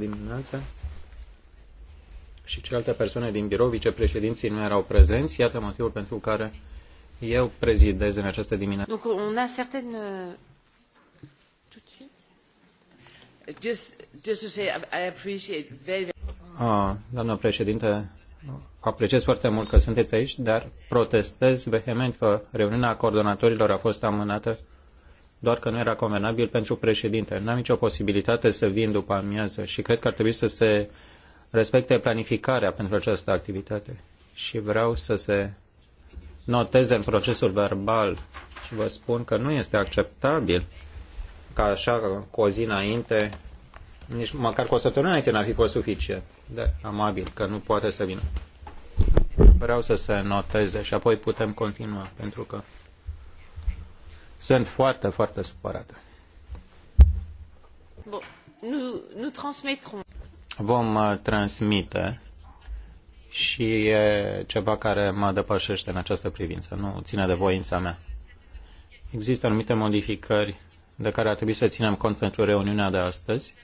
Dimineața și celelalte persoane din birou, vicepreședinții, nu erau prezenți. Iată motivul pentru care eu prezidez în această dimineață. Donc on a certaine... Euh, tout de suite? Just, just to say, I appreciate very, very... Ah, doamna președinte, apreciez foarte mult că sunteți aici, dar protestez vehement că reuniunea coordonatorilor a fost amânată doar că nu era convenabil pentru președinte. N-am nicio posibilitate să vin după amiază și cred că ar trebui să se respecte planificarea pentru această activitate. Și vreau să se noteze în procesul verbal și vă spun că nu este acceptabil ca așa cu o zi înainte, nici măcar cu o săptămână înainte n-ar fi fost suficient de amabil, că nu poate să vină. Vreau să se noteze și apoi putem continua, pentru că sunt foarte, foarte supărată. Vom uh, transmite și e ceva care mă depășește în această privință, nu ține de voința mea. Există anumite modificări de care ar trebui să ținem cont pentru reuniunea de astăzi.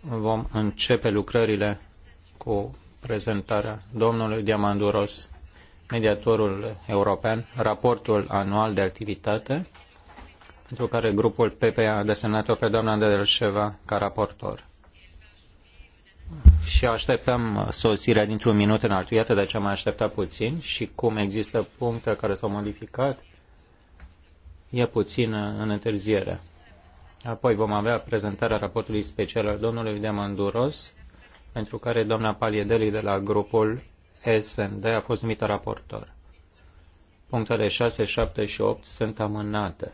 Vom începe lucrările cu prezentarea domnului Diamanduros, mediatorul european, raportul anual de activitate pentru care grupul PP a desemnat-o pe doamna Delșeva ca raportor. Și așteptăm sosirea dintr-un minut în altul. Iată de ce am așteptat puțin și cum există puncte care s-au modificat, e puțin în întârziere. Apoi vom avea prezentarea raportului special al domnului Demanduros, pentru care doamna Paliedeli de la grupul SND a fost numită raportor. Punctele 6, 7 și 8 sunt amânate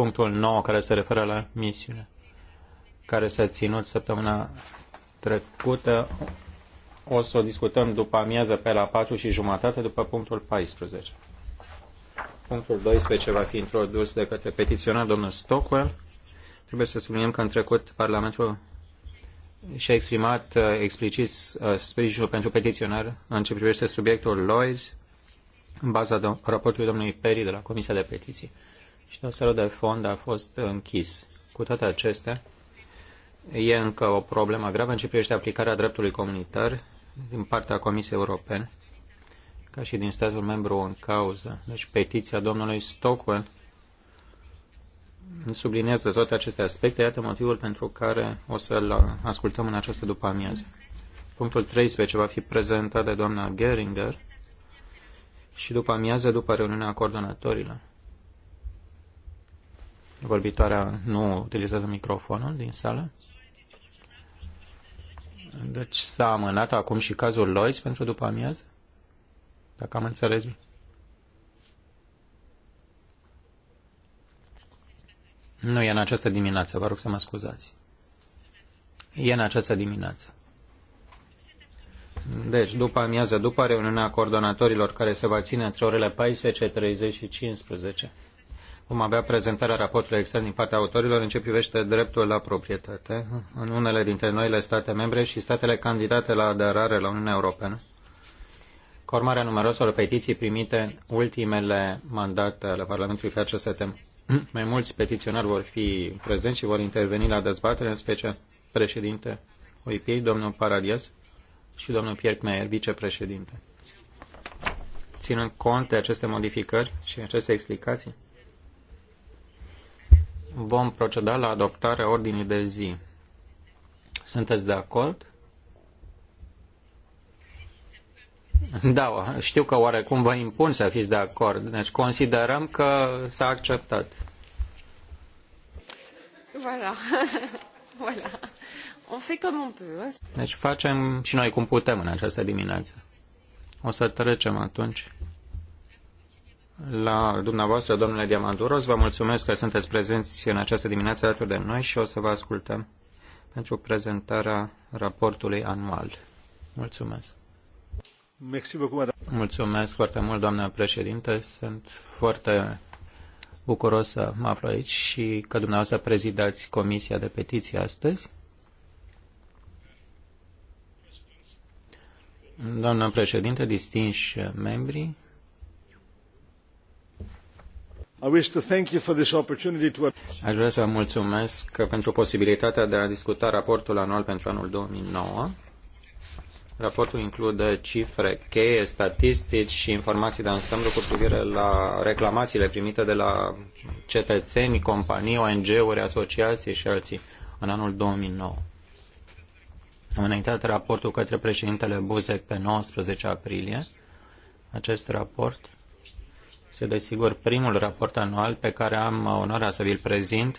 punctul 9 care se referă la misiune, care s-a ținut săptămâna trecută. O să o discutăm după amiază pe la 4 și jumătate, după punctul 14. Punctul 12 va fi introdus de către petiționar domnul Stockwell. Trebuie să subliniem că în trecut Parlamentul și-a exprimat uh, explicit uh, sprijinul pentru petiționar în ce privește subiectul Lois, în baza raportului domnului Peri de la Comisia de Petiții și dosarul de fond a fost închis. Cu toate acestea, e încă o problemă gravă în ce privește aplicarea dreptului comunitar din partea Comisiei Europene, ca și din statul membru în cauză. Deci petiția domnului Stockwell sublinează toate aceste aspecte. Iată motivul pentru care o să-l ascultăm în această după amiază. Punctul 13 va fi prezentat de doamna Geringer și după amiază, după reuniunea coordonatorilor. Vorbitoarea nu utilizează microfonul din sală. Deci s-a amânat acum și cazul Lois pentru după amiază? Dacă am înțeles Nu e în această dimineață, vă rog să mă scuzați. E în această dimineață. Deci, după amiază, după reuniunea coordonatorilor care se va ține între orele 14.30 și 15, Vom avea prezentarea raportului extern din partea autorilor în ce privește dreptul la proprietate în unele dintre noile state membre și statele candidate la aderare la Uniunea Europeană, cu a numeroselor petiții primite în ultimele mandate ale Parlamentului pe această temă. Mai mulți petiționari vor fi prezenți și vor interveni la dezbatere, în special președinte OIP, domnul Paradies și domnul Pierre Meyer, vicepreședinte. Ținând cont de aceste modificări și aceste explicații, vom proceda la adoptarea ordinii de zi. Sunteți de acord? Da, știu că oarecum vă impun să fiți de acord. Deci considerăm că s-a acceptat. Voilà. voilà. On fait comme on peut. Deci facem și noi cum putem în această dimineață. O să trecem atunci la dumneavoastră, domnule Diamanduros. Vă mulțumesc că sunteți prezenți în această dimineață alături de noi și o să vă ascultăm pentru prezentarea raportului anual. Mulțumesc. Mulțumesc foarte mult, doamnă președinte. Sunt foarte bucuros să mă aflu aici și că dumneavoastră prezidați Comisia de Petiții astăzi. Doamnă președinte, distinși membrii, Aș vrea să vă mulțumesc pentru posibilitatea de a discuta raportul anual pentru anul 2009. Raportul include cifre cheie, statistici și informații de ansamblu cu privire la reclamațiile primite de la cetățeni, companii, ONG-uri, asociații și alții în anul 2009. Am înaintat raportul către președintele Buzek pe 19 aprilie. Acest raport este desigur primul raport anual pe care am onoarea să vi-l prezint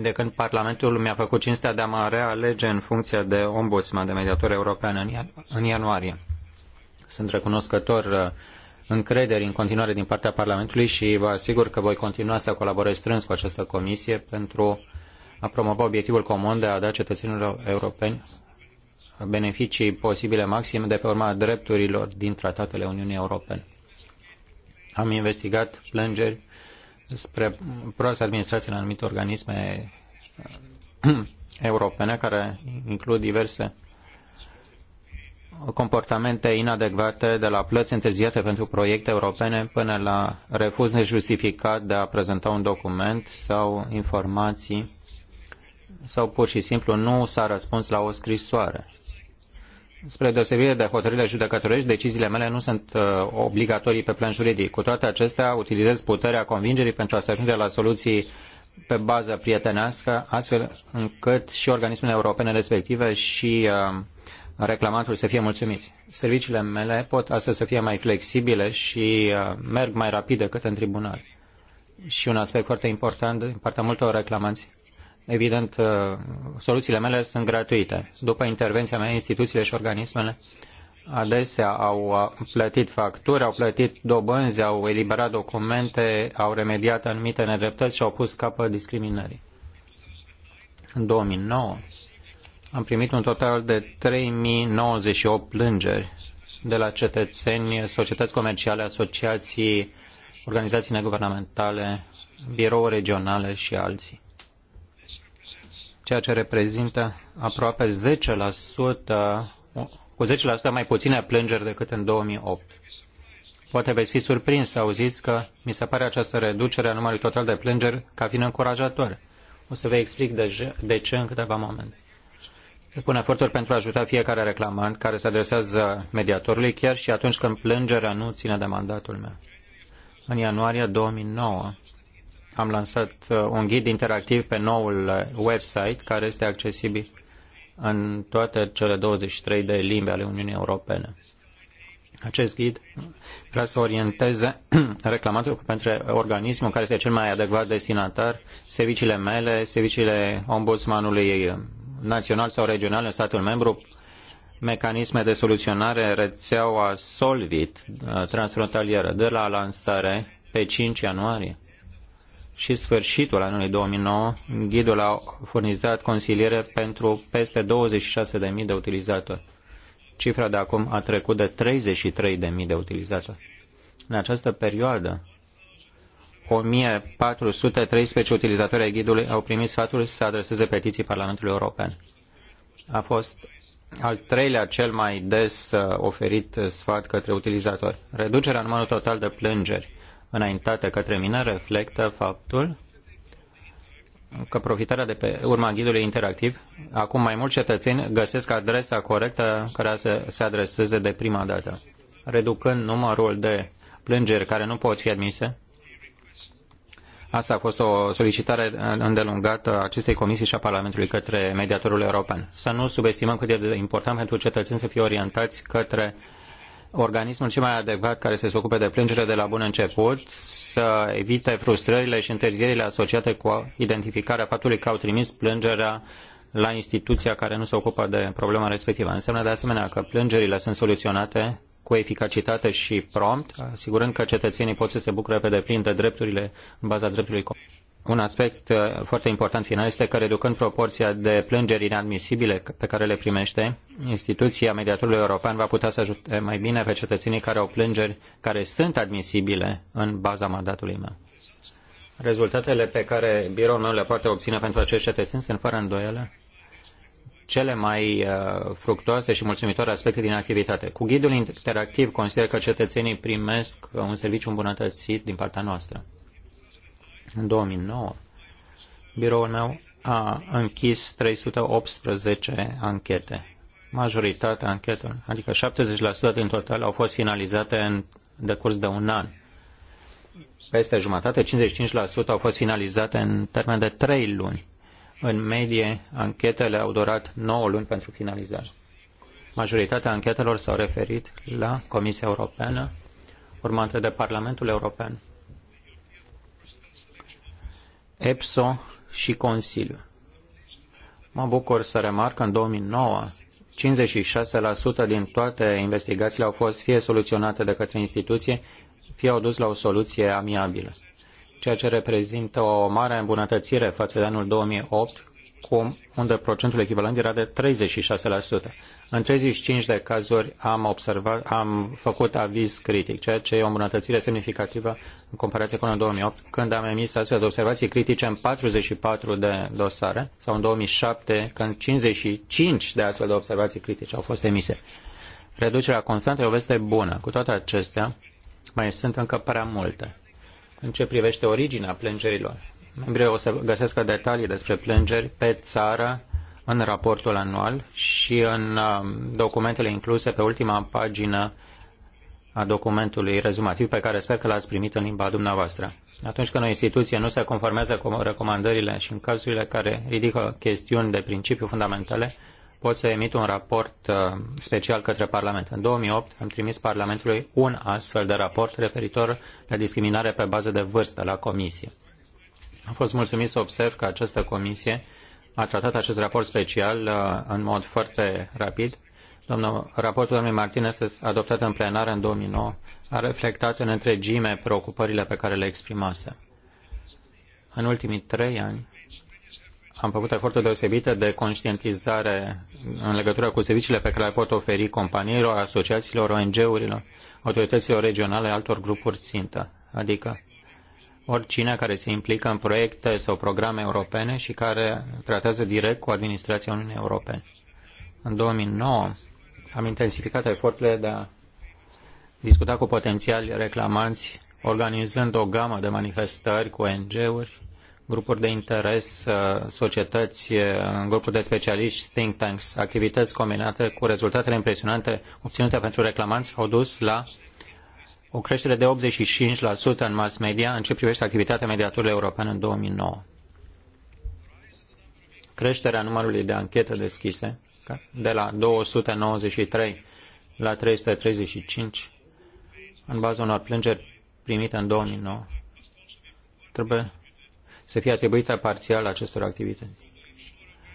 de când Parlamentul mi-a făcut cinstea de a mă realege în funcția de ombudsman, de mediator european în ianuarie. Sunt recunoscător uh, încredere în continuare din partea Parlamentului și vă asigur că voi continua să colaborez strâns cu această comisie pentru a promova obiectivul comun de a da cetățenilor europeni beneficii posibile maxime de pe urma drepturilor din tratatele Uniunii Europene. Am investigat plângeri spre proastă administrație în anumite organisme eh, europene care includ diverse comportamente inadecvate de la plăți întârziate pentru proiecte europene până la refuz nejustificat de a prezenta un document sau informații sau pur și simplu nu s-a răspuns la o scrisoare. Spre deosebire de hotărârile judecătorești, deciziile mele nu sunt uh, obligatorii pe plan juridic. Cu toate acestea, utilizez puterea convingerii pentru a se ajunge la soluții pe bază prietenească, astfel încât și organismele europene respective și uh, reclamantul să fie mulțumiți. Serviciile mele pot astăzi să fie mai flexibile și uh, merg mai rapid decât în tribunal. Și un aspect foarte important din partea multor reclamanți Evident, uh, soluțiile mele sunt gratuite. După intervenția mea, instituțiile și organismele adesea au uh, plătit facturi, au plătit dobânzi, au eliberat documente, au remediat anumite nedreptăți și au pus capăt discriminării. În 2009 am primit un total de 3098 plângeri de la cetățeni, societăți comerciale, asociații, organizații neguvernamentale, birouri regionale și alții ceea ce reprezintă aproape 10%, cu 10% mai puține plângeri decât în 2008. Poate veți fi surprins să auziți că mi se pare această reducere a numărului total de plângeri ca fiind încurajatoare. O să vă explic de ce în câteva momente. pun eforturi pentru a ajuta fiecare reclamant care se adresează mediatorului chiar și atunci când plângerea nu ține de mandatul meu. În ianuarie 2009, am lansat uh, un ghid interactiv pe noul uh, website care este accesibil în toate cele 23 de limbi ale Uniunii Europene. Acest ghid vrea să orienteze reclamatul pentru organismul care este cel mai adecvat destinatar, serviciile mele, serviciile ombudsmanului uh, național sau regional în statul membru, mecanisme de soluționare, rețeaua Solvit transfrontalieră de la lansare pe 5 ianuarie și sfârșitul anului 2009, ghidul a furnizat consiliere pentru peste 26.000 de utilizatori. Cifra de acum a trecut de 33.000 de utilizatori. În această perioadă, 1413 utilizatori ai ghidului au primit sfatul să adreseze petiții Parlamentului European. A fost al treilea cel mai des uh, oferit sfat către utilizatori. Reducerea numărului total de plângeri înaintate către mine reflectă faptul că profitarea de pe urma ghidului interactiv, acum mai mulți cetățeni găsesc adresa corectă care să se adreseze de prima dată, reducând numărul de plângeri care nu pot fi admise. Asta a fost o solicitare îndelungată a acestei comisii și a Parlamentului către mediatorul european. Să nu subestimăm cât de important pentru cetățeni să fie orientați către uh, organismul cel mai adecvat care să se ocupe de plângere de la bun început, să evite frustrările și întârzierile asociate cu identificarea faptului că au trimis plângerea la instituția care nu se ocupă de problema respectivă. Înseamnă de asemenea că plângerile sunt soluționate cu eficacitate și prompt, asigurând că cetățenii pot să se bucure pe deplin de drepturile în baza dreptului comun. Un aspect uh, foarte important final este că reducând proporția de plângeri inadmisibile pe care le primește, instituția mediatorului european va putea să ajute mai bine pe cetățenii care au plângeri care sunt admisibile în baza mandatului meu. Rezultatele pe care biroul meu le poate obține pentru acești cetățeni sunt fără îndoială cele mai uh, fructoase și mulțumitoare aspecte din activitate. Cu ghidul interactiv consider că cetățenii primesc uh, un serviciu îmbunătățit din partea noastră. În 2009, biroul meu a închis 318 anchete. Majoritatea anchetelor, adică 70% din total, au fost finalizate în decurs de un an. Peste jumătate, 55% au fost finalizate în termen de 3 luni. În medie, anchetele au durat 9 luni pentru finalizare. Majoritatea anchetelor s-au referit la Comisia Europeană, urmată de Parlamentul European. EPSO și Consiliu. Mă bucur să remarc că în 2009 56% din toate investigațiile au fost fie soluționate de către instituție, fie au dus la o soluție amiabilă, ceea ce reprezintă o mare îmbunătățire față de anul 2008, acum, unde procentul echivalent era de 36%. În 35 de cazuri am, observat, am făcut aviz critic, ceea ce e o îmbunătățire semnificativă în comparație cu în 2008, când am emis astfel de observații critice în 44 de dosare, sau în 2007, când 55 de astfel de observații critice au fost emise. Reducerea constantă e o veste bună. Cu toate acestea, mai sunt încă prea multe. În ce privește originea plângerilor, Membrii o să găsească detalii despre plângeri pe țară în raportul anual și în um, documentele incluse pe ultima pagină a documentului rezumativ pe care sper că l-ați primit în limba dumneavoastră. Atunci când o instituție nu se conformează cu recomandările și în cazurile care ridică chestiuni de principiu fundamentale, pot să emit un raport uh, special către Parlament. În 2008 am trimis Parlamentului un astfel de raport referitor la discriminare pe bază de vârstă la Comisie. Am fost mulțumit să observ că această comisie a tratat acest raport special uh, în mod foarte rapid. Domnul, raportul domnului Martinez, uh, adoptat în plenară în 2009, a reflectat în întregime preocupările pe care le exprimase. În ultimii trei ani am făcut eforturi deosebite de conștientizare în legătură cu serviciile pe care le pot oferi companiilor, asociațiilor, ONG-urilor, autorităților regionale, altor grupuri țintă, adică oricine care se implică în proiecte sau programe europene și care tratează direct cu administrația Uniunii Europene. În 2009 am intensificat eforturile de a discuta cu potențiali reclamanți, organizând o gamă de manifestări cu ONG-uri, grupuri de interes, societăți, grupuri de specialiști, think tanks, activități combinate cu rezultatele impresionante obținute pentru reclamanți au dus la o creștere de 85% în mass media în ce privește activitatea mediatorului european în 2009. Creșterea numărului de anchete deschise de la 293 la 335 în baza unor plângeri primite în 2009 trebuie să fie atribuită parțial acestor activități.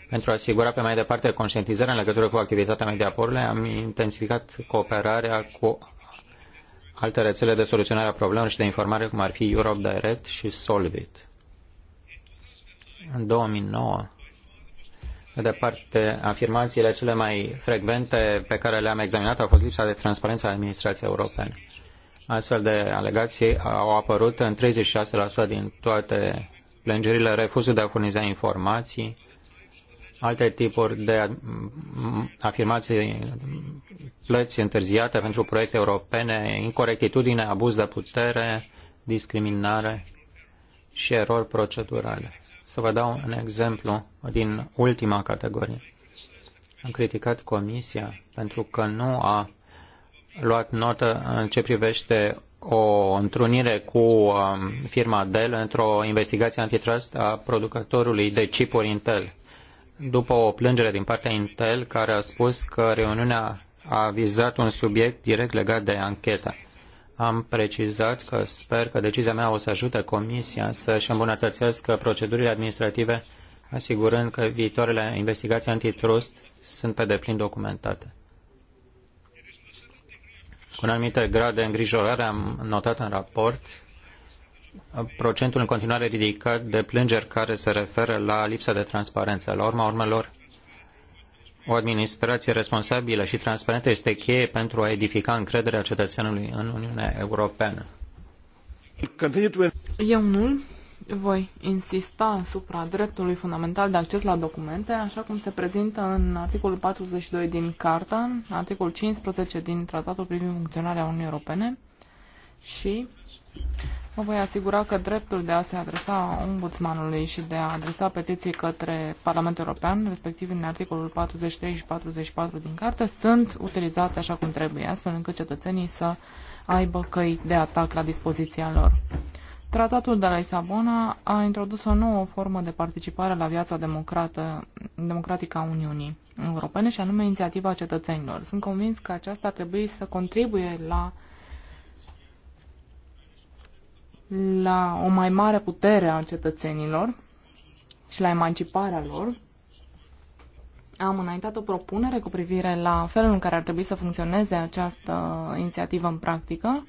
Pentru a asigura pe mai departe conștientizarea în legătură cu activitatea Mediaporului, am intensificat cooperarea cu alte rețele de soluționare a problemelor și de informare, cum ar fi Europe Direct și Solvit. În 2009, de departe, afirmațiile cele mai frecvente pe care le-am examinat au fost lipsa de transparență a administrației europene. Astfel de alegații au apărut în 36% din toate plângerile, refuzul de a furniza informații, alte tipuri de afirmații, plăți întârziate pentru proiecte europene, incorectitudine, abuz de putere, discriminare și erori procedurale. Să vă dau un exemplu din ultima categorie. Am criticat Comisia pentru că nu a luat notă în ce privește o întrunire cu um, firma Dell într-o investigație antitrust a producătorului de chipuri Intel după o plângere din partea Intel care a spus că reuniunea a vizat un subiect direct legat de anchetă. Am precizat că sper că decizia mea o să ajute Comisia să-și îmbunătățească procedurile administrative, asigurând că viitoarele investigații antitrust sunt pe deplin documentate. Cu un anumit grad de îngrijorare am notat în raport procentul în continuare ridicat de plângeri care se referă la lipsa de transparență. La urma urmelor, o administrație responsabilă și transparentă este cheie pentru a edifica încrederea cetățenului în Uniunea Europeană. Eu nu voi insista asupra dreptului fundamental de acces la documente, așa cum se prezintă în articolul 42 din Carta, articolul 15 din Tratatul privind funcționarea Uniunii Europene și mă voi asigura că dreptul de a se adresa ombudsmanului și de a adresa petiții către Parlamentul European, respectiv în articolul 43 și 44 din carte, sunt utilizate așa cum trebuie, astfel încât cetățenii să aibă căi de atac la dispoziția lor. Tratatul de la Lisabona a introdus o nouă formă de participare la viața democrată, democratică a Uniunii Europene și anume inițiativa cetățenilor. Sunt convins că aceasta ar trebui să contribuie la la o mai mare putere a cetățenilor și la emanciparea lor, am înaintat o propunere cu privire la felul în care ar trebui să funcționeze această inițiativă în practică.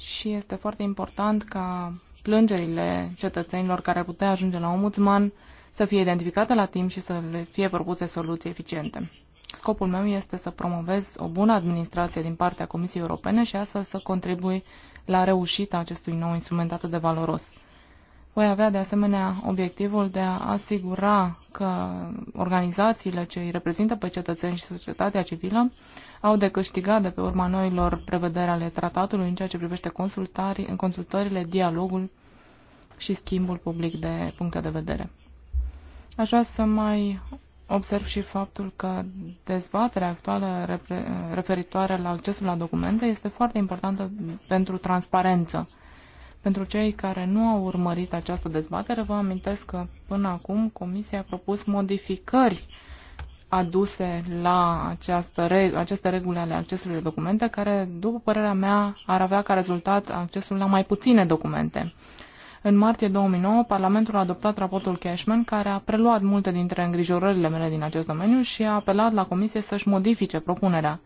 Și este foarte important ca plângerile cetățenilor care ar putea ajunge la ombudsman să fie identificate la timp și să le fie propuse soluții eficiente. Scopul meu este să promovez o bună administrație din partea Comisiei Europene și astfel să contribui la reușita acestui nou instrument atât de valoros. Voi avea de asemenea obiectivul de a asigura că organizațiile ce îi reprezintă pe cetățeni și societatea civilă au de câștigat de pe urma noilor prevederi ale tratatului în ceea ce privește consultări, consultările, dialogul și schimbul public de puncte de vedere. Aș vrea să mai observ și faptul că dezbaterea actuală referitoare la accesul la documente este foarte importantă pentru transparență. Pentru cei care nu au urmărit această dezbatere, vă amintesc că până acum Comisia a propus modificări aduse la această reg- aceste reguli ale accesului la documente, care, după părerea mea, ar avea ca rezultat accesul la mai puține documente. În martie 2009, Parlamentul a adoptat raportul Cashman, care a preluat multe dintre îngrijorările mele din acest domeniu și a apelat la Comisie să-și modifice propunerea.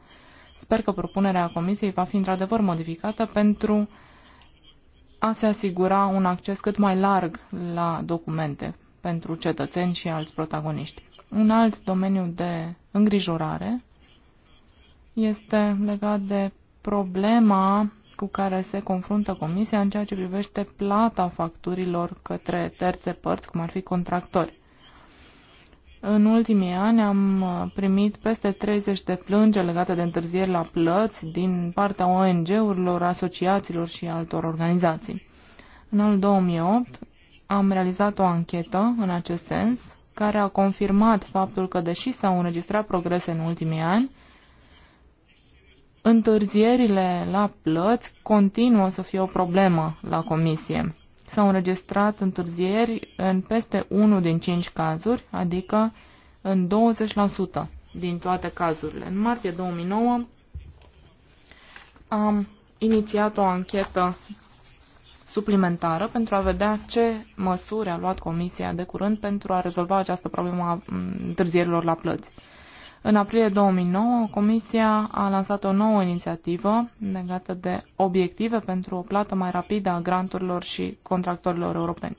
Sper că propunerea Comisiei va fi într-adevăr modificată pentru a se asigura un acces cât mai larg la documente pentru cetățeni și alți protagoniști. Un alt domeniu de îngrijorare este legat de problema cu care se confruntă Comisia în ceea ce privește plata facturilor către terțe părți, cum ar fi contractori. În ultimii ani am primit peste 30 de plânge legate de întârzieri la plăți din partea ONG-urilor, asociațiilor și altor organizații. În anul 2008 am realizat o anchetă în acest sens, care a confirmat faptul că, deși s-au înregistrat progrese în ultimii ani, Întârzierile la plăți continuă să fie o problemă la comisie. S-au înregistrat întârzieri în peste 1 din 5 cazuri, adică în 20% din toate cazurile. În martie 2009 am inițiat o anchetă suplimentară pentru a vedea ce măsuri a luat Comisia de curând pentru a rezolva această problemă a întârzierilor la plăți. În aprilie 2009, Comisia a lansat o nouă inițiativă legată de obiective pentru o plată mai rapidă a granturilor și contractorilor europeni.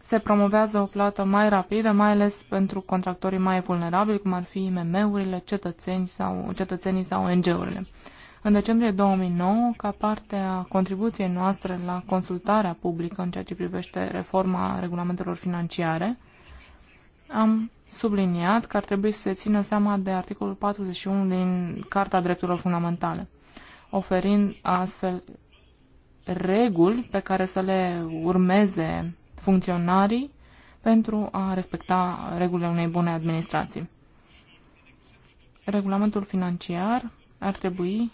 Se promovează o plată mai rapidă, mai ales pentru contractorii mai vulnerabili, cum ar fi IMM-urile, cetățenii sau, cetățenii sau ONG-urile. În decembrie 2009, ca parte a contribuției noastre la consultarea publică în ceea ce privește reforma regulamentelor financiare, am subliniat că ar trebui să se țină seama de articolul 41 din Carta Drepturilor Fundamentale, oferind astfel reguli pe care să le urmeze funcționarii pentru a respecta regulile unei bune administrații. Regulamentul financiar ar trebui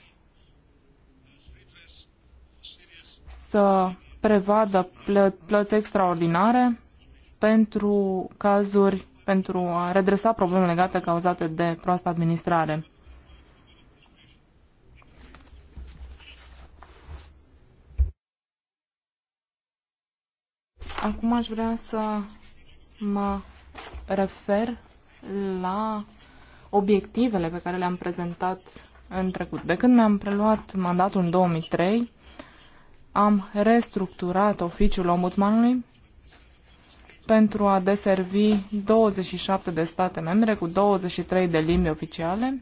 să prevadă plă- plăți extraordinare pentru cazuri, pentru a redresa probleme legate cauzate de proastă administrare. Acum aș vrea să mă refer la obiectivele pe care le-am prezentat în trecut. De când mi-am preluat mandatul în 2003, am restructurat oficiul ombudsmanului pentru a deservi 27 de state membre cu 23 de limbi oficiale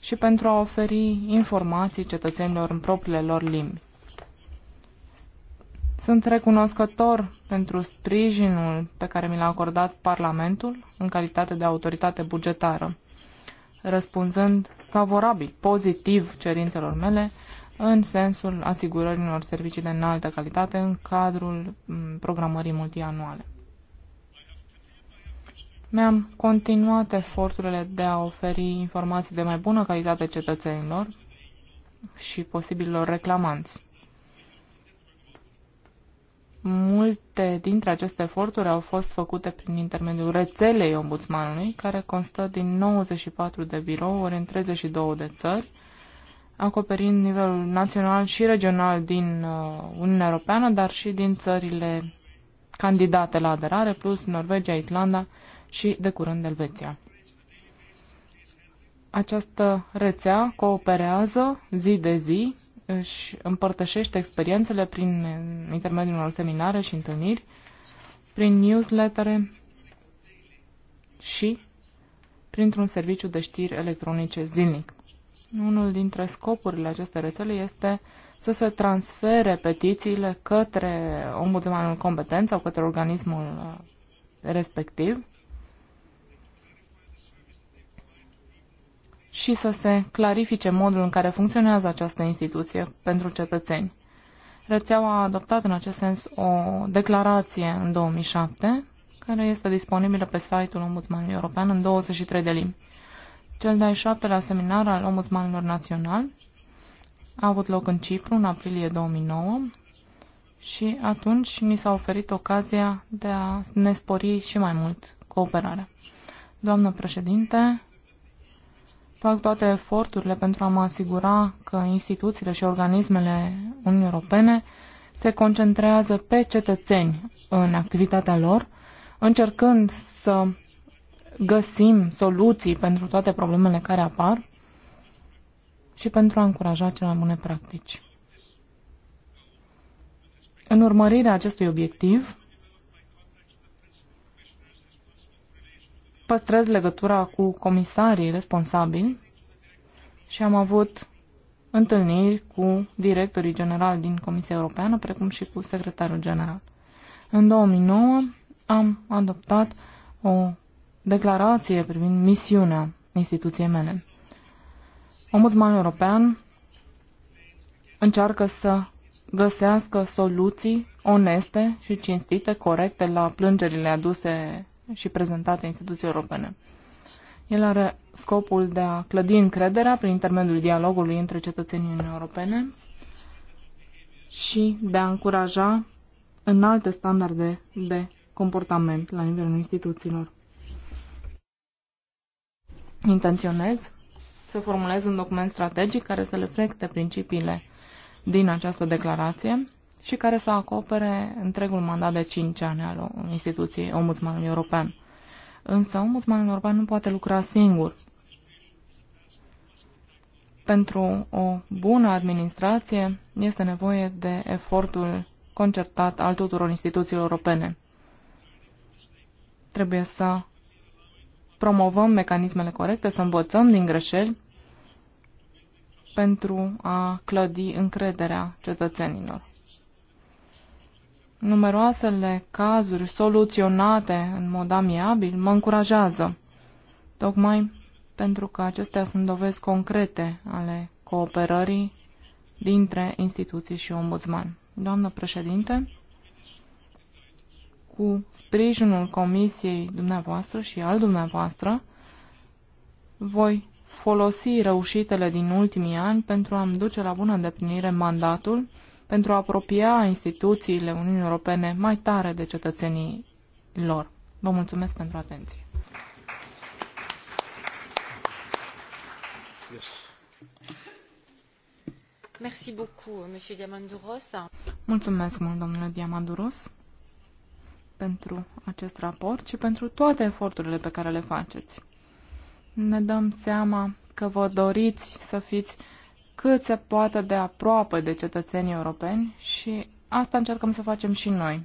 și pentru a oferi informații cetățenilor în propriile lor limbi. Sunt recunoscător pentru sprijinul pe care mi l-a acordat Parlamentul în calitate de autoritate bugetară, răspunzând favorabil, pozitiv cerințelor mele în sensul asigurării unor servicii de înaltă calitate în cadrul programării multianuale. Mi-am continuat eforturile de a oferi informații de mai bună calitate cetățenilor și posibililor reclamanți. Multe dintre aceste eforturi au fost făcute prin intermediul rețelei ombudsmanului, care constă din 94 de birouri în 32 de țări, acoperind nivelul național și regional din uh, Uniunea Europeană, dar și din țările candidate la aderare, plus Norvegia, Islanda și, de curând, Elveția. Această rețea cooperează zi de zi, își împărtășește experiențele prin intermediul unor seminare și întâlniri, prin newslettere și printr-un serviciu de știri electronice zilnic. Unul dintre scopurile acestei rețele este să se transfere petițiile către ombudsmanul competent sau către organismul uh, respectiv și să se clarifice modul în care funcționează această instituție pentru cetățeni. Rețeaua a adoptat în acest sens o declarație în 2007, care este disponibilă pe site-ul Ombudsmanului European în 23 de limbi. Cel de-al șaptelea seminar al ombudsmanilor național a avut loc în Cipru în aprilie 2009 și atunci ni s-a oferit ocazia de a ne spori și mai mult cooperarea. Doamnă președinte, fac toate eforturile pentru a mă asigura că instituțiile și organismele Uniunii Europene se concentrează pe cetățeni în activitatea lor, încercând să găsim soluții pentru toate problemele care apar și pentru a încuraja cele mai bune practici. În urmărirea acestui obiectiv, păstrez legătura cu comisarii responsabili și am avut întâlniri cu directorii generali din Comisia Europeană, precum și cu secretarul general. În 2009 am adoptat o declarație privind misiunea instituției mele. Ombudsmanul european încearcă să găsească soluții oneste și cinstite, corecte la plângerile aduse și prezentate instituției europene. El are scopul de a clădi încrederea prin intermediul dialogului între cetățenii Uniunii Europene și de a încuraja în alte standarde de comportament la nivelul instituțiilor intenționez să formulez un document strategic care să reflecte principiile din această declarație și care să acopere întregul mandat de 5 ani al instituției Ombudsmanului European. Însă Ombudsmanul European nu poate lucra singur. Pentru o bună administrație este nevoie de efortul concertat al tuturor instituțiilor europene. Trebuie să promovăm mecanismele corecte, să învățăm din greșeli pentru a clădi încrederea cetățenilor. Numeroasele cazuri soluționate în mod amiabil mă încurajează, tocmai pentru că acestea sunt dovezi concrete ale cooperării dintre instituții și ombudsman. Doamnă președinte, cu sprijinul comisiei dumneavoastră și al dumneavoastră, voi folosi reușitele din ultimii ani pentru a-mi duce la bună îndeplinire mandatul, pentru a apropia instituțiile Uniunii Europene mai tare de cetățenii lor. Vă mulțumesc pentru atenție. Yes. Merci beaucoup, Monsieur Diamanduros. Mulțumesc mult, domnule Diamanduros pentru acest raport și pentru toate eforturile pe care le faceți. Ne dăm seama că vă doriți să fiți cât se poate de aproape de cetățenii europeni și asta încercăm să facem și noi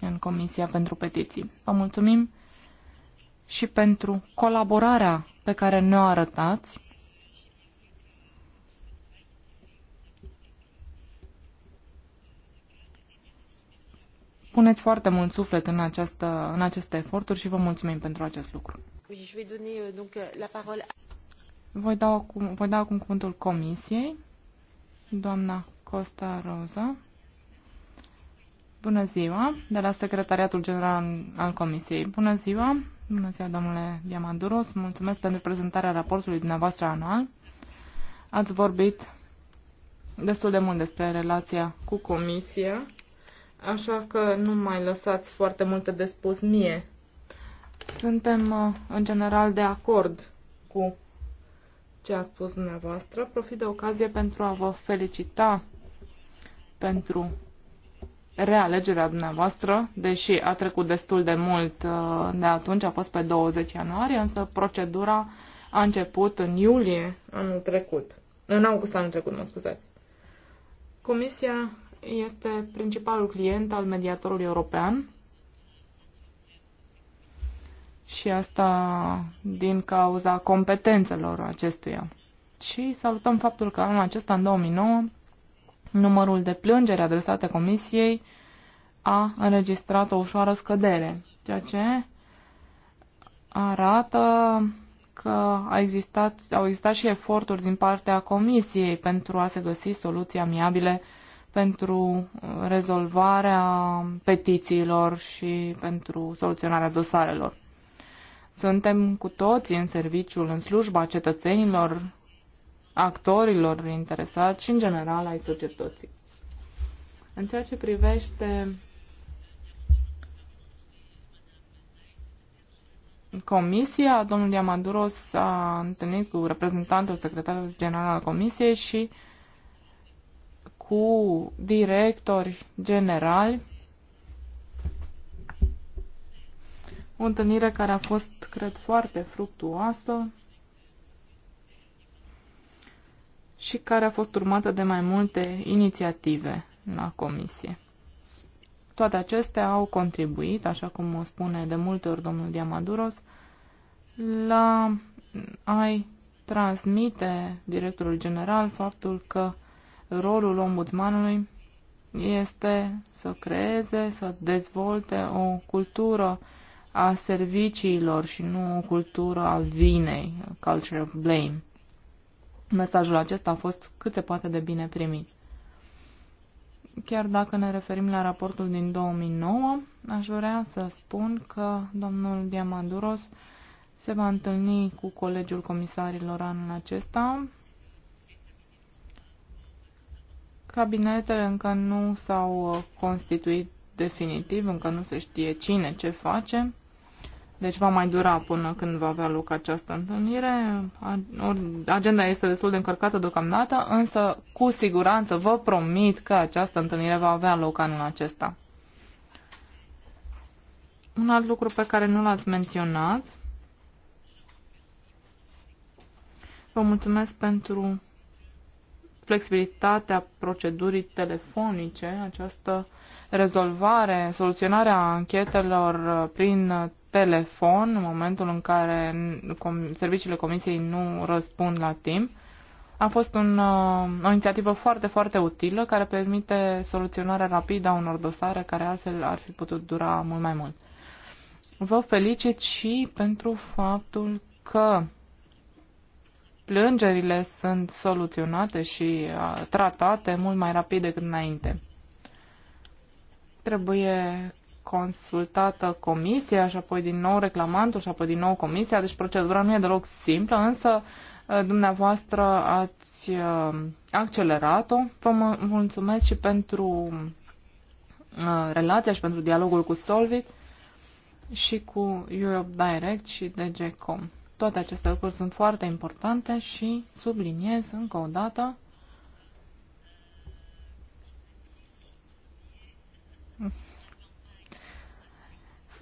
în Comisia pentru Petiții. Vă mulțumim și pentru colaborarea pe care ne-o arătați puneți foarte mult suflet în, această, în aceste eforturi și vă mulțumim pentru acest lucru. Euh, euh, voi da acum, voi da acum cuvântul comisiei, doamna Costa Rosa. Bună ziua, de la Secretariatul General al Comisiei. Bună ziua, bună ziua, domnule Diamanduros, mulțumesc pentru prezentarea raportului dumneavoastră anual. Ați vorbit destul de mult despre relația cu Comisia așa că nu mai lăsați foarte multe de spus mie. Suntem uh, în general de acord cu ce a spus dumneavoastră. Profit de ocazie pentru a vă felicita pentru realegerea dumneavoastră, deși a trecut destul de mult uh, de atunci, a fost pe 20 ianuarie, însă procedura a început în iulie anul trecut. În august anul trecut, mă scuzați. Comisia este principalul client al mediatorului european și asta din cauza competențelor acestuia. Și salutăm faptul că anul acesta, în 2009, numărul de plângeri adresate Comisiei a înregistrat o ușoară scădere, ceea ce arată că a existat, au existat și eforturi din partea Comisiei pentru a se găsi soluții amiabile pentru uh, rezolvarea petițiilor și pentru soluționarea dosarelor. Suntem cu toții în serviciul, în slujba cetățenilor, actorilor interesați și, în general, ai societății. În ceea ce privește comisia, domnul Diamanduros s-a întâlnit cu reprezentantul secretarului general al comisiei și uh, cu directori generali. O întâlnire care a fost, cred, foarte fructuoasă și care a fost urmată de mai multe inițiative la comisie. Toate acestea au contribuit, așa cum o spune de multe ori domnul Diamaduros, la a i transmite directorul general faptul că rolul ombudsmanului este să creeze, să dezvolte o cultură a serviciilor și nu o cultură a vinei, culture of blame. Mesajul acesta a fost cât se poate de bine primit. Chiar dacă ne referim la raportul din 2009, aș vrea să spun că domnul Diamanduros se va întâlni cu Colegiul Comisarilor anul acesta Cabinetele încă nu s-au uh, constituit definitiv, încă nu se știe cine ce face. Deci va mai dura până când va avea loc această întâlnire. Agenda este destul de încărcată deocamdată, însă cu siguranță vă promit că această întâlnire va avea loc anul acesta. Un alt lucru pe care nu l-ați menționat. Vă mulțumesc pentru flexibilitatea procedurii telefonice, această rezolvare, soluționarea anchetelor uh, prin uh, telefon în momentul în care serviciile comisiei nu răspund la timp, a fost un, uh, o inițiativă foarte, foarte utilă care permite soluționarea rapidă a unor dosare care altfel ar fi putut dura mult mai mult. Vă felicit și pentru faptul că plângerile sunt soluționate și uh, tratate mult mai rapid decât înainte. Trebuie consultată comisia și apoi din nou reclamantul și apoi din nou comisia, deci procedura nu e deloc simplă, însă uh, dumneavoastră ați uh, accelerat-o. Vă mulțumesc și pentru relația și pentru dialogul cu Solvit și cu Europe Direct și DG.com. Toate aceste lucruri sunt foarte importante și subliniez încă o dată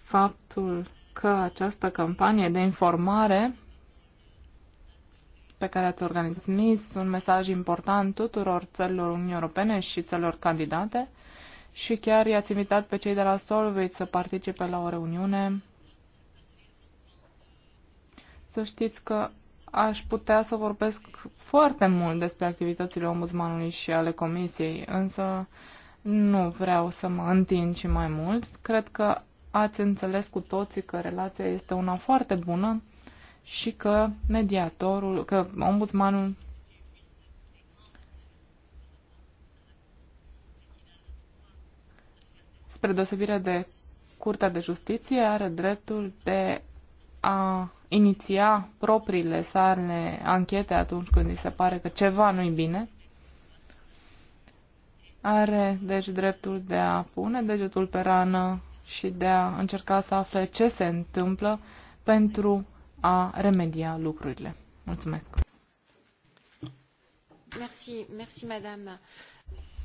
faptul că această campanie de informare pe care ați organizat un mesaj important tuturor țărilor Uniunii Europene și țărilor candidate și chiar i-ați invitat pe cei de la Solvit să participe la o reuniune să știți că aș putea să vorbesc foarte mult despre activitățile ombudsmanului și ale comisiei, însă nu vreau să mă întind și mai mult. Cred că ați înțeles cu toții că relația este una foarte bună și că mediatorul, că ombudsmanul spre deosebire de Curtea de Justiție are dreptul de a iniția propriile sale anchete atunci când îi se pare că ceva nu-i bine. Are, deci, dreptul de a pune degetul pe rană și de a încerca să afle ce se întâmplă pentru a remedia lucrurile. Mulțumesc! Merci, merci, madame.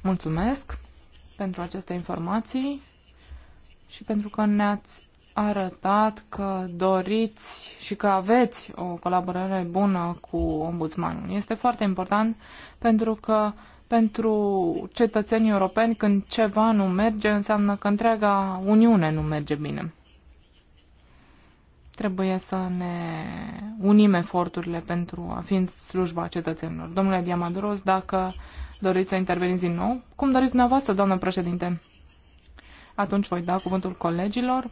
Mulțumesc pentru aceste informații și pentru că ne-ați arătat că doriți și că aveți o colaborare bună cu ombudsmanul. Este foarte important pentru că pentru cetățenii europeni când ceva nu merge înseamnă că întreaga Uniune nu merge bine. Trebuie să ne unim eforturile pentru a fi în slujba cetățenilor. Domnule Diamandros, dacă doriți să interveniți din nou, cum doriți dumneavoastră, doamnă președinte? Atunci voi da cuvântul colegilor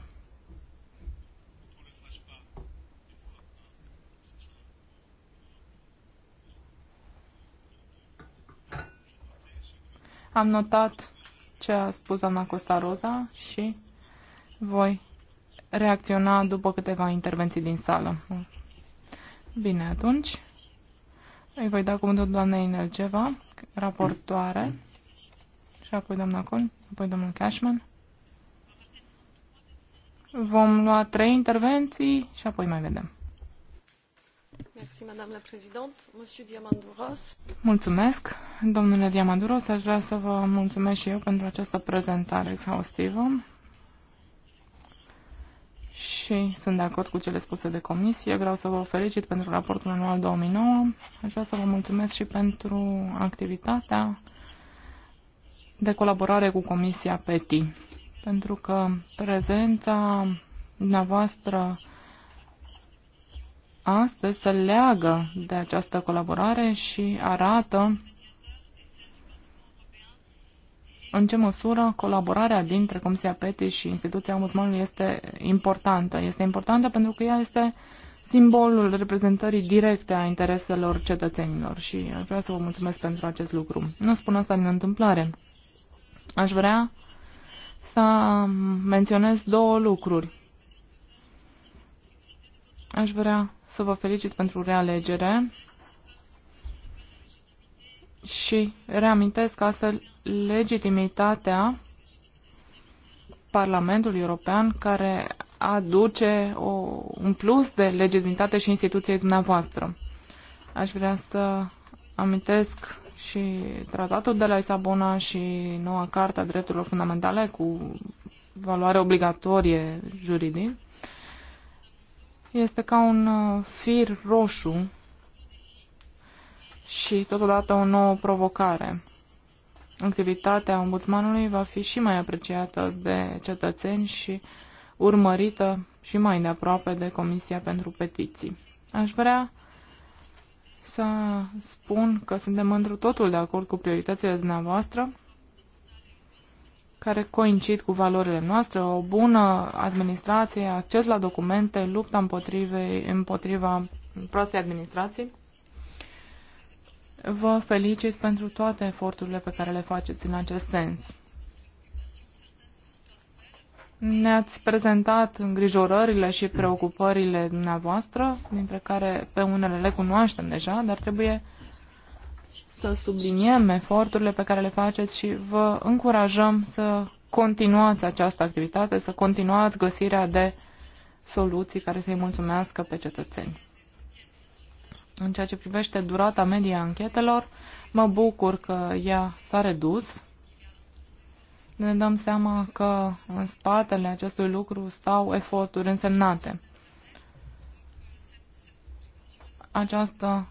Am notat ce a spus doamna Costa Roza și voi reacționa după câteva intervenții din sală. Bine, atunci îi voi da cuvântul doamnei Nelceva, raportoare, și apoi doamna Con, apoi domnul Cashman. Vom lua trei intervenții și apoi mai vedem. Mulțumesc, domnule Diamandouros. Aș vrea să vă mulțumesc și eu pentru această prezentare exhaustivă. Și sunt de acord cu cele spuse de comisie. Vreau să vă felicit pentru raportul anual 2009. Aș vrea să vă mulțumesc și pentru activitatea de colaborare cu Comisia PETI, pentru că prezența dumneavoastră astăzi se leagă de această colaborare și arată în ce măsură colaborarea dintre Comisia PETI și instituția ombudsmanului este importantă. Este importantă pentru că ea este simbolul reprezentării directe a intereselor cetățenilor și aș vrea să vă mulțumesc pentru acest lucru. Nu spun asta din întâmplare. Aș vrea să menționez două lucruri. Aș vrea să vă felicit pentru realegere și reamintesc astfel legitimitatea Parlamentului European care aduce o, un plus de legitimitate și instituției dumneavoastră. Aș vrea să amintesc și tratatul de la Isabona și noua Carta a Drepturilor Fundamentale cu valoare obligatorie juridică este ca un uh, fir roșu și totodată o nouă provocare. Activitatea ombudsmanului va fi și mai apreciată de cetățeni și urmărită și mai de aproape de Comisia pentru Petiții. Aș vrea să spun că suntem întru totul de acord cu prioritățile dumneavoastră care coincid cu valorile noastre, o bună administrație, acces la documente, lupta împotriva prostei administrații. Vă felicit pentru toate eforturile pe care le faceți în acest sens. Ne-ați prezentat îngrijorările și preocupările dumneavoastră, dintre care pe unele le cunoaștem deja, dar trebuie să subliniem eforturile pe care le faceți și vă încurajăm să continuați această activitate, să continuați găsirea de soluții care să-i mulțumească pe cetățeni. În ceea ce privește durata medie a anchetelor, mă bucur că ea s-a redus. Ne dăm seama că în spatele acestui lucru stau eforturi însemnate. Această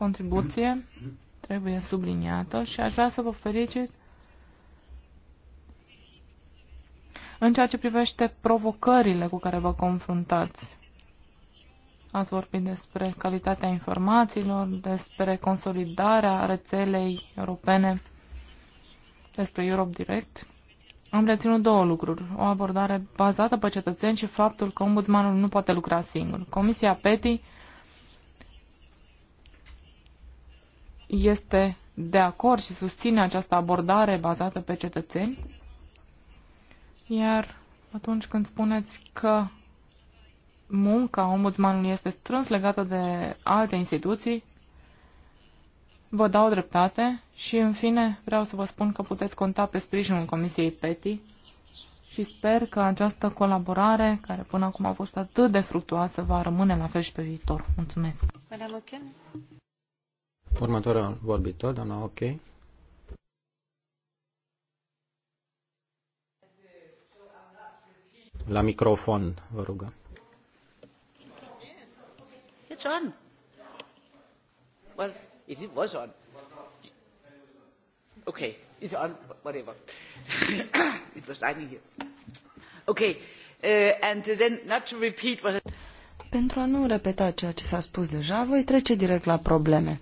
contribuție trebuie subliniată și aș vrea să vă fericit în ceea ce privește provocările cu care vă confruntați. Ați vorbit despre calitatea informațiilor, despre consolidarea rețelei europene, despre Europe Direct. Am reținut două lucruri. O abordare bazată pe cetățeni și faptul că ombudsmanul nu poate lucra singur. Comisia PETI este de acord și susține această abordare bazată pe cetățeni. Iar atunci când spuneți că munca ombudsmanului este strâns legată de alte instituții, vă dau dreptate și, în fine, vreau să vă spun că puteți conta pe sprijinul Comisiei PETI și sper că această colaborare, care până acum a fost atât de fructuoasă, va rămâne la fel și pe viitor. Mulțumesc! Următoarea vorbitor, doamna OK. La microfon, vă rugăm. It's on. Well, if it was on. Okay, it's on, whatever. it was lying here. Okay, uh, and then not to repeat what... Pentru a nu repeta ceea ce s-a spus deja, voi trece direct la probleme.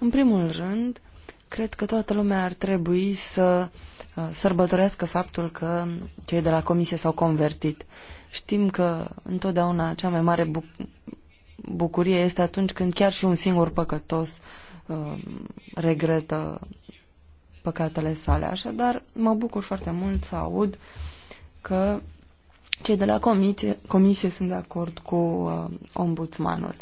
În primul rând, cred că toată lumea ar trebui să uh, sărbătorească faptul că cei de la comisie s-au convertit. Știm că întotdeauna cea mai mare bu bucurie este atunci când chiar și un singur păcătos uh, regretă păcatele sale. Așadar, mă bucur foarte mult să aud că cei de la comisie, comisie sunt de acord cu uh, ombudsmanul.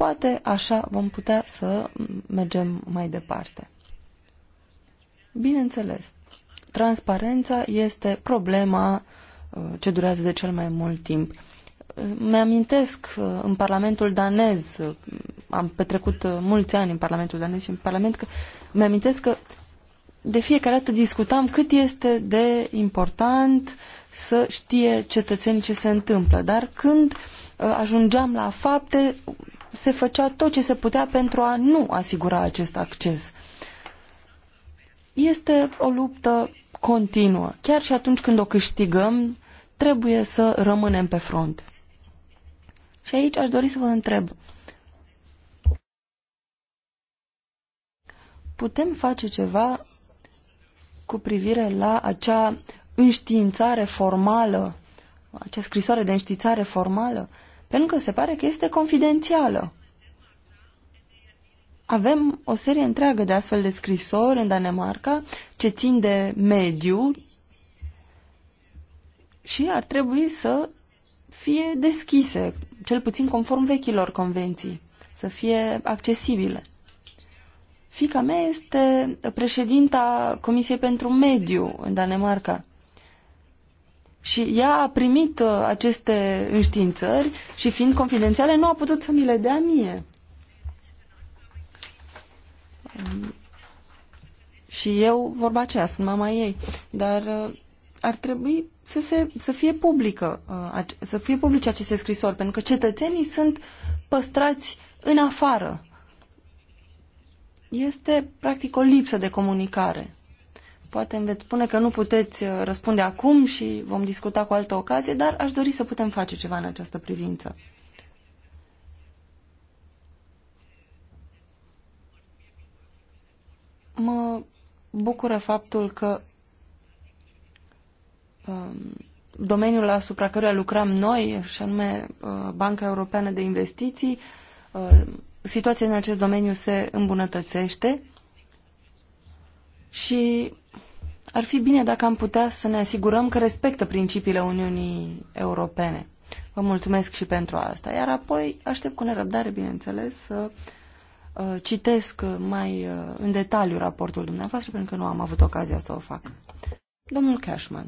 Poate așa vom putea să mergem mai departe. Bineînțeles, transparența este problema uh, ce durează de cel mai mult timp. Uh, mi-amintesc uh, în Parlamentul danez, am petrecut mulți ani în Parlamentul danez și în Parlament, că mi-amintesc că de fiecare dată discutam cât este de important să știe cetățenii ce se întâmplă, dar când ajungeam la fapte, se făcea tot ce se putea pentru a nu asigura acest acces. Este o luptă continuă. Chiar și atunci când o câștigăm, trebuie să rămânem pe front. Și aici aș dori să vă întreb. Putem face ceva cu privire la acea înștiințare formală, acea scrisoare de înștiințare formală? pentru că se pare că este confidențială. Avem o serie întreagă de astfel de scrisori în Danemarca ce țin de mediu și ar trebui să fie deschise, cel puțin conform vechilor convenții, să fie accesibile. Fica mea este președinta Comisiei pentru Mediu în Danemarca și ea a primit uh, aceste înștiințări și fiind confidențiale nu a putut să mi le dea mie. Și eu, vorba aceea, sunt mama ei. Dar uh, ar trebui să, se, să fie publică, uh, să fie publice aceste scrisori, pentru că cetățenii sunt păstrați în afară. Este, practic, o lipsă de comunicare. Poate îmi veți spune că nu puteți uh, răspunde acum și vom discuta cu altă ocazie, dar aș dori să putem face ceva în această privință. Mă bucură faptul că um, domeniul asupra căruia lucram noi, și anume uh, Banca Europeană de Investiții, uh, situația în acest domeniu se îmbunătățește și ar fi bine dacă am putea să ne asigurăm că respectă principiile Uniunii Europene. Vă mulțumesc și pentru asta. Iar apoi aștept cu nerăbdare, bineînțeles, să uh, citesc mai uh, în detaliu raportul dumneavoastră, pentru că nu am avut ocazia să o fac. Domnul Cashman.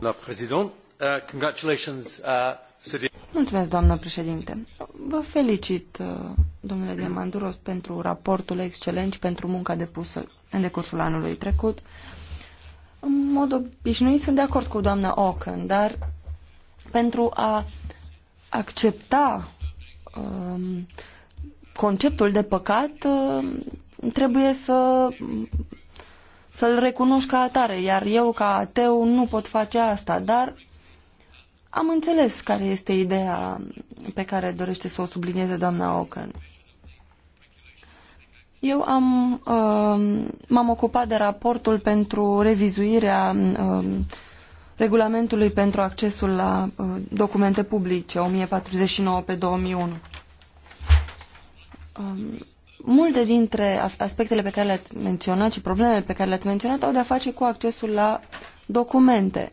La president, uh, congratulations, uh, Mulțumesc, doamnă președinte. Vă felicit, uh, domnule Diamanduros, pentru raportul excelent și pentru munca depusă în decursul anului trecut. În mod obișnuit sunt de acord cu doamna Ocken, dar pentru a accepta um, conceptul de păcat, um, trebuie să să-l recunoști ca atare, iar eu ca ateu nu pot face asta, dar am înțeles care este ideea pe care dorește să o sublinieze doamna Ocan. Eu am, uh, m-am ocupat de raportul pentru revizuirea uh, regulamentului pentru accesul la uh, documente publice 1049 pe 2001. Um, multe dintre aspectele pe care le-ați menționat și problemele pe care le-ați menționat au de-a face cu accesul la documente.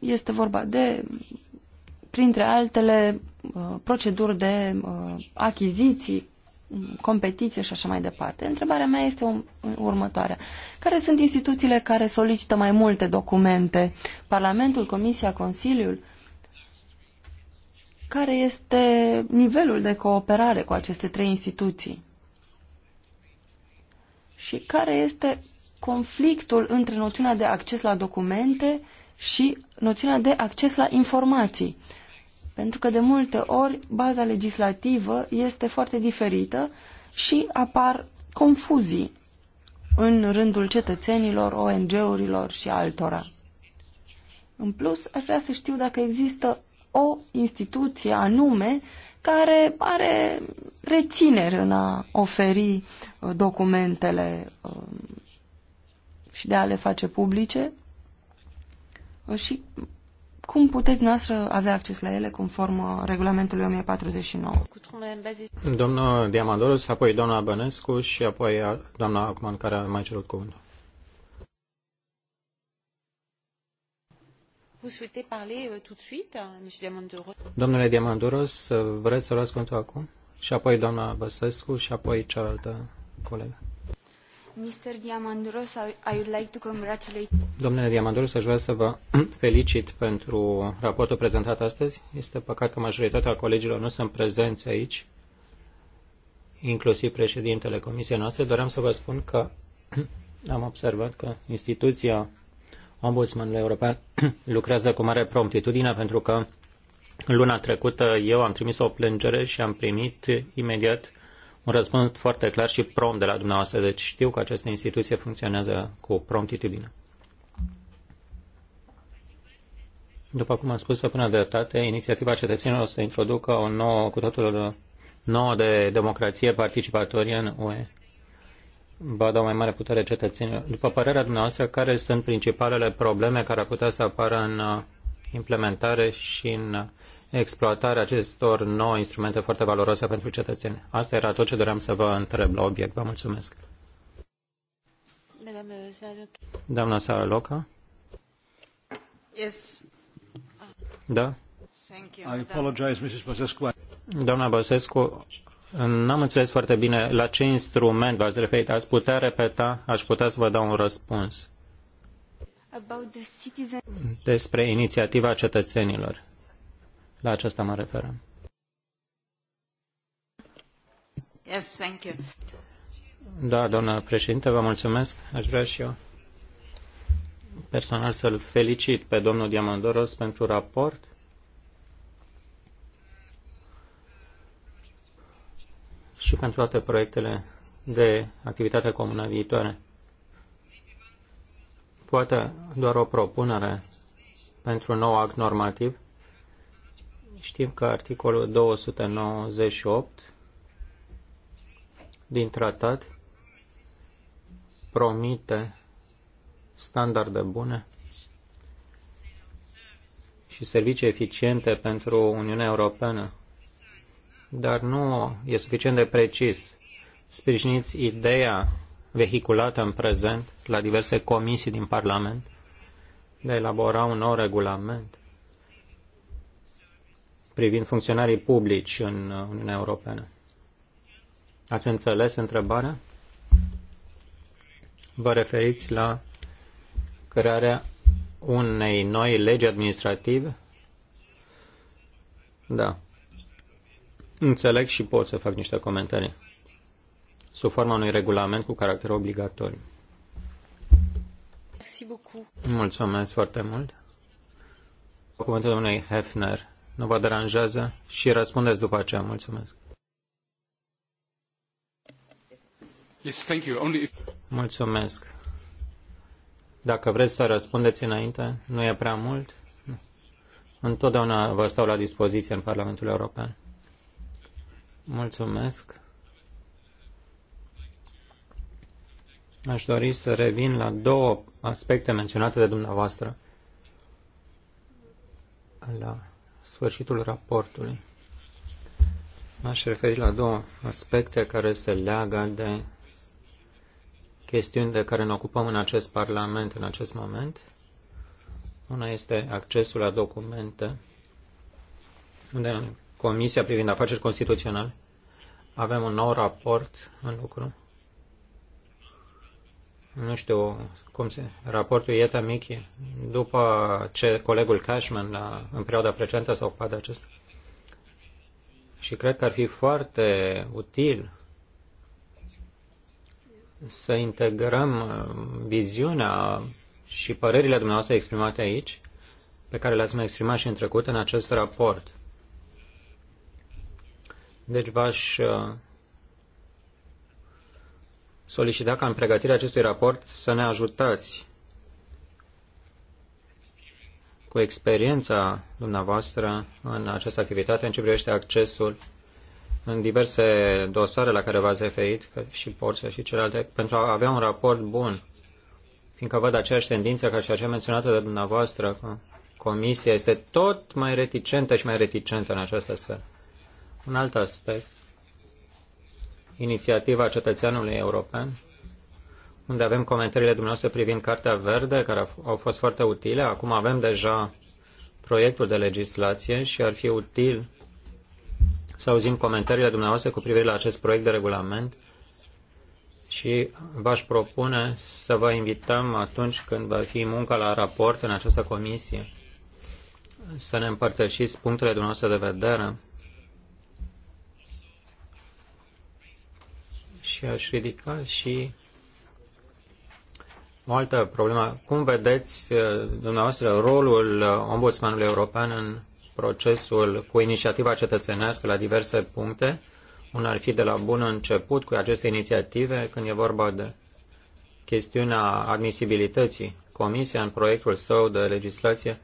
Este vorba de printre altele, uh, proceduri de uh, achiziții, competiție și așa mai departe. Întrebarea mea este următoarea. Care sunt instituțiile care solicită mai multe documente? Parlamentul, Comisia, Consiliul? Care este nivelul de cooperare cu aceste trei instituții? Și care este conflictul între noțiunea de acces la documente și noțiunea de acces la informații? Pentru că de multe ori baza legislativă este foarte diferită și apar confuzii în rândul cetățenilor, ONG-urilor și altora. În plus, aș vrea să știu dacă există o instituție anume care are rețineri în a oferi uh, documentele um, și de a le face publice uh, și cum puteți noastră avea acces la ele conform uh, regulamentului 1049? Domnul Diamandoros, apoi doamna Bănescu și apoi uh, doamna Acuman care a mai cerut cuvântul. Euh, Domnule Diamanduros, uh, vreți să luați cuvântul acum? Și apoi doamna Băsescu și apoi cealaltă colegă. Mr. Diamandouros, I would like to congratulate... Domnule Diamandouros, aș vrea să vă felicit pentru raportul prezentat astăzi. Este păcat că majoritatea colegilor nu sunt prezenți aici, inclusiv președintele comisiei noastre. Doream să vă spun că am observat că instituția Ombudsmanului European lucrează cu mare promptitudine pentru că luna trecută eu am trimis o plângere și am primit imediat uh, un răspuns foarte clar și prompt de la dumneavoastră. Deci știu că această instituție funcționează cu promptitudine. După cum am spus pe până dreptate, inițiativa cetățenilor o să introducă o nouă, cu totul nouă de democrație participatorie în UE. Va da mai mare putere cetățenilor. După părerea dumneavoastră, care sunt principalele probleme care ar putea să apară în uh, implementare și în exploatarea acestor noi instrumente foarte valoroase pentru cetățeni. Asta era tot ce doream să vă întreb la obiect. Vă mulțumesc. Doamna Sara Loca? Yes. Da? Thank you. I apologize, Mrs. Băsescu. Doamna Băsescu, n-am înțeles foarte bine la ce instrument v-ați referit. Ați putea repeta, aș putea să vă dau un răspuns. Despre inițiativa cetățenilor. La aceasta mă referam? Yes, thank you. Da, doamnă președinte, vă mulțumesc. Aș vrea și eu personal să-l felicit pe domnul Diamandoros pentru raport. și pentru toate proiectele de activitate comună viitoare. Poate doar o propunere pentru un nou act normativ Știm că articolul 298 din tratat promite standarde bune și servicii eficiente pentru Uniunea Europeană, dar nu e suficient de precis. Sprijiniți ideea vehiculată în prezent la diverse comisii din Parlament de a elabora un nou regulament privind funcționarii publici în uh, Uniunea Europeană. Ați înțeles întrebarea? Vă referiți la crearea unei noi legi administrative? Da. Înțeleg și pot să fac niște comentarii sub forma unui regulament cu caracter obligatoriu. Mulțumesc foarte mult. Cuvântul domnului Hefner nu vă deranjează și răspundeți după aceea. Mulțumesc. Yes, thank you. Only if... Mulțumesc. Dacă vreți să răspundeți înainte, nu e prea mult. Întotdeauna vă stau la dispoziție în Parlamentul European. Mulțumesc. Aș dori să revin la două aspecte menționate de dumneavoastră. La sfârșitul raportului. M-aș referi la două aspecte care se leagă de chestiuni de care ne ocupăm în acest Parlament în acest moment. Una este accesul la documente, unde în Comisia privind afaceri constituționale avem un nou raport în lucru nu știu cum se, raportul Ieta Michi, după ce colegul Cashman a, în perioada precedentă s-a ocupat de acesta. Și cred că ar fi foarte util să integrăm viziunea și părerile dumneavoastră exprimate aici, pe care le-ați mai exprimat și în trecut, în acest raport. Deci v-aș solicita ca în pregătirea acestui raport să ne ajutați cu experiența dumneavoastră în această activitate în ce privește accesul în diverse dosare la care v-ați referit, și porțile și celelalte, pentru a avea un raport bun, fiindcă văd aceeași tendință ca și aceea menționată de dumneavoastră, că Comisia este tot mai reticentă și mai reticentă în această sferă. Un alt aspect inițiativa cetățeanului european, unde avem comentariile dumneavoastră privind Cartea Verde, care au fost foarte utile. Acum avem deja proiectul de legislație și ar fi util să auzim comentariile dumneavoastră cu privire la acest proiect de regulament și v-aș propune să vă invităm atunci când va fi munca la raport în această comisie să ne împărtășiți punctele dumneavoastră de vedere Și aș ridica și o altă problemă. Cum vedeți uh, dumneavoastră rolul Ombudsmanului European în procesul cu inițiativa cetățenească la diverse puncte? Un ar fi de la bun început cu aceste inițiative când e vorba de chestiunea admisibilității. Comisia în proiectul său de legislație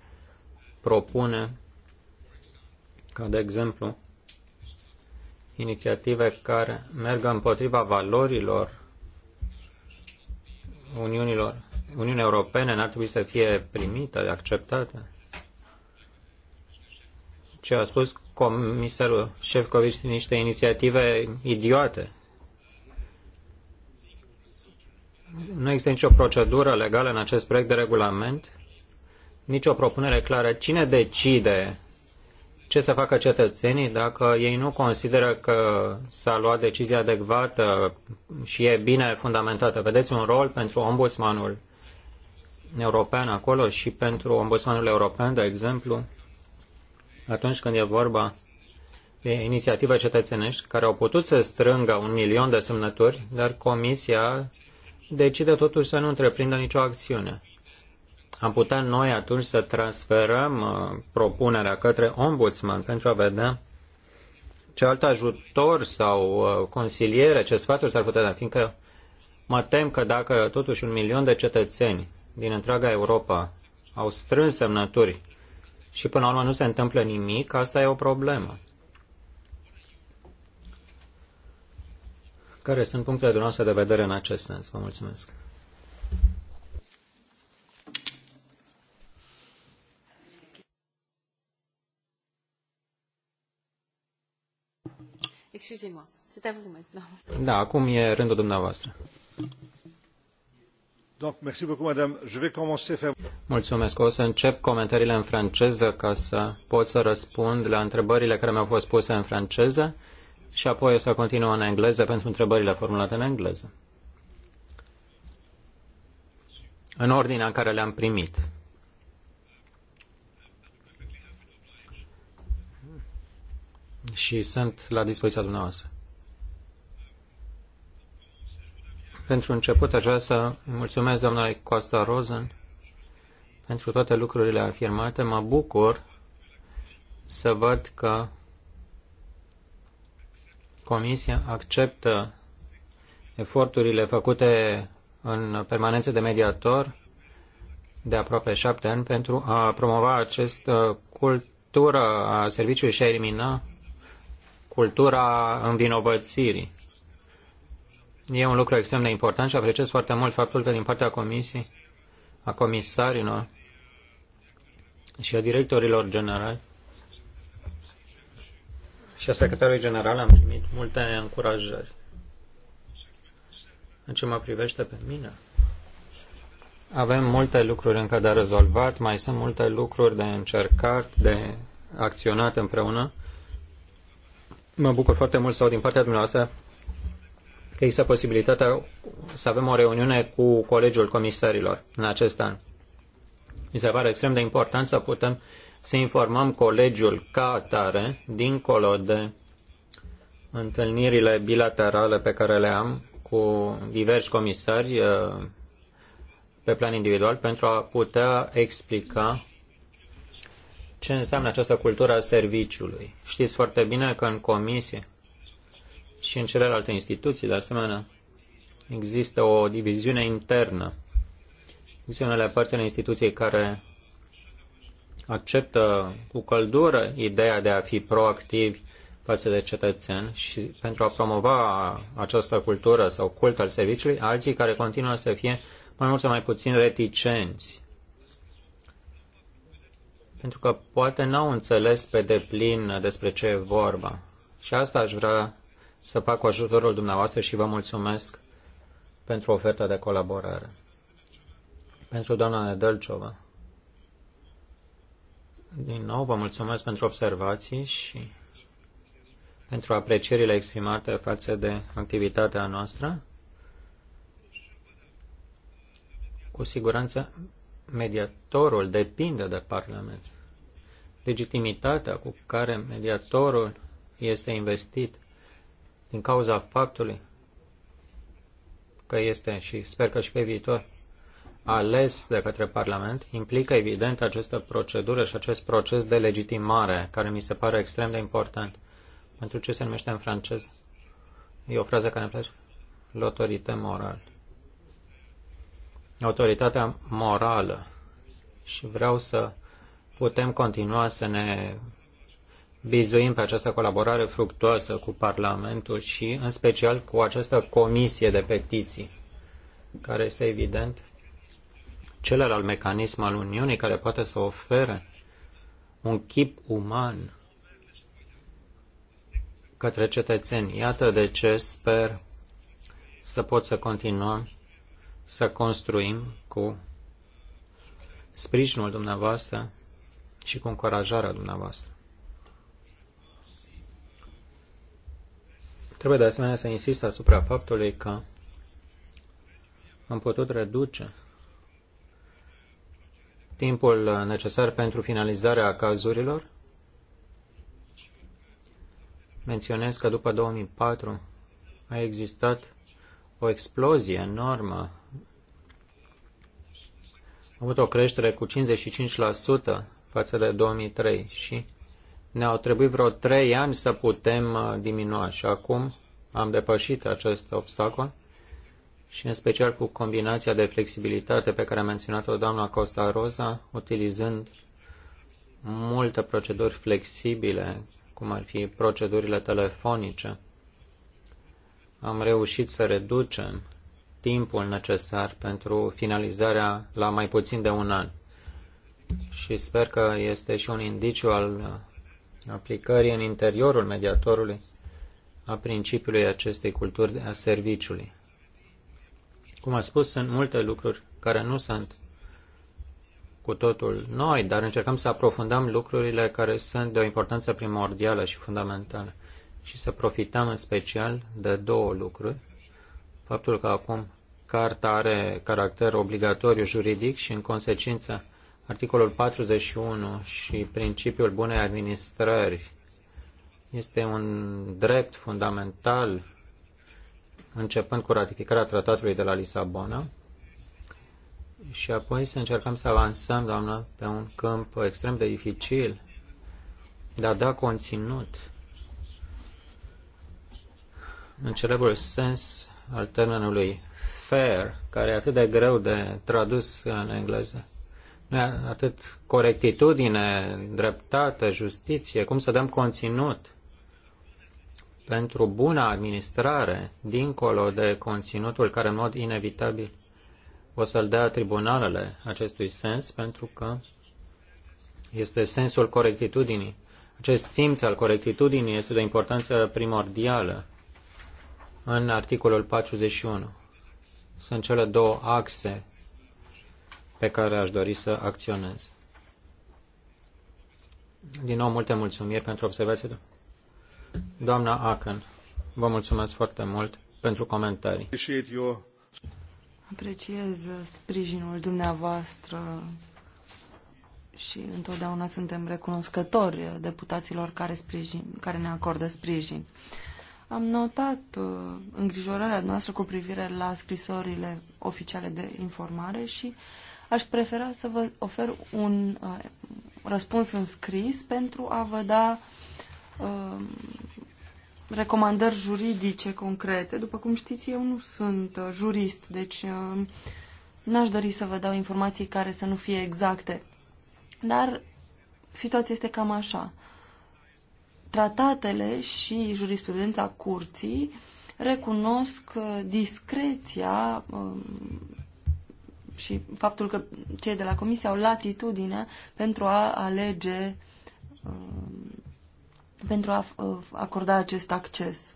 propune ca de exemplu inițiative care merg împotriva valorilor Uniunilor, Uniunea Europene n-ar trebui să fie primită, acceptată. Ce a spus comisarul Șefcovici, niște inițiative idiote. Nu există nicio procedură legală în acest proiect de regulament, nicio propunere clară. Cine decide ce să facă cetățenii dacă ei nu consideră că s-a luat decizia adecvată și e bine fundamentată. Vedeți un rol pentru ombudsmanul european acolo și pentru ombudsmanul european, de exemplu, atunci când e vorba de inițiative cetățenești care au putut să strângă un milion de semnături, dar Comisia decide totuși să nu întreprindă nicio acțiune am putea noi atunci să transferăm uh, propunerea către ombudsman pentru a vedea ce alt ajutor sau uh, consiliere, ce sfaturi s-ar putea da, fiindcă mă tem că dacă totuși un milion de cetățeni din întreaga Europa au strâns semnături și până la urmă nu se întâmplă nimic, asta e o problemă. Care sunt punctele dumneavoastră de vedere în acest sens? Vă mulțumesc. excusez-moi. C'est à vous maintenant. Da, acum e rândul dumneavoastră. Donc, merci beaucoup, madame. Je vais commencer faire... Mulțumesc. O să încep comentariile în franceză ca să pot să răspund la întrebările care mi-au fost puse în franceză și apoi o să continuu în engleză pentru întrebările formulate în engleză. În ordinea în care le-am primit. și sunt la dispoziția dumneavoastră. Pentru început aș vrea să mulțumesc doamnei Costa Rosen pentru toate lucrurile afirmate. Mă bucur să văd că Comisia acceptă eforturile făcute în permanență de mediator de aproape șapte ani pentru a promova acest uh, cultură a serviciului și a elimina cultura învinovățirii. E un lucru extrem de important și apreciez foarte mult faptul că din partea comisiei, a comisarilor și a directorilor generali și a secretarului general am primit multe încurajări. În ce mă privește pe mine, avem multe lucruri încă de rezolvat, mai sunt multe lucruri de încercat, de acționat împreună Mă bucur foarte mult să aud din partea dumneavoastră că există posibilitatea să avem o reuniune cu Colegiul Comisarilor în acest an. Mi se pare extrem de important să putem să informăm colegiul ca atare, dincolo de întâlnirile bilaterale pe care le am cu diversi comisari eh, pe plan individual, pentru a putea explica ce înseamnă această cultură a serviciului. Știți foarte bine că în comisie și în celelalte instituții, de asemenea, există o diviziune internă. Există unele părți ale instituției care acceptă cu căldură ideea de a fi proactivi față de cetățeni și pentru a promova această cultură sau cult al serviciului, alții care continuă să fie mai mult sau mai puțin reticenți pentru că poate n-au înțeles pe deplin despre ce e vorba. Și asta aș vrea să fac cu ajutorul dumneavoastră și vă mulțumesc pentru oferta de colaborare. Pentru doamna Nedălciova. Din nou, vă mulțumesc pentru observații și pentru aprecierile exprimate față de activitatea noastră. Cu siguranță, mediatorul depinde de Parlament legitimitatea cu care mediatorul este investit din cauza faptului că este și sper că și pe viitor ales de către Parlament implică evident această procedură și acest proces de legitimare care mi se pare extrem de important pentru ce se numește în francez? E o frază care îmi place. L'autorité morală. Autoritatea morală. Și vreau să putem continua să ne bizuim pe această colaborare fructuoasă cu Parlamentul și în special cu această comisie de petiții, care este evident celălalt mecanism al Uniunii care poate să ofere un chip uman către cetățeni. Iată de ce sper să pot să continuăm să construim cu sprijinul dumneavoastră și cu încurajarea dumneavoastră. Trebuie de asemenea să insist asupra faptului că am putut reduce timpul necesar pentru finalizarea cazurilor. Menționez că după 2004 a existat o explozie enormă. A avut o creștere cu 55% față de 2003 și ne-au trebuit vreo 3 ani să putem uh, diminua și acum am depășit acest obstacol și în special cu combinația de flexibilitate pe care a menționat-o doamna Costa Rosa, utilizând multe proceduri flexibile, cum ar fi procedurile telefonice, am reușit să reducem timpul necesar pentru finalizarea la mai puțin de un an și sper că este și un indiciu al aplicării în interiorul mediatorului a principiului acestei culturi a serviciului. Cum a spus, sunt multe lucruri care nu sunt cu totul noi, dar încercăm să aprofundăm lucrurile care sunt de o importanță primordială și fundamentală și să profităm în special de două lucruri. Faptul că acum carta are caracter obligatoriu juridic și în consecință Articolul 41 și principiul bunei administrări este un drept fundamental începând cu ratificarea tratatului de la Lisabona și apoi să încercăm să avansăm, doamnă, pe un câmp extrem de dificil de a da conținut în celebrul sens al termenului fair, care e atât de greu de tradus în engleză. Da, atât corectitudine, dreptate, justiție, cum să dăm conținut pentru buna administrare, dincolo de conținutul care în mod inevitabil o să-l dea tribunalele acestui sens, pentru că este sensul corectitudinii. Acest simț al corectitudinii este de importanță primordială în articolul 41. Sunt cele două axe pe care aș dori să acționez. Din nou, multe mulțumiri pentru observație. Doamna Aken, vă mulțumesc foarte mult pentru comentarii. Apreciez sprijinul dumneavoastră și întotdeauna suntem recunoscători deputaților care, sprijin, care ne acordă sprijin. Am notat uh, îngrijorarea noastră cu privire la scrisorile oficiale de informare și uh, aș prefera să vă ofer un uh, răspuns în scris pentru a vă da uh, recomandări juridice concrete. După cum știți, eu nu sunt uh, jurist, deci uh, n-aș dori să vă dau informații care să nu fie exacte. Dar situația este cam așa. Tratatele și jurisprudența curții recunosc uh, discreția um, și faptul că cei de la comisie au latitudine pentru a alege, um, pentru a uh, acorda acest acces.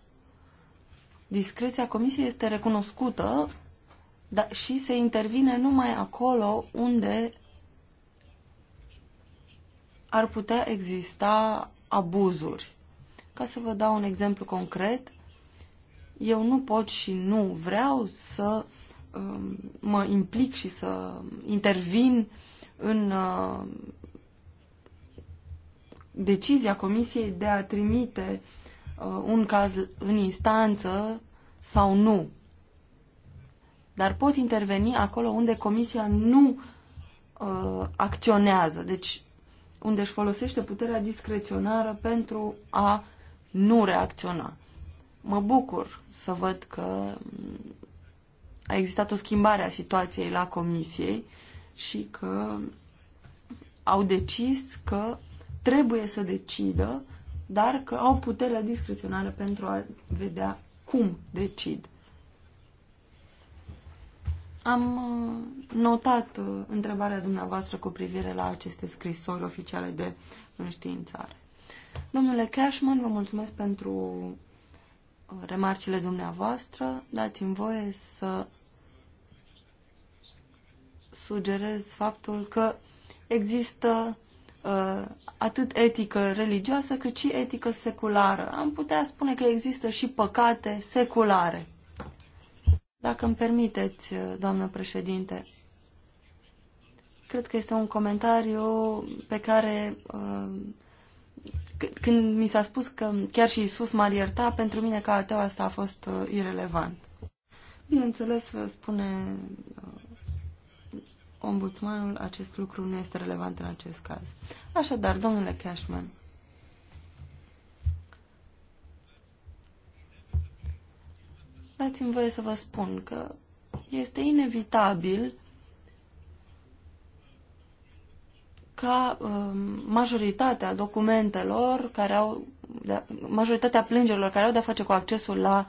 Discreția comisiei este recunoscută dar și se intervine numai acolo unde ar putea exista abuzuri. Ca să vă dau un exemplu concret, eu nu pot și nu vreau să Um, mă implic și să intervin în uh, decizia Comisiei de a trimite uh, un caz în instanță sau nu. Dar pot interveni acolo unde Comisia nu uh, acționează, deci unde își folosește puterea discreționară pentru a nu reacționa. Mă bucur să văd că a existat o schimbare a situației la comisiei și că au decis că trebuie să decidă, dar că au puterea discreționară pentru a vedea cum decid. Am uh, notat uh, întrebarea dumneavoastră cu privire la aceste scrisori oficiale de înștiințare. Domnule Cashman, vă mulțumesc pentru uh, remarcile dumneavoastră. Dați-mi voie să sugerez faptul că există uh, atât etică religioasă cât și etică seculară. Am putea spune că există și păcate seculare. Dacă îmi permiteți, uh, doamnă președinte, cred că este un comentariu pe care uh, când mi s-a spus că chiar și Isus m-ar ierta, pentru mine ca ateu asta a fost uh, irelevant. Bineînțeles, uh, spune uh, ombudsmanul, acest lucru nu este relevant în acest caz. Așadar, domnule Cashman, dați-mi voie să vă spun că este inevitabil ca um, majoritatea documentelor care au de, majoritatea plângerilor care au de-a face cu accesul la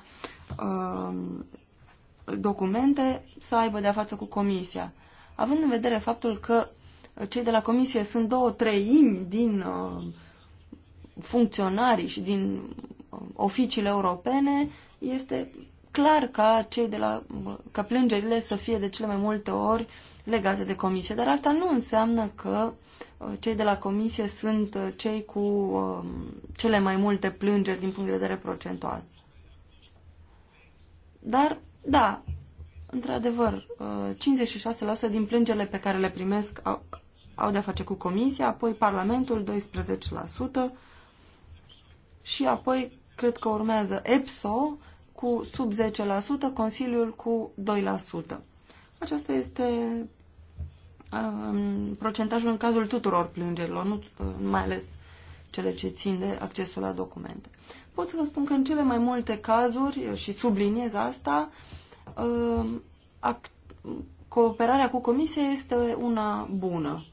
um, documente să aibă de-a față cu comisia. Având în vedere faptul că cei de la comisie sunt două treimi din uh, funcționarii și din uh, oficiile europene, este clar ca, cei de la, uh, ca plângerile să fie de cele mai multe ori legate de comisie. Dar asta nu înseamnă că uh, cei de la comisie sunt uh, cei cu cele mai multe plângeri din punct de vedere procentual. Dar, da, Într-adevăr, 56% uh, din plângerile pe care le primesc au, au de-a face cu Comisia, apoi Parlamentul 12% și apoi cred că urmează EPSO cu sub 10%, Consiliul cu 2%. Aceasta este um, procentajul în cazul tuturor plângerilor, nu, uh, mai ales cele ce țin de accesul la documente. Pot să vă spun că în cele mai multe cazuri, și subliniez asta, uh, Um, cooperarea cu Comisia este una bună.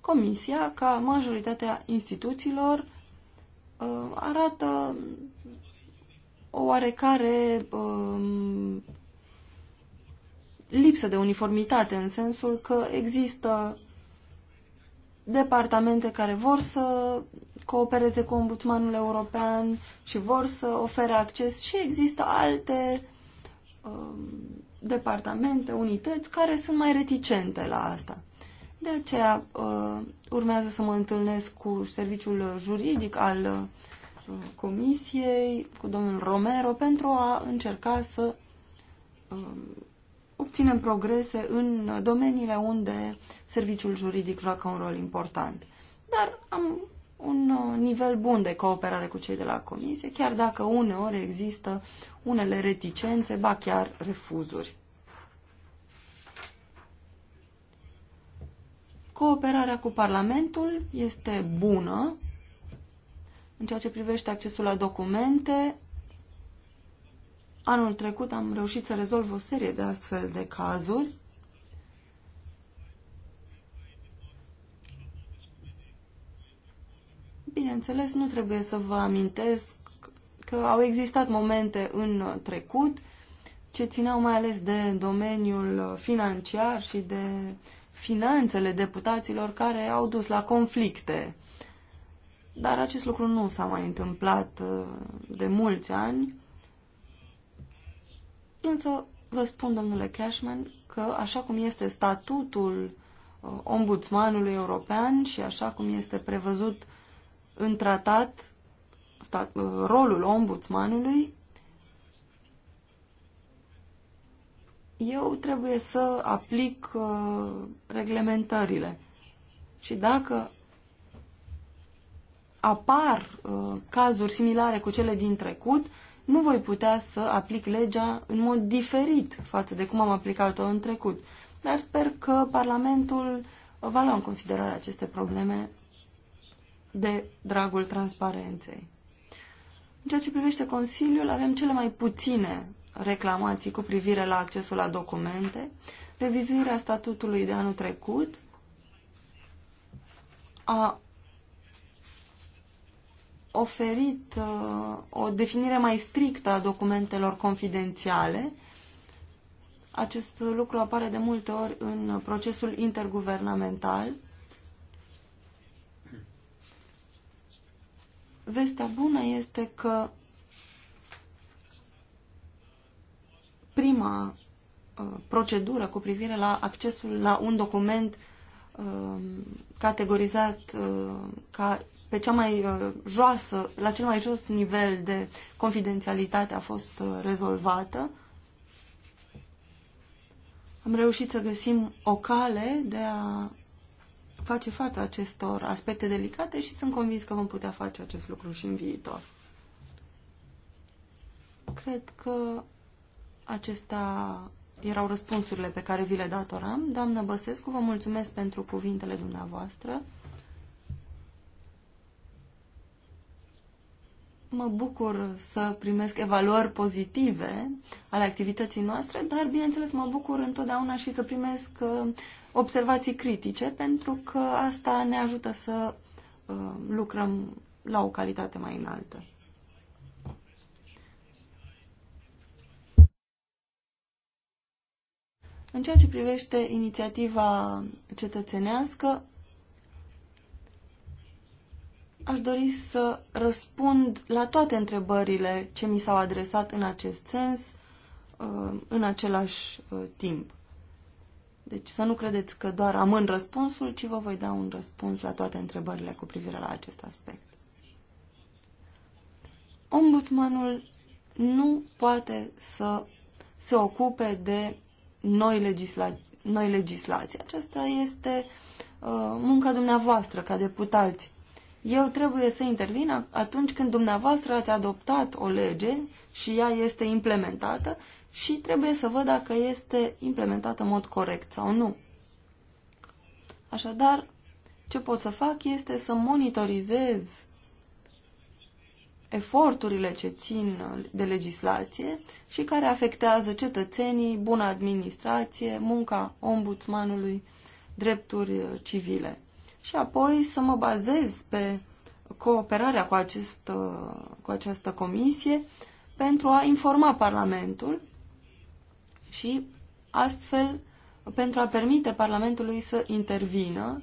Comisia, ca majoritatea instituțiilor, um, arată o oarecare um, lipsă de uniformitate, în sensul că există departamente care vor să coopereze cu ombudsmanul european și vor să ofere acces și există alte um, departamente, unități care sunt mai reticente la asta. De aceea uh, urmează să mă întâlnesc cu serviciul juridic al uh, comisiei, cu domnul Romero, pentru a încerca să uh, obținem progrese în domeniile unde serviciul juridic joacă un rol important. Dar am un uh, nivel bun de cooperare cu cei de la comisie, chiar dacă uneori există unele reticențe, ba chiar refuzuri. Cooperarea cu Parlamentul este bună în ceea ce privește accesul la documente. Anul trecut am reușit să rezolv o serie de astfel de cazuri Bineînțeles, nu trebuie să vă amintesc că au existat momente în trecut ce țineau mai ales de domeniul financiar și de finanțele deputaților care au dus la conflicte. Dar acest lucru nu s-a mai întâmplat uh, de mulți ani. Însă vă spun, domnule Cashman, că așa cum este statutul uh, ombudsmanului european și așa cum este prevăzut în tratat stat, uh, rolul ombudsmanului, eu trebuie să aplic uh, reglementările. Și dacă apar uh, cazuri similare cu cele din trecut, nu voi putea să aplic legea în mod diferit față de cum am aplicat-o în trecut. Dar sper că Parlamentul uh, va lua în considerare aceste probleme de dragul transparenței. În ceea ce privește Consiliul, avem cele mai puține reclamații cu privire la accesul la documente, revizuirea statutului de anul trecut, a oferit uh, o definire mai strictă a documentelor confidențiale. Acest lucru apare de multe ori în procesul interguvernamental Vestea bună este că prima uh, procedură cu privire la accesul la un document uh, categorizat uh, ca pe cea mai joasă, la cel mai jos nivel de confidențialitate a fost rezolvată. Am reușit să găsim o cale de a face față acestor aspecte delicate și sunt convins că vom putea face acest lucru și în viitor. Cred că acestea erau răspunsurile pe care vi le datoram. Doamnă Băsescu, vă mulțumesc pentru cuvintele dumneavoastră. Mă bucur să primesc evaluări pozitive ale activității noastre, dar, bineînțeles, mă bucur întotdeauna și să primesc uh, observații critice, pentru că asta ne ajută să uh, lucrăm la o calitate mai înaltă. În ceea ce privește inițiativa cetățenească, aș dori să răspund la toate întrebările ce mi s-au adresat în acest sens uh, în același uh, timp. Deci să nu credeți că doar amân răspunsul, ci vă voi da un răspuns la toate întrebările cu privire la acest aspect. Ombudsmanul nu poate să se ocupe de noi, legisla noi legislații. Aceasta este uh, munca dumneavoastră ca deputați. Eu trebuie să intervin atunci când dumneavoastră ați adoptat o lege și ea este implementată și trebuie să văd dacă este implementată în mod corect sau nu. Așadar, ce pot să fac este să monitorizez eforturile ce țin de legislație și care afectează cetățenii, bună administrație, munca ombudsmanului, drepturi civile. Și apoi să mă bazez pe cooperarea cu, acest, cu această comisie pentru a informa Parlamentul și astfel pentru a permite Parlamentului să intervină,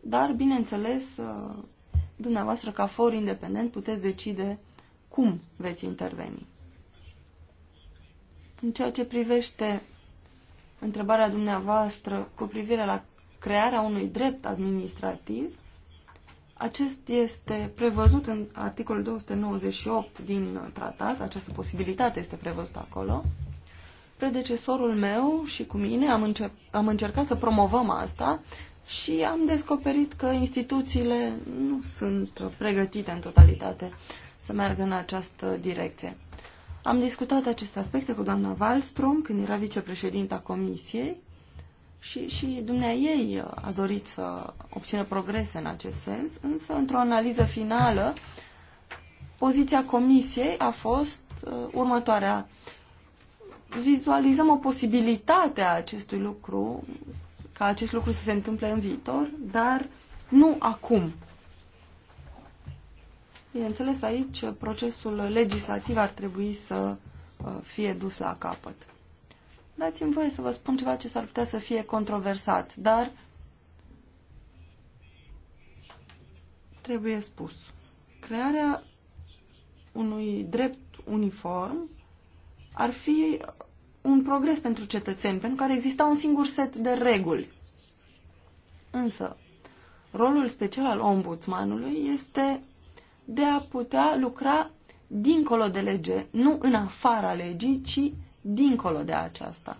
dar, bineînțeles, uh, dumneavoastră, ca for independent, puteți decide cum veți interveni. În ceea ce privește întrebarea dumneavoastră cu privire la crearea unui drept administrativ, acest este prevăzut în articolul 298 din tratat, această posibilitate este prevăzută acolo. Predecesorul meu și cu mine am, încep, am încercat să promovăm asta și am descoperit că instituțiile nu sunt pregătite în totalitate să meargă în această direcție. Am discutat aceste aspecte cu doamna Wallström când era vicepreședinta comisiei și, și dumnea ei a dorit să obțină progrese în acest sens, însă într-o analiză finală, poziția comisiei a fost uh, următoarea. Vizualizăm o posibilitate a acestui lucru, ca acest lucru să se întâmple în viitor, dar nu acum. Bineînțeles, aici procesul legislativ ar trebui să uh, fie dus la capăt. Dați-mi voie să vă spun ceva ce s-ar putea să fie controversat, dar trebuie spus. Crearea unui drept uniform ar fi un progres pentru cetățeni, pentru care exista un singur set de reguli. Însă, rolul special al ombudsmanului este de a putea lucra dincolo de lege, nu în afara legii, ci dincolo de aceasta.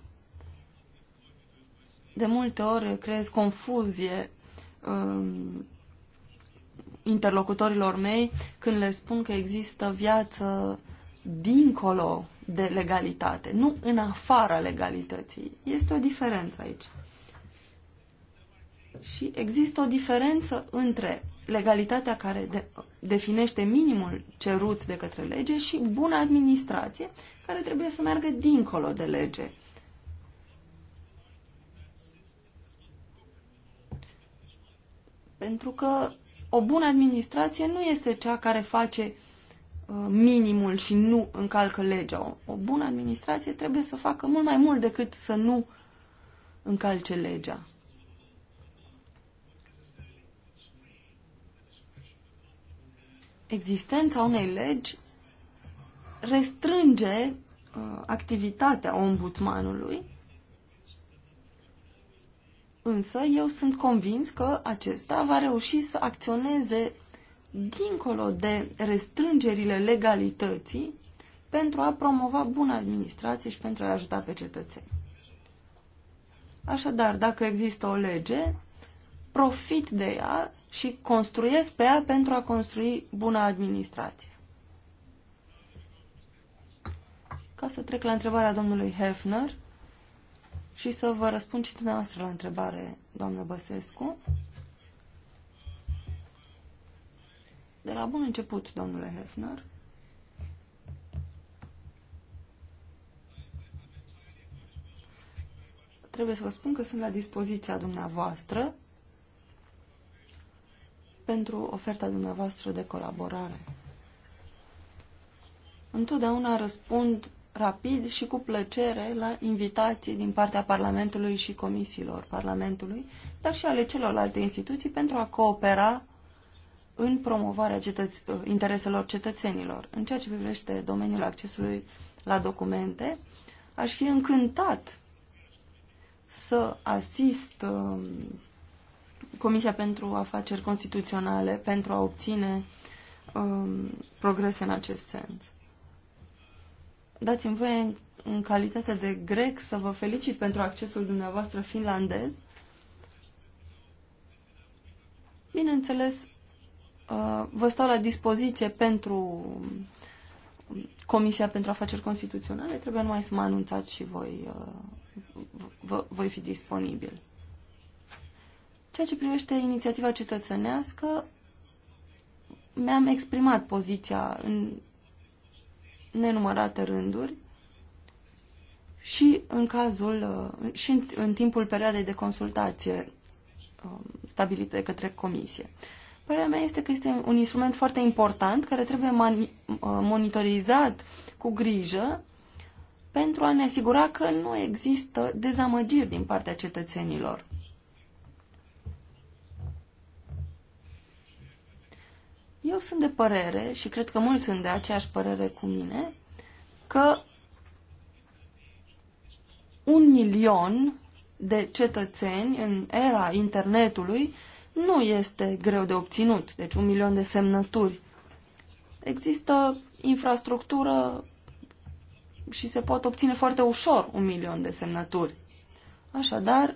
De multe ori creez confuzie um, interlocutorilor mei când le spun că există viață dincolo de legalitate, nu în afara legalității. Este o diferență aici. Și există o diferență între legalitatea care de, definește minimul cerut de către lege și bună administrație care trebuie să meargă dincolo de lege. Pentru că o bună administrație nu este cea care face uh, minimul și nu încalcă legea. O, bună administrație trebuie să facă mult mai mult decât să nu încalce legea. existența unei legi restrânge uh, activitatea ombudsmanului, însă eu sunt convins că acesta va reuși să acționeze dincolo de restrângerile legalității pentru a promova bună administrație și pentru a ajuta pe cetățeni. Așadar, dacă există o lege, profit de ea și construiesc pe ea pentru a construi bună administrație. Ca să trec la întrebarea domnului Hefner și să vă răspund și dumneavoastră la întrebare, doamnă Băsescu. De la bun început, domnule Hefner, trebuie să vă spun că sunt la dispoziția dumneavoastră pentru oferta dumneavoastră de colaborare. Întotdeauna răspund rapid și cu plăcere la invitații din partea Parlamentului și comisiilor Parlamentului, dar și ale celorlalte instituții pentru a coopera în promovarea cetăț- intereselor cetățenilor. În ceea ce privește domeniul accesului la documente, aș fi încântat să asist um, Comisia pentru Afaceri Constituționale pentru a obține um, progrese în acest sens. Dați-mi voie în calitate de grec să vă felicit pentru accesul dumneavoastră finlandez. Bineînțeles, uh, vă stau la dispoziție pentru um, Comisia pentru Afaceri Constituționale. Trebuie numai să mă anunțați și voi, uh, voi fi disponibil ceea ce privește inițiativa cetățenească, mi-am exprimat poziția în nenumărate rânduri și în cazul uh, și în, în timpul perioadei de consultație um, stabilită de către comisie. Părerea mea este că este un instrument foarte important care trebuie uh, monitorizat cu grijă pentru a ne asigura că nu există dezamăgiri din partea cetățenilor. Eu sunt de părere, și cred că mulți sunt de aceeași părere cu mine, că un milion de cetățeni în era internetului nu este greu de obținut, deci un milion de semnături. Există infrastructură și se pot obține foarte ușor un milion de semnături. Așadar,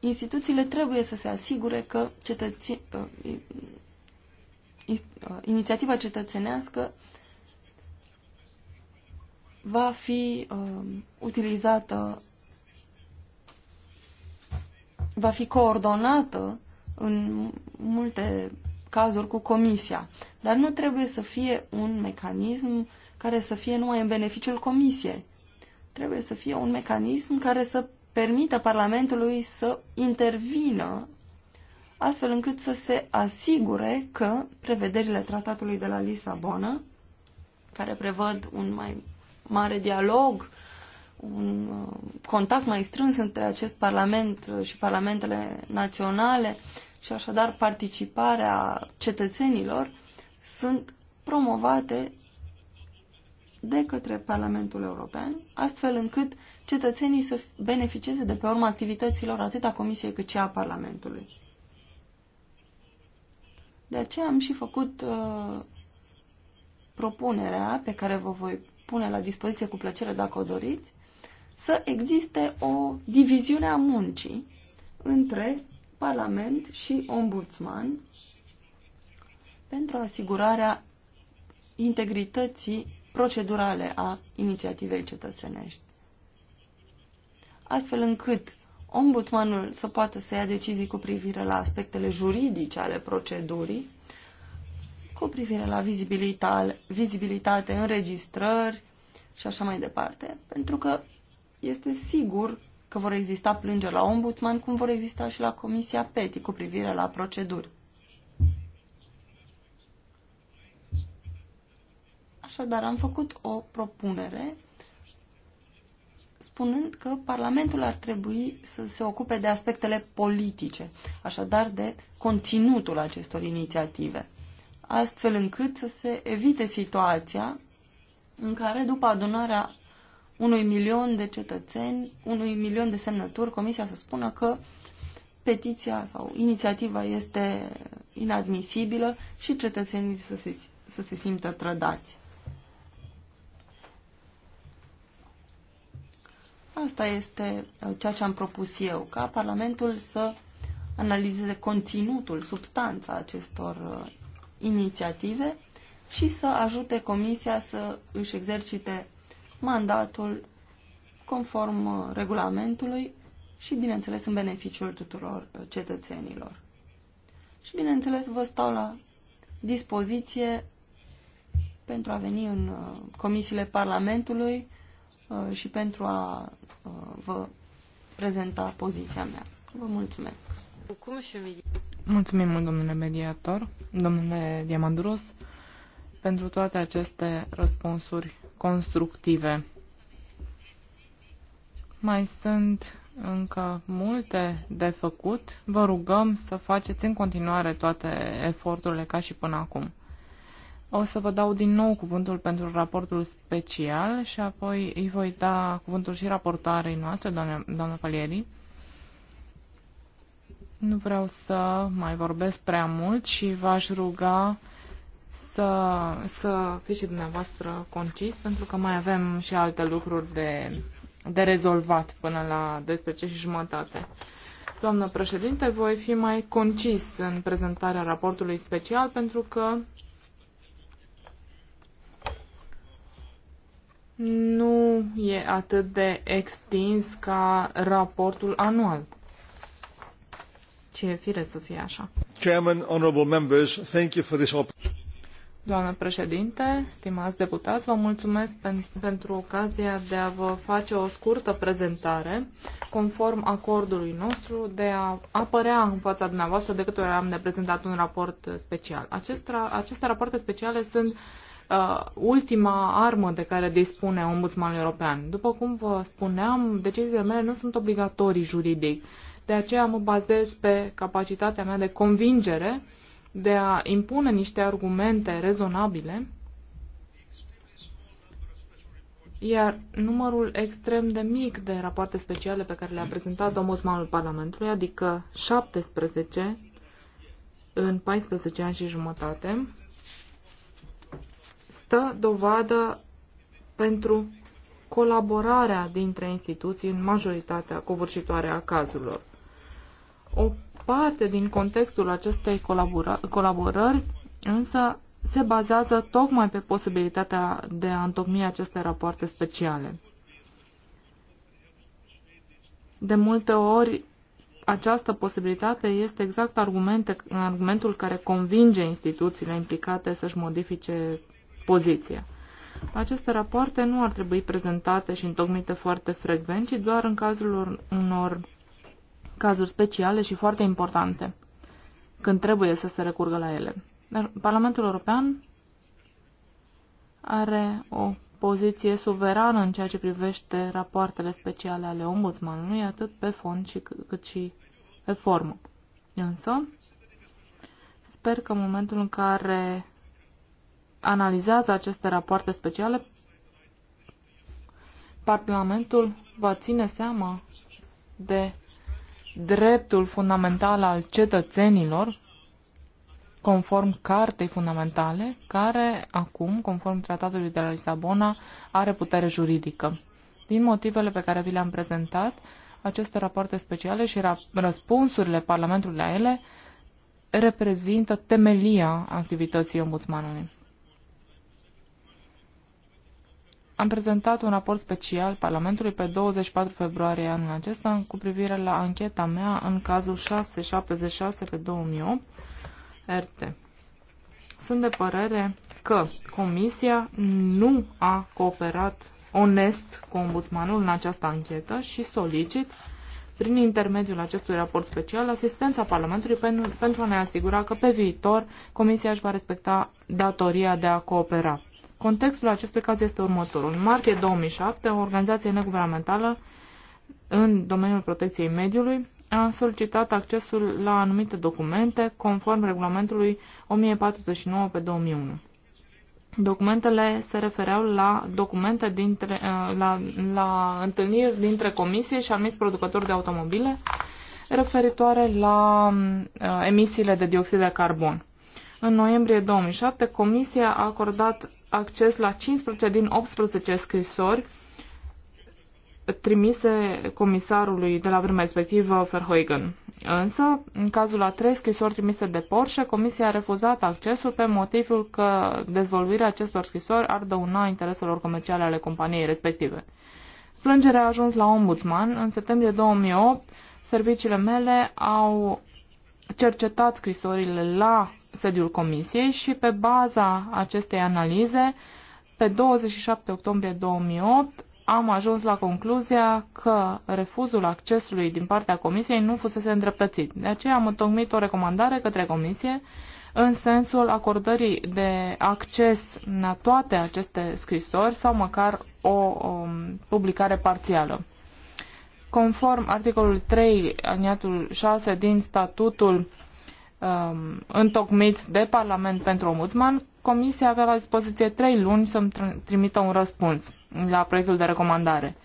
instituțiile trebuie să se asigure că cetățenii Uh, inițiativa cetățenească va fi uh, utilizată, va fi coordonată în multe cazuri cu Comisia. Dar nu trebuie să fie un mecanism care să fie numai în beneficiul Comisiei. Trebuie să fie un mecanism care să permită Parlamentului să intervină astfel încât să se asigure că prevederile tratatului de la Lisabona, care prevăd un mai mare dialog, un uh, contact mai strâns între acest Parlament uh, și parlamentele naționale și așadar participarea cetățenilor, sunt promovate de către Parlamentul European, astfel încât cetățenii să beneficieze de pe urma activităților atât a Comisiei cât și a Parlamentului. De aceea am și făcut uh, propunerea pe care vă voi pune la dispoziție cu plăcere dacă o doriți, să existe o diviziune a muncii între Parlament și Ombudsman pentru asigurarea integrității procedurale a inițiativei cetățenești. Astfel încât ombudsmanul să poată să ia decizii cu privire la aspectele juridice ale procedurii, cu privire la vizibilitate, înregistrări și așa mai departe, pentru că este sigur că vor exista plângeri la ombudsman, cum vor exista și la Comisia PETI cu privire la proceduri. Așadar, am făcut o propunere spunând că Parlamentul ar trebui să se ocupe de aspectele politice, așadar de conținutul acestor inițiative, astfel încât să se evite situația în care, după adunarea unui milion de cetățeni, unui milion de semnături, Comisia să spună că petiția sau inițiativa este inadmisibilă și cetățenii să se, să se simtă trădați. Asta este uh, ceea ce am propus eu, ca Parlamentul să analizeze conținutul, substanța acestor uh, inițiative și să ajute Comisia să își exercite mandatul conform uh, regulamentului și, bineînțeles, în beneficiul tuturor cetățenilor. Și, bineînțeles, vă stau la dispoziție pentru a veni în comisiile Parlamentului Uh, și pentru a uh, vă prezenta poziția mea. Vă mulțumesc. Mulțumim mult, domnule mediator, domnule Diamanduros, pentru toate aceste răspunsuri constructive. Mai sunt încă multe de făcut. Vă rugăm să faceți în continuare toate eforturile ca și până acum. O să vă dau din nou cuvântul pentru raportul special și apoi îi voi da cuvântul și raportoarei noastre, doamne, doamna Palieri. Nu vreau să mai vorbesc prea mult și v-aș ruga să, să fiți și dumneavoastră concis, pentru că mai avem și alte lucruri de, de rezolvat până la 12 și jumătate. Doamnă președinte, voi fi mai concis în prezentarea raportului special pentru că nu e atât de extins ca raportul anual. Ce e fire să fie așa. Chairman, honorable members, thank you for this Doamnă președinte, stimați deputați, vă mulțumesc pen, pentru ocazia de a vă face o scurtă prezentare, conform acordului nostru, de a apărea în fața dumneavoastră de câte ori am de prezentat un raport special. Acest, aceste rapoarte speciale sunt uh, ultima armă de care dispune ombudsmanul european. După cum vă spuneam, deciziile mele nu sunt obligatorii juridic. De aceea mă bazez pe capacitatea mea de convingere de a impune niște argumente rezonabile, iar numărul extrem de mic de rapoarte speciale pe care le-a prezentat ombudsmanul Parlamentului, adică 17 în 14 ani și jumătate, stă dovadă pentru colaborarea dintre instituții în majoritatea covârșitoare a cazurilor. O parte din contextul acestei colabora- colaborări însă se bazează tocmai pe posibilitatea de a întocmi aceste rapoarte speciale. De multe ori, această posibilitate este exact argumentul care convinge instituțiile implicate să-și modifice poziție. Aceste rapoarte nu ar trebui prezentate și întocmite foarte frecvent, ci doar în cazul unor cazuri speciale și foarte importante, când trebuie să se recurgă la ele. Parlamentul European are o poziție suverană în ceea ce privește rapoartele speciale ale ombudsmanului, atât pe fond și, cât și pe formă. Însă, sper că în momentul în care analizează aceste rapoarte speciale, Parlamentul va ține seama de dreptul fundamental al cetățenilor, conform Cartei Fundamentale, care acum, conform Tratatului de la Lisabona, are putere juridică. Din motivele pe care vi le-am prezentat, aceste rapoarte speciale și răspunsurile Parlamentului la ele reprezintă temelia activității ombudsmanului. Am prezentat un raport special Parlamentului pe 24 februarie anul acesta cu privire la ancheta mea în cazul 676 pe 2008 RT. Sunt de părere că Comisia nu a cooperat onest cu ombudsmanul în această anchetă și solicit prin intermediul acestui raport special asistența Parlamentului pentru a ne asigura că pe viitor Comisia își va respecta datoria de a coopera. Contextul acestui caz este următorul. În martie 2007, o organizație neguvernamentală în domeniul protecției mediului a solicitat accesul la anumite documente conform regulamentului 1049 pe 2001. Documentele se refereau la documente dintre, eh, la, la întâlniri dintre comisie și anumiți producători de automobile referitoare la eh, emisiile de dioxid de carbon. În noiembrie 2007, Comisia a acordat acces la 15 din 18 scrisori trimise comisarului de la vremea respectivă, Verheugen. Însă, în cazul a trei scrisori trimise de Porsche, comisia a refuzat accesul pe motivul că dezvolvirea acestor scrisori ar dăuna intereselor comerciale ale companiei respective. Plângerea a ajuns la ombudsman. În septembrie 2008, serviciile mele au cercetat scrisorile la sediul comisiei și pe baza acestei analize, pe 27 octombrie 2008, am ajuns la concluzia că refuzul accesului din partea comisiei nu fusese îndreptățit. De aceea am întocmit o recomandare către comisie în sensul acordării de acces la toate aceste scrisori sau măcar o, o um, publicare parțială. Conform articolul 3, aliniatul 6 din statutul um, întocmit de Parlament pentru Ombudsman, Comisia avea la dispoziție 3 luni să-mi trimită un răspuns la proiectul de recomandare.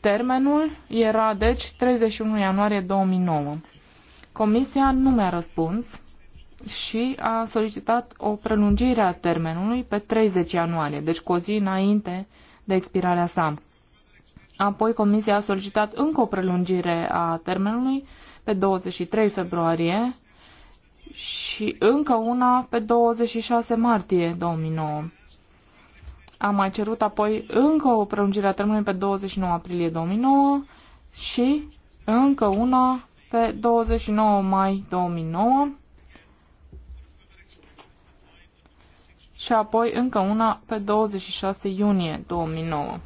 Termenul era, deci, 31 ianuarie 2009. Comisia nu mi-a răspuns și a solicitat o prelungire a termenului pe 30 ianuarie, deci cu o zi înainte de expirarea sa. Apoi Comisia a solicitat încă o prelungire a termenului pe 23 februarie și încă una pe 26 martie 2009. Am mai cerut apoi încă o prelungire a termenului pe 29 aprilie 2009 și încă una pe 29 mai 2009 și apoi încă una pe 26 iunie 2009.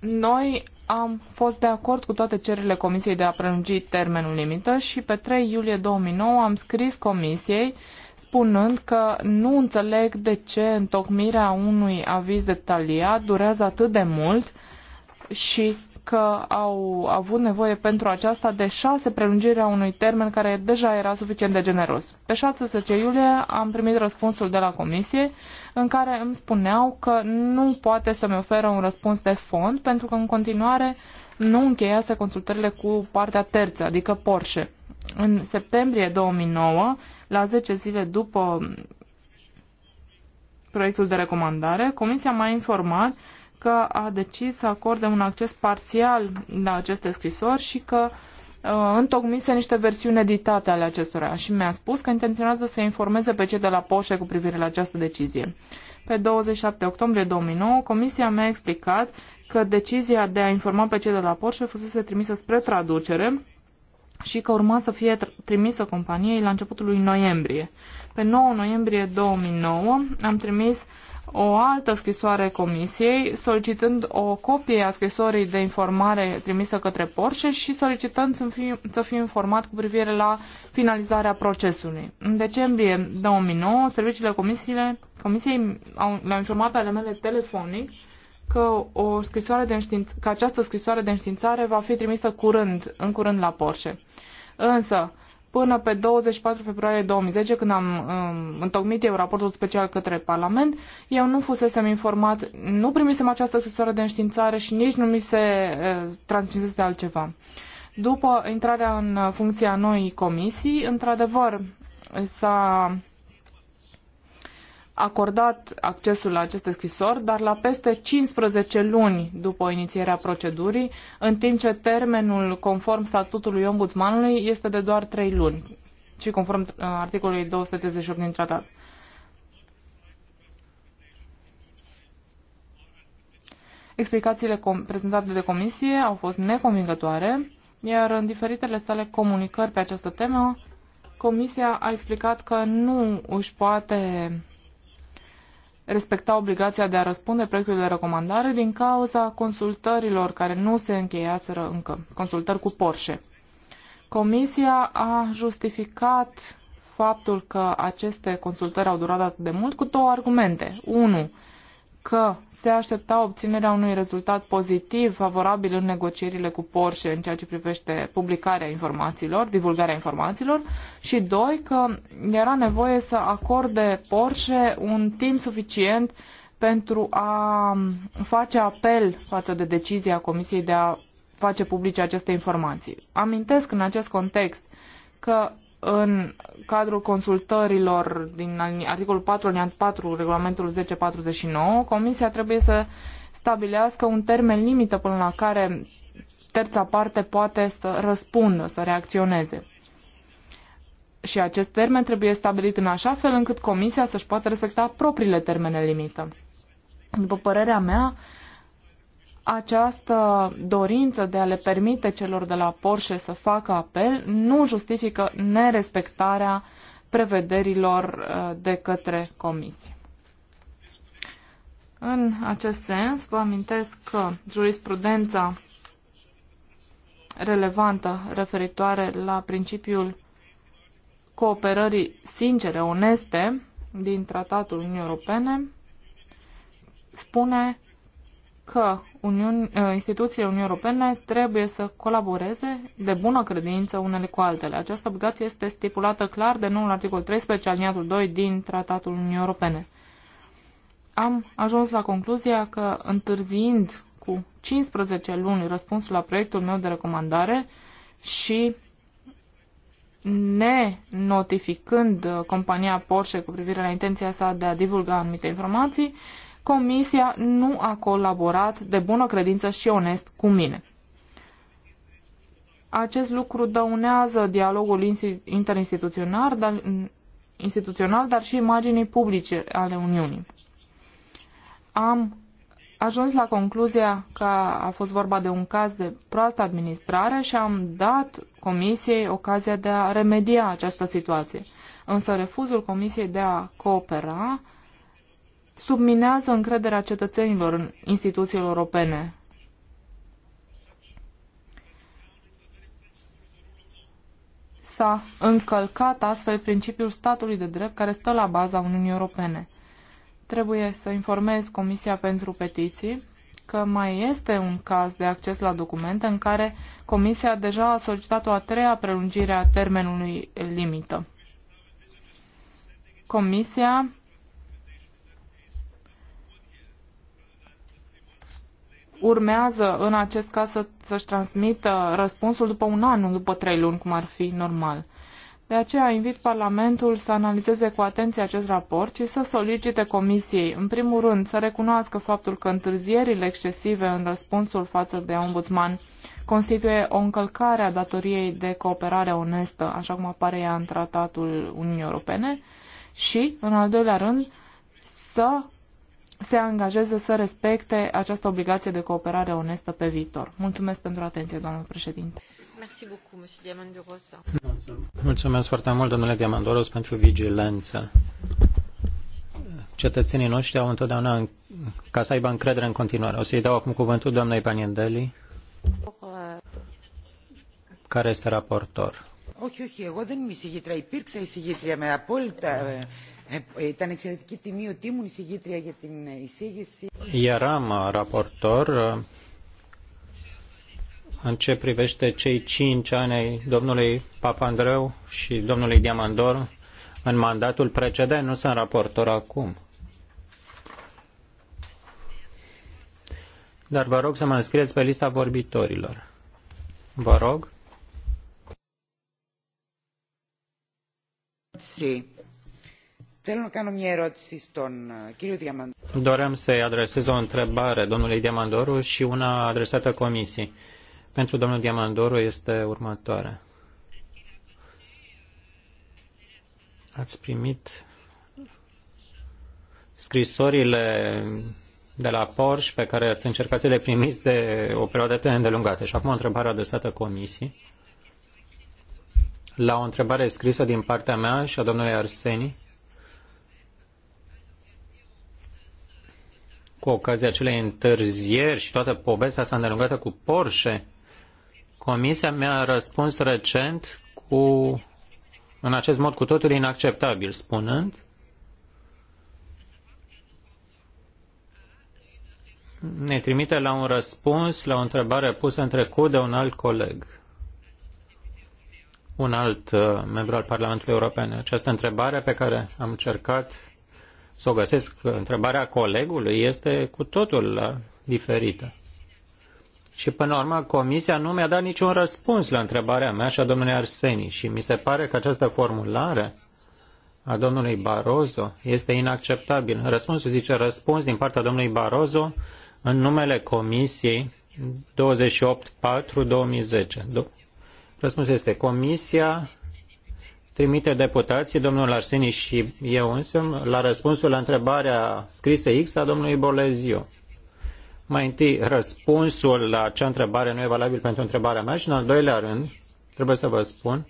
Noi am fost de acord cu toate cererile Comisiei de a prelungi termenul limită și pe 3 iulie 2009 am scris Comisiei spunând că nu înțeleg de ce întocmirea unui aviz detaliat durează atât de mult și că au avut nevoie pentru aceasta de șase prelungiri a unui termen care deja era suficient de generos. Pe 16 iulie am primit răspunsul de la comisie în care îmi spuneau că nu poate să-mi oferă un răspuns de fond pentru că în continuare nu încheiase consultările cu partea terță, adică Porsche. În septembrie 2009, la 10 zile după proiectul de recomandare, Comisia m-a informat că a decis să acorde un acces parțial la aceste scrisori și că uh, întocmise niște versiuni editate ale acestora și mi-a spus că intenționează să informeze pe cei de la Poșe cu privire la această decizie. Pe 27 octombrie 2009, comisia mi-a explicat că decizia de a informa pe cei de la Porsche fusese trimisă spre traducere și că urma să fie trimisă companiei la începutul lui noiembrie. Pe 9 noiembrie 2009 am trimis o altă scrisoare comisiei solicitând o copie a scrisorii de informare trimisă către Porsche și solicitând să fiu, să fiu informat cu privire la finalizarea procesului. În decembrie 2009, serviciile comisiei au, le-au informat pe ale mele telefonic că, o scrisoare de că această scrisoare de înștiințare va fi trimisă curând, în curând la Porsche. Însă, până pe 24 februarie 2010, când am um, întocmit eu raportul special către Parlament, eu nu fusesem informat, nu primisem această scrisoare de înștiințare și nici nu mi se uh, transmisese altceva. După intrarea în funcția noii comisii, într-adevăr, s-a acordat accesul la aceste scrisori, dar la peste 15 luni după inițierea procedurii, în timp ce termenul conform statutului ombudsmanului este de doar 3 luni, și conform uh, articolului 238 din tratat. Explicațiile prezentate de comisie au fost neconvingătoare, iar în diferitele sale comunicări pe această temă, comisia a explicat că nu își poate respecta obligația de a răspunde proiectului de recomandare din cauza consultărilor care nu se încheiaseră încă, consultări cu Porsche. Comisia a justificat faptul că aceste consultări au durat atât de mult cu două argumente. Unu, că se aștepta obținerea unui rezultat pozitiv, favorabil în negocierile cu Porsche în ceea ce privește publicarea informațiilor, divulgarea informațiilor și, doi, că era nevoie să acorde Porsche un timp suficient pentru a face apel față de decizia Comisiei de a face publice aceste informații. Amintesc în acest context că în cadrul consultărilor din articolul 4, alineat 4, regulamentul 1049, Comisia trebuie să stabilească un termen limită până la care terța parte poate să răspundă, să reacționeze. Și acest termen trebuie stabilit în așa fel încât Comisia să-și poată respecta propriile termene limită. După părerea mea, uh, această dorință de a le permite celor de la Porsche să facă apel nu justifică nerespectarea prevederilor uh, de către comisie. În acest sens, vă amintesc că jurisprudența relevantă referitoare la principiul cooperării sincere, oneste din Tratatul Uniunii Europene spune că Uniuni, ă, instituțiile Uniunii Europene trebuie să colaboreze de bună credință unele cu altele. Această obligație este stipulată clar de noul articol 13 aliniatul 2 din Tratatul Uniunii Europene. Am ajuns la concluzia că întârziind cu 15 luni răspunsul la proiectul meu de recomandare și ne notificând ă, compania Porsche cu privire la intenția sa de a divulga anumite informații, Comisia nu a colaborat de bună credință și onest cu mine. Acest lucru dăunează dialogul interinstituțional, dar, instituțional, dar și imaginii publice ale Uniunii. Am ajuns la concluzia că a fost vorba de un caz de proastă administrare și am dat Comisiei ocazia de a remedia această situație. Însă refuzul Comisiei de a coopera subminează încrederea cetățenilor în instituțiile europene. S-a încălcat astfel principiul statului de drept care stă la baza Uniunii Europene. Trebuie să informez Comisia pentru Petiții că mai este un caz de acces la documente în care Comisia deja a solicitat o a treia prelungire a termenului limită. Comisia urmează în acest caz să, să-și transmită răspunsul după un an, nu după trei luni, cum ar fi normal. De aceea invit Parlamentul să analizeze cu atenție acest raport și să solicite Comisiei, în primul rând, să recunoască faptul că întârzierile excesive în răspunsul față de ombudsman constituie o încălcare a datoriei de cooperare onestă, așa cum apare ea în Tratatul Uniunii Europene, și, în al doilea rând, să se angajeze să respecte această obligație de cooperare onestă pe viitor. Mulțumesc pentru atenție, doamnă președinte. Mulțumesc foarte mult, domnule Diamandoros, pentru vigilență. Cetățenii noștri au întotdeauna, în... ca să aibă încredere în continuare. O să-i dau acum cuvântul doamnei Paniendeli, care este raportor. Όχι, όχι, εγώ δεν είμαι εισηγήτρια. Υπήρξα εισηγήτρια με απόλυτα Ήταν εξαιρετική τιμή ότι ήμουν εισηγήτρια για την εισήγηση. Eram raportor în ce privește cei cinci ani ai domnului Papandreu și domnului Diamandor în mandatul precedent. Nu sunt raportor acum. Dar vă rog să mă înscrieți pe lista vorbitorilor. Vă rog. Sí. Doream să-i adresez o întrebare domnului Diamandoru și una adresată comisiei. Pentru domnul Diamandoru este următoarea. Ați primit scrisorile de la Porsche pe care ați încercat să le primiți de o perioadă atât de îndelungată. Și acum o întrebare adresată comisiei. La o întrebare scrisă din partea mea și a domnului Arseni, cu ocazia acelei întârzieri și toată povestea s-a îndelungată cu Porsche, Comisia mi-a răspuns recent cu, în acest mod cu totul inacceptabil, spunând ne trimite la un răspuns la o întrebare pusă în trecut de un alt coleg, un alt uh, membru al Parlamentului European. Această întrebare pe care am încercat să o găsesc, întrebarea colegului este cu totul uh, diferită. Și până la urmă, comisia nu mi-a dat niciun răspuns la întrebarea mea și a domnului Arseni. Și mi se pare că această formulare a domnului Barozo este inacceptabilă. Răspunsul zice răspuns din partea domnului Barozo în numele comisiei 28.4.2010. Răspunsul este comisia trimite deputații, domnul Arseni și eu însumi, la răspunsul la întrebarea scrisă X a domnului Boleziu. Mai întâi, răspunsul la acea întrebare nu e valabil pentru întrebarea mea și, în al doilea rând, trebuie să vă spun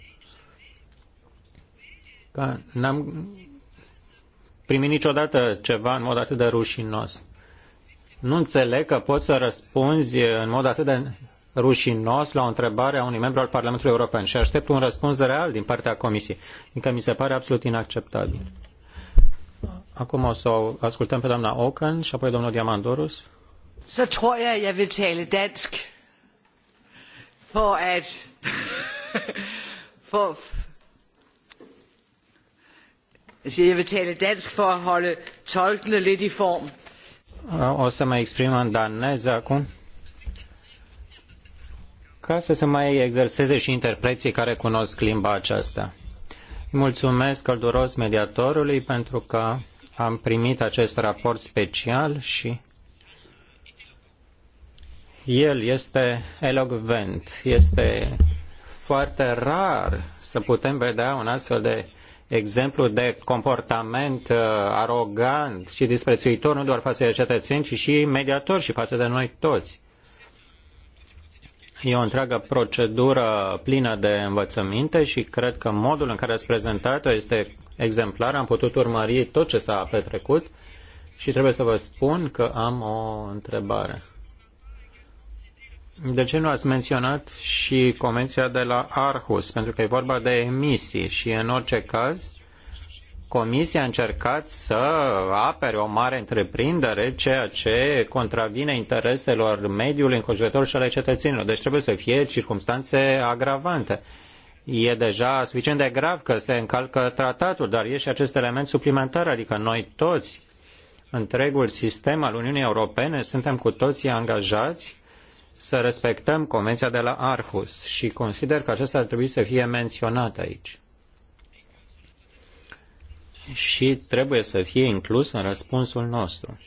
că n-am primit niciodată ceva în mod atât de rușinos. Nu înțeleg că poți să răspunzi în mod atât de rușinos la o întrebare a unui membru al Parlamentului European și aștept un răspuns real din partea Comisiei, fiindcă mi se pare absolut inacceptabil. Acum o să o ascultăm pe doamna Ocan și apoi domnul Diamandorus. Så tror jeg, jeg vil tale dansk for at for jeg vil tale dansk for at holde tolkene lidt i form. O să mă exprim în daneză acum ca să se mai exerseze și interpreții care cunosc limba aceasta. Mulțumesc călduros mediatorului pentru că am primit acest raport special și el este elogvent, Este foarte rar să putem vedea un astfel de exemplu de comportament uh, arogant și disprețuitor nu doar față de cetățeni, ci și mediator și față de noi toți. E o întreagă procedură plină de învățăminte și cred că modul în care ați prezentat-o este exemplar. Am putut urmări tot ce s-a petrecut și trebuie să vă spun că am o întrebare. De ce nu ați menționat și Convenția de la Arhus? Pentru că e vorba de emisii și în orice caz Comisia a încercat să apere o mare întreprindere, ceea ce contravine intereselor mediului înconjurător și ale cetățenilor. Deci trebuie să fie circumstanțe agravante. E deja suficient de grav că se încalcă tratatul, dar e și acest element suplimentar, adică noi toți, întregul sistem al Uniunii Europene, suntem cu toții angajați să respectăm Convenția de la Arhus și consider că acesta ar trebui să fie menționat aici și trebuie să fie inclus în răspunsul nostru.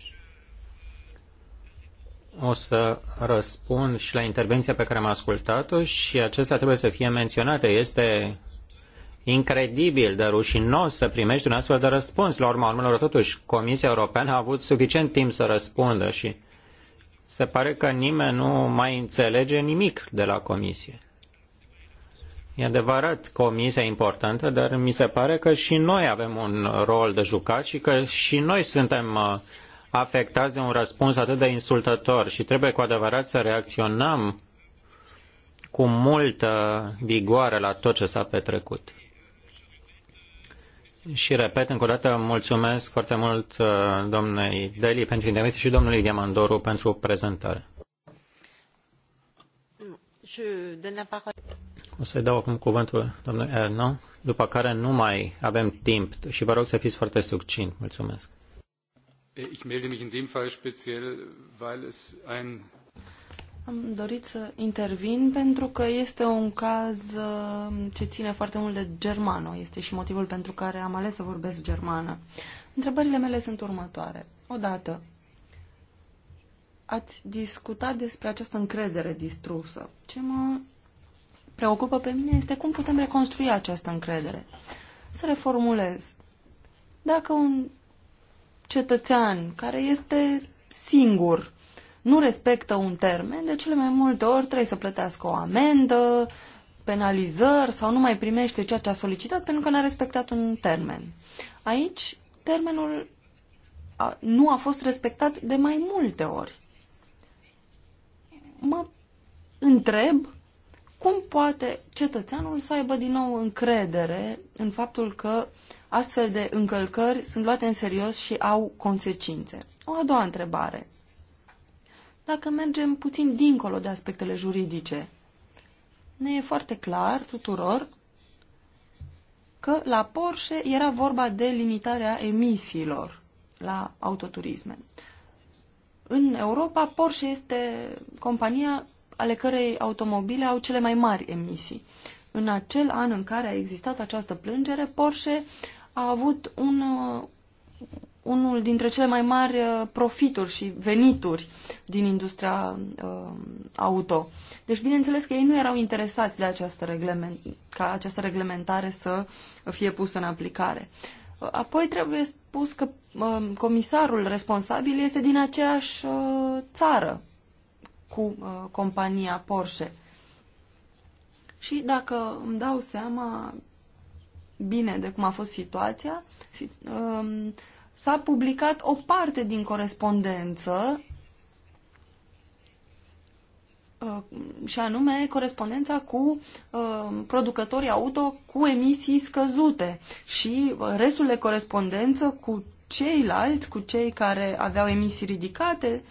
O să răspund și la intervenția pe care am ascultat-o și acesta trebuie să fie menționată. Este incredibil de rușinos să primești un astfel de răspuns. La urma urmelor, totuși, Comisia Europeană a avut suficient timp să răspundă și se pare că nimeni nu mai înțelege nimic de la Comisie. E adevărat, comisia importantă, dar mi se pare că și noi avem un rol de jucat și că și noi suntem uh, afectați de un răspuns atât de insultător și trebuie cu adevărat să reacționăm cu multă vigoare la tot ce s-a petrecut. Și repet, încă o dată, mulțumesc foarte mult uh, domnului Deli pentru intervenție și domnului Diamandoru pentru prezentare. O să-i dau acum cuvântul domnului Erno, după care nu mai avem timp și vă rog să fiți foarte succint. Mulțumesc. Ich melde mich in dem Fall speziell, weil es ein am dorit să intervin pentru că este un caz uh, ce ține foarte mult de germană. Este și motivul pentru care am ales să vorbesc germană. Întrebările mele sunt următoare. Odată, ați discutat despre această încredere distrusă. Ce mă preocupă pe mine este cum putem reconstrui această încredere. Să reformulez. Dacă un cetățean care este singur nu respectă un termen, de cele mai multe ori trebuie să plătească o amendă, penalizări sau nu mai primește ceea ce a solicitat pentru că n-a respectat un termen. Aici termenul a, nu a fost respectat de mai multe ori. Mă întreb cum poate cetățeanul să aibă din nou încredere în faptul că astfel de încălcări sunt luate în serios și au consecințe? O a doua întrebare. Dacă mergem puțin dincolo de aspectele juridice, ne e foarte clar tuturor că la Porsche era vorba de limitarea emisiilor la autoturisme. În Europa, Porsche este compania ale cărei automobile au cele mai mari emisii. În acel an în care a existat această plângere, Porsche a avut un, uh, unul dintre cele mai mari uh, profituri și venituri din industria uh, auto. Deci, bineînțeles că ei nu erau interesați de această reglement, ca această reglementare să fie pusă în aplicare. Uh, apoi trebuie spus că uh, comisarul responsabil este din aceeași uh, țară, cu uh, compania Porsche. Și dacă îmi dau seama bine de cum a fost situația, um, s-a publicat o parte din corespondență uh, și anume corespondența cu uh, producătorii auto cu emisii scăzute și uh, restul de corespondență cu ceilalți, cu cei care aveau emisii ridicate,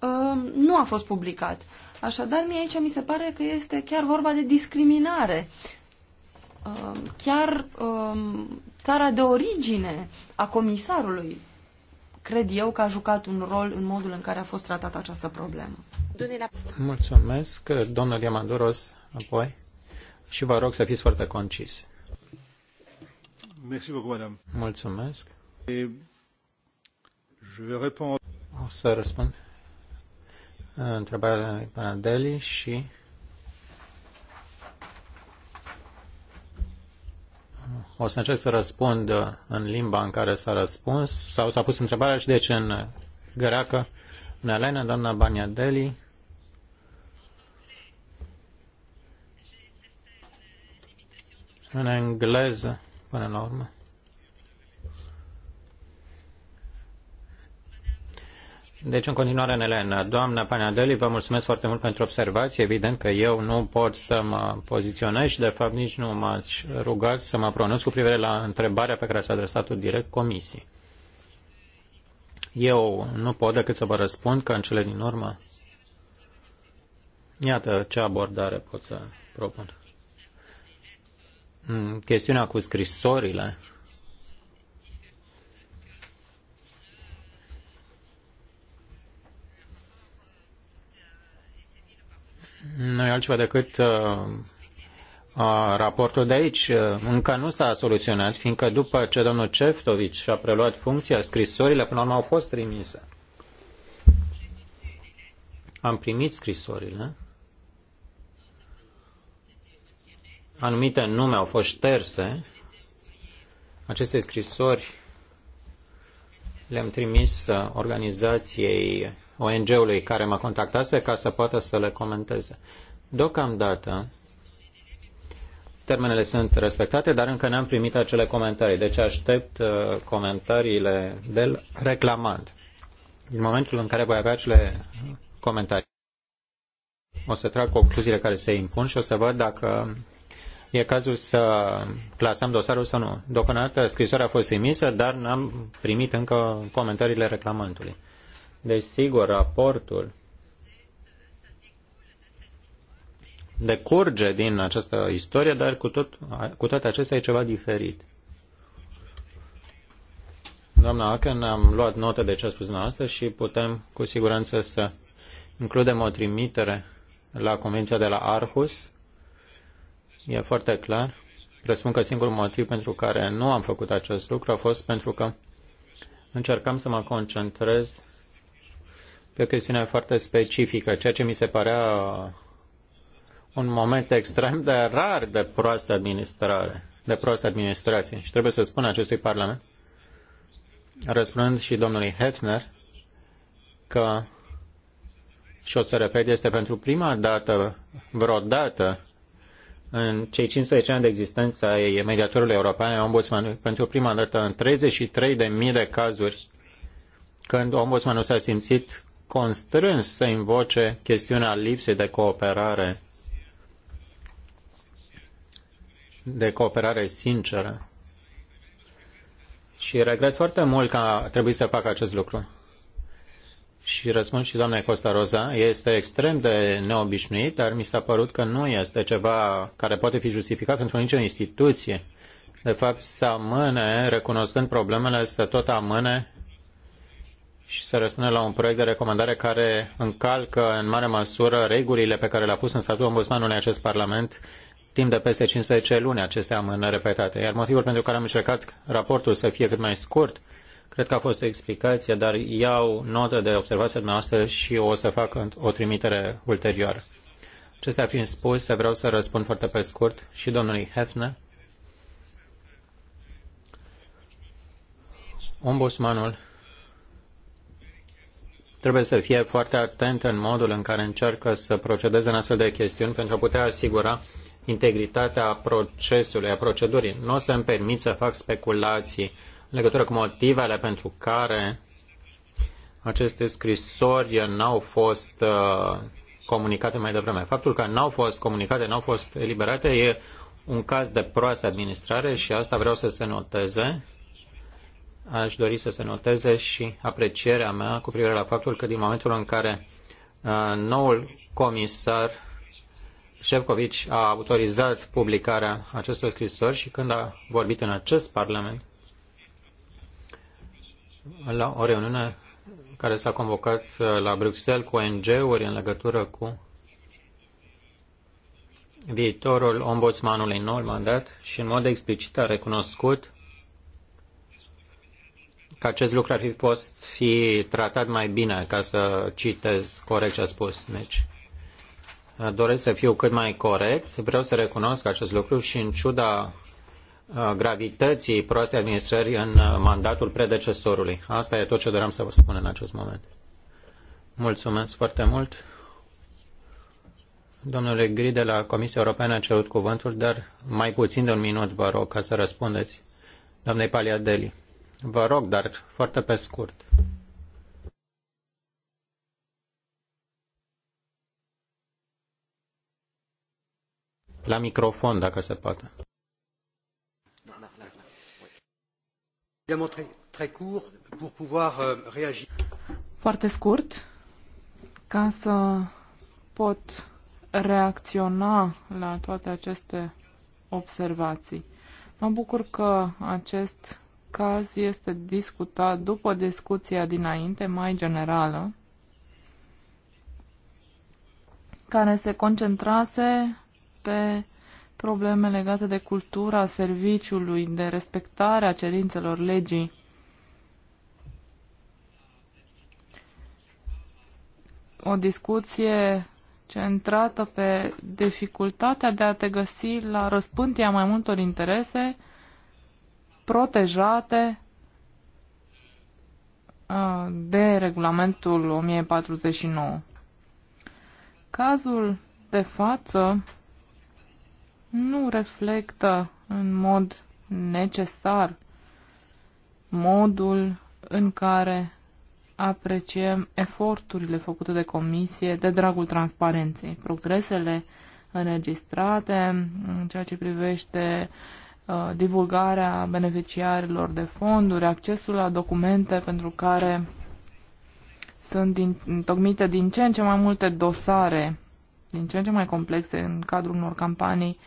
Um, nu a fost publicat. Așadar, mie aici mi se pare că este chiar vorba de discriminare. Um, chiar um, țara de origine a comisarului cred eu că a jucat un rol în modul în care a fost tratată această problemă. Mulțumesc, domnul Diamanduros, apoi. Și vă rog să fiți foarte concis. Mulțumesc. O să răspund întrebarea lui Panadeli și o să încerc să răspund în limba în care s-a răspuns sau s-a pus întrebarea și deci în greacă, în elena doamna Baniadeli. În engleză, până la urmă. Deci, în continuare, Elena. Doamna Panadeli, vă mulțumesc foarte mult pentru observație. Evident că eu nu pot să mă poziționez și, de fapt, nici nu m-ați rugat să mă pronunț cu privire la întrebarea pe care s-a adresat-o direct Comisiei. Eu nu pot decât să vă răspund că, în cele din urmă, iată ce abordare pot să propun. Chestiunea cu scrisorile nu e altceva decât uh, raportul de aici. Uh, încă nu s-a soluționat, fiindcă după ce domnul Ceftovici a preluat funcția, scrisorile până la urmă au fost trimise. Am primit scrisorile. Anumite nume au fost șterse. Aceste scrisori le-am trimis uh, organizației ONG-ului care mă contactase ca să poată să le comenteze. Deocamdată, termenele sunt respectate, dar încă n-am primit acele comentarii, deci aștept uh, comentariile del reclamant. Din momentul în care voi avea acele comentarii, o să trag concluziile care se impun și o să văd dacă e cazul să clasăm dosarul sau nu. Deocamdată scrisoarea a fost emisă, dar n-am primit încă comentariile reclamantului. Desigur, raportul decurge din această istorie, dar cu, tot, cu toate acestea e ceva diferit. Doamna Aken, am luat notă de ce a spus dumneavoastră și putem cu siguranță să includem o trimitere la Convenția de la Arhus. E foarte clar. Presupun că singurul motiv pentru care nu am făcut acest lucru a fost pentru că încercam să mă concentrez pe o chestiune foarte specifică, ceea ce mi se părea un moment extrem de rar de proastă administrare, de proastă administrație. Și trebuie să spun acestui Parlament, răspund și domnului Hefner, că, și o să repet, este pentru prima dată, vreodată, în cei 510 ani de existență a mediatorului european, ombudsman, pentru prima dată în 33.000 de cazuri, când ombudsmanul s-a simțit constrâns să invoce chestiunea lipsei de cooperare, de cooperare sinceră. Și regret foarte mult că a trebuit să fac acest lucru. Și răspund și doamnei Costa Roza, este extrem de neobișnuit, dar mi s-a părut că nu este ceva care poate fi justificat într-o nicio instituție. De fapt, să amâne, recunoscând problemele, să tot amâne și să răspunde la un proiect de recomandare care încalcă în mare măsură regulile pe care le-a pus în statul ombudsmanului acest Parlament timp de peste 15 luni aceste amânări repetate. Iar motivul pentru care am încercat raportul să fie cât mai scurt, cred că a fost o explicație, dar iau notă de observația dumneavoastră și o să fac o trimitere ulterioară. Acestea fiind spuse, vreau să răspund foarte pe scurt și domnului Hefner. Ombudsmanul trebuie să fie foarte atent în modul în care încearcă să procedeze în astfel de chestiuni pentru a putea asigura integritatea procesului, a procedurii. Nu o să-mi permit să fac speculații în legătură cu motivele pentru care aceste scrisori n-au fost uh, comunicate mai devreme. Faptul că n-au fost comunicate, n-au fost eliberate e un caz de proastă administrare și asta vreau să se noteze aș dori să se noteze și aprecierea mea cu privire la faptul că din momentul în care uh, noul comisar Șefcovici a autorizat publicarea acestor scrisori și când a vorbit în acest Parlament la o reuniune care s-a convocat uh, la Bruxelles cu ONG-uri în legătură cu viitorul ombudsmanului noul mandat și în mod explicit a recunoscut că acest lucru ar fi fost fi tratat mai bine, ca să citez corect ce a spus. Deci, doresc să fiu cât mai corect, vreau să recunosc acest lucru și în ciuda uh, gravității proastei administrări în uh, mandatul predecesorului. Asta e tot ce doream să vă spun în acest moment. Mulțumesc foarte mult. Domnule Gri de la Comisia Europeană a cerut cuvântul, dar mai puțin de un minut, vă rog, ca să răspundeți. Doamnei Paliadeli. Vă rog, dar foarte pe scurt. La microfon, dacă se poate. Euh, foarte scurt, ca să pot reacționa la toate aceste observații. Mă bucur că acest caz este discutat după discuția dinainte, mai generală, care se concentrase pe probleme legate de cultura serviciului, de respectarea cerințelor legii. O discuție centrată pe dificultatea de a te găsi la răspântia mai multor interese protejate uh, de regulamentul 1049. Cazul de față nu reflectă în mod necesar modul în care apreciem eforturile făcute de comisie de dragul transparenței, progresele înregistrate în ceea ce privește uh, Uh, divulgarea beneficiarilor de fonduri, accesul la documente pentru care sunt întocmite din ce în ce mai multe dosare, din ce în ce mai complexe în cadrul unor campanii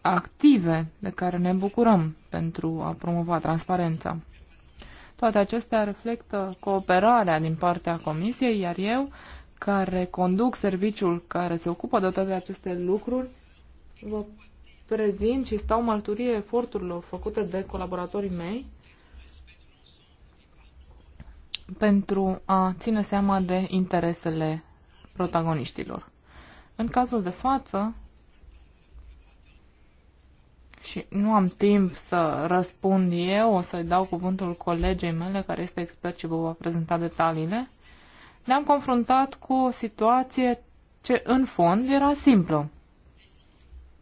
active de care ne bucurăm pentru a promova transparența. Toate acestea reflectă cooperarea din partea Comisiei, iar eu, care conduc serviciul care se ocupă de toate aceste lucruri, vă prezint și stau mărturie eforturilor făcute de colaboratorii mei pentru a ține seama de interesele protagoniștilor. În cazul de față, și nu am timp să răspund eu, o să-i dau cuvântul colegei mele, care este expert și vă va prezenta detaliile, ne-am confruntat cu o situație ce, în fond, era simplă.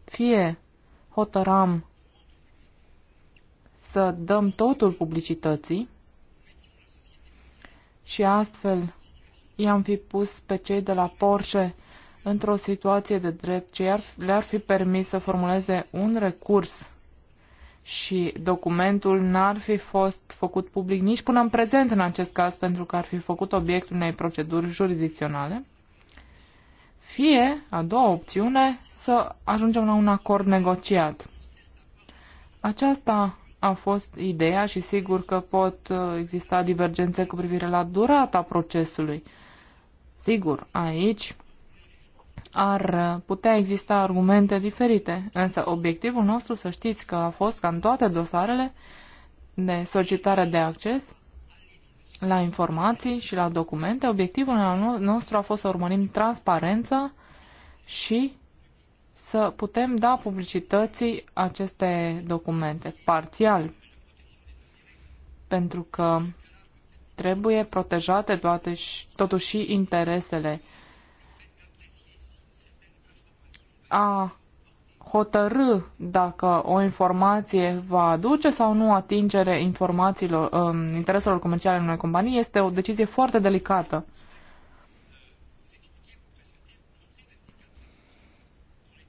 Fie hotăram să dăm totul publicității și astfel i-am fi pus pe cei de la Porsche într-o situație de drept ce le-ar fi permis să formuleze un recurs și documentul n-ar fi fost făcut public nici până în prezent în acest caz pentru că ar fi făcut obiectul unei proceduri jurisdicționale. Fie, a doua opțiune, să ajungem la un acord negociat. Aceasta a fost ideea și sigur că pot uh, exista divergențe cu privire la durata procesului. Sigur, aici ar putea exista argumente diferite, însă obiectivul nostru, să știți că a fost ca în toate dosarele de solicitare de acces, la informații și la documente. Obiectivul nostru a fost să urmărim transparența și să putem da publicității aceste documente, parțial, pentru că trebuie protejate toate și, totuși interesele a hotărâ dacă o informație va aduce sau nu atingere informațiilor, um, intereselor comerciale în unei companii este o decizie foarte delicată.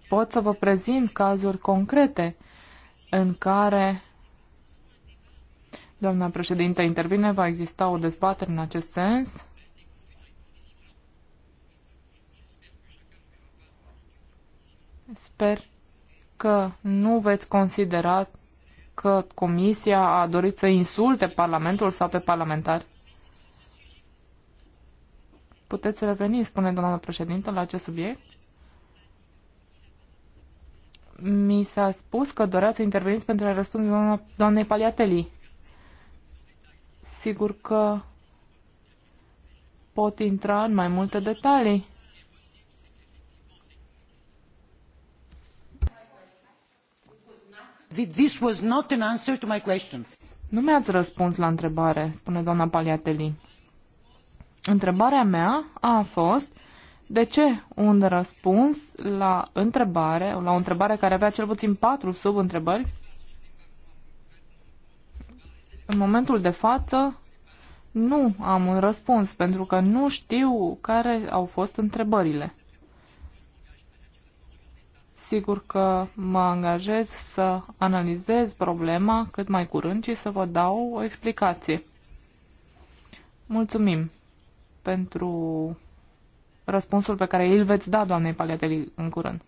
Pot să vă prezint cazuri concrete în care doamna președinte intervine, va exista o dezbatere în acest sens. Sper că nu veți considera că Comisia a dorit să insulte Parlamentul sau pe parlamentari? Puteți reveni, spune doamna președintă, la acest subiect? Mi s-a spus că doreați să interveniți pentru a răspunde doamna, doamnei Paliateli. Sigur că pot intra în mai multe detalii Nu mi-ați răspuns la întrebare, spune doamna Paliatelli. Întrebarea mea a fost de ce un răspuns la întrebare, la o întrebare care avea cel puțin patru sub-întrebări, în momentul de față nu am un răspuns, pentru că nu știu care au fost întrebările. Sigur că mă angajez să analizez problema cât mai curând și să vă dau o explicație. Mulțumim pentru răspunsul pe care îl veți da doamnei Pagateli în curând.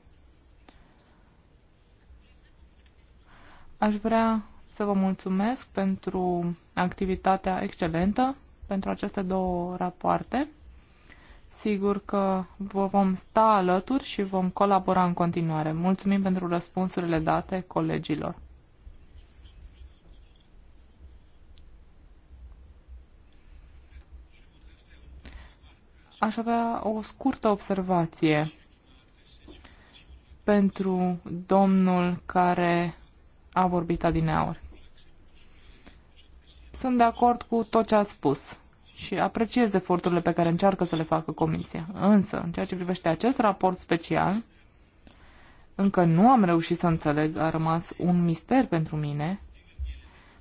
Aș vrea să vă mulțumesc pentru activitatea excelentă, pentru aceste două rapoarte. Sigur că vă vom sta alături și vom colabora în continuare. Mulțumim pentru răspunsurile date colegilor. Aș avea o scurtă observație pentru domnul care a vorbit adineauri. Sunt de acord cu tot ce a spus și apreciez eforturile pe care încearcă să le facă Comisia. Însă, în ceea ce privește acest raport special, încă nu am reușit să înțeleg, a rămas un mister pentru mine,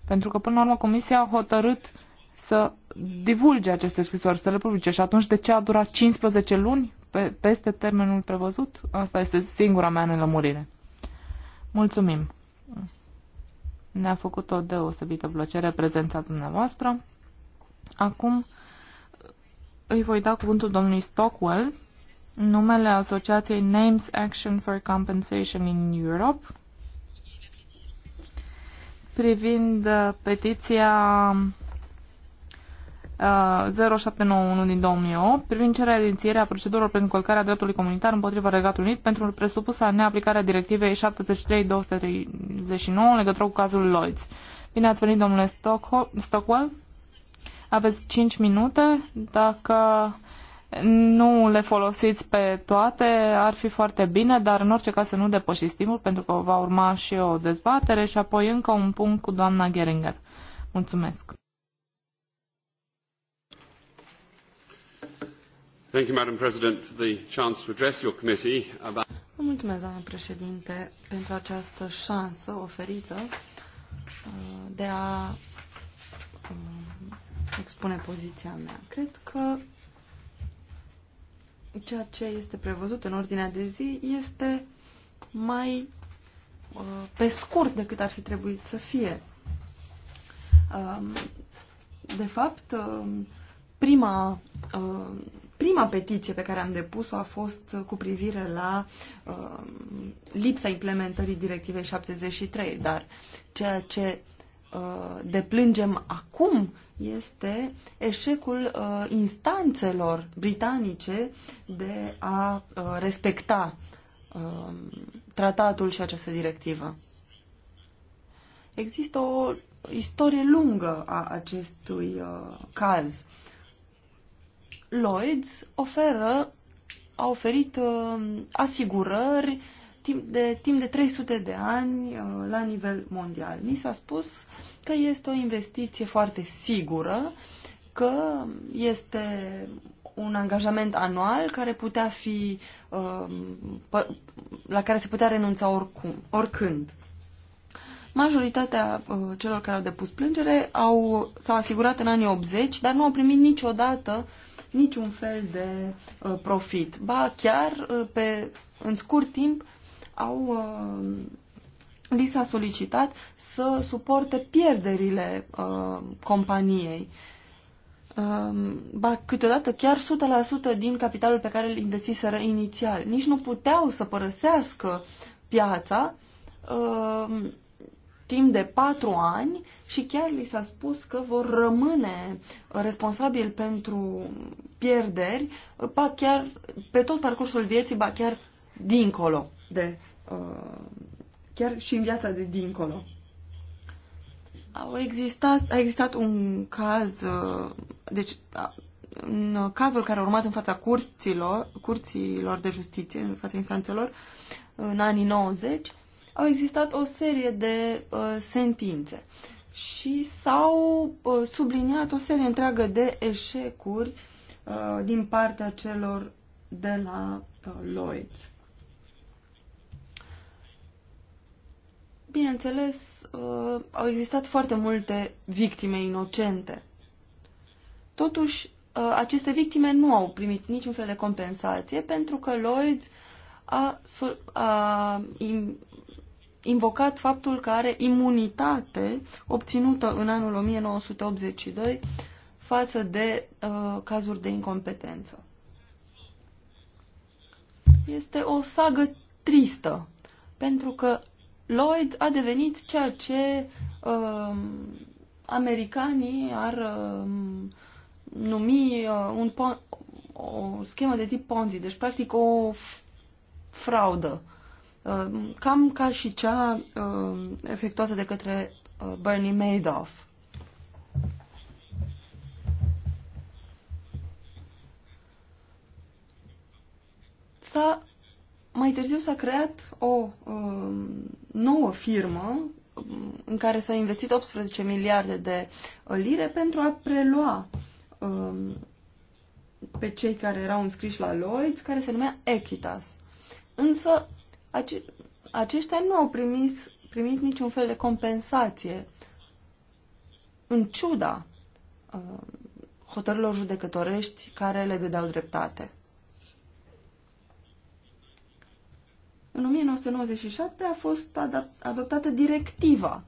pentru că, până la urmă, Comisia a hotărât să divulge aceste scrisori, să le publice. Și atunci, de ce a durat 15 luni pe, peste termenul prevăzut? Asta este singura mea nelămurire. Mulțumim! Ne-a făcut o deosebită plăcere prezența dumneavoastră. Acum îi voi da cuvântul domnului Stockwell, numele asociației Names Action for Compensation in Europe, privind uh, petiția 0791 uh, din 2008 privind cererea de a procedurilor pentru încălcarea dreptului comunitar împotriva Regatului Unit pentru presupusa neaplicarea directivei 73239 în legătură cu cazul Lloyds. Bine ați venit, domnule Stock Stockwell. Aveți 5 minute. Dacă nu le folosiți pe toate, ar fi foarte bine, dar în orice caz să nu depășiți timpul, pentru că va urma și o dezbatere și apoi încă un punct cu doamna Geringer. Mulțumesc. Thank you, Madam President, for the chance to address your committee about... Mulțumesc, doamnă președinte, pentru această șansă oferită uh, de a um, expune poziția mea. Cred că ceea ce este prevăzut în ordinea de zi este mai uh, pe scurt decât ar fi trebuit să fie. Uh, de fapt, um, uh, prima, prima petiție pe care am depus-o a fost cu privire la um, lipsa implementării directivei 73, dar ceea ce uh, deplângem acum este eșecul uh, instanțelor britanice de a uh, respecta uh, tratatul și această directivă. Există o istorie lungă a acestui uh, caz. Lloyds oferă, a oferit uh, asigurări timp de, timp de 300 de ani uh, la nivel mondial. Mi s-a spus că este o investiție foarte sigură, că este un angajament anual care putea fi uh, la care se putea renunța oricum, oricând. Majoritatea uh, celor care au depus plângere au, s-au asigurat în anii 80, dar nu au primit niciodată niciun fel de profit. Ba chiar pe, în scurt timp au uh, li s-a solicitat să suporte pierderile uh, companiei. Um, ba, câteodată chiar 100% din capitalul pe care îl indețiseră inițial. Nici nu puteau să părăsească piața um, timp de patru ani și chiar li s-a spus că vor rămâne responsabili pentru pierderi, ba chiar pe tot parcursul vieții, ba chiar dincolo de uh, chiar și în viața de dincolo. Au existat, a existat un caz, uh, deci în cazul care a urmat în fața curților, curților de justiție, în fața instanțelor, în anii 90, au existat o serie de uh, sentințe și s-au uh, subliniat o serie întreagă de eșecuri uh, din partea celor de la uh, Lloyds. Bineînțeles, uh, au existat foarte multe victime inocente. Totuși, uh, aceste victime nu au primit niciun fel de compensație pentru că Lloyd a, a invocat faptul că are imunitate obținută în anul 1982 față de uh, cazuri de incompetență. Este o sagă tristă, pentru că Lloyd a devenit ceea ce uh, americanii ar uh, numi uh, un o schemă de tip Ponzi, deci practic o fraudă, uh, cam ca și cea uh, efectuată de către uh, Bernie Madoff. S-a mai târziu s-a creat o uh, nouă firmă um, în care s-au investit 18 miliarde de uh, lire pentru a prelua um, pe cei care erau înscriși la Lloyd, care se numea Equitas. Însă ace- aceștia nu au primit, primit niciun fel de compensație, în ciuda um, hotărârilor judecătorești care le dădeau dreptate. În 1997 a fost adoptată directiva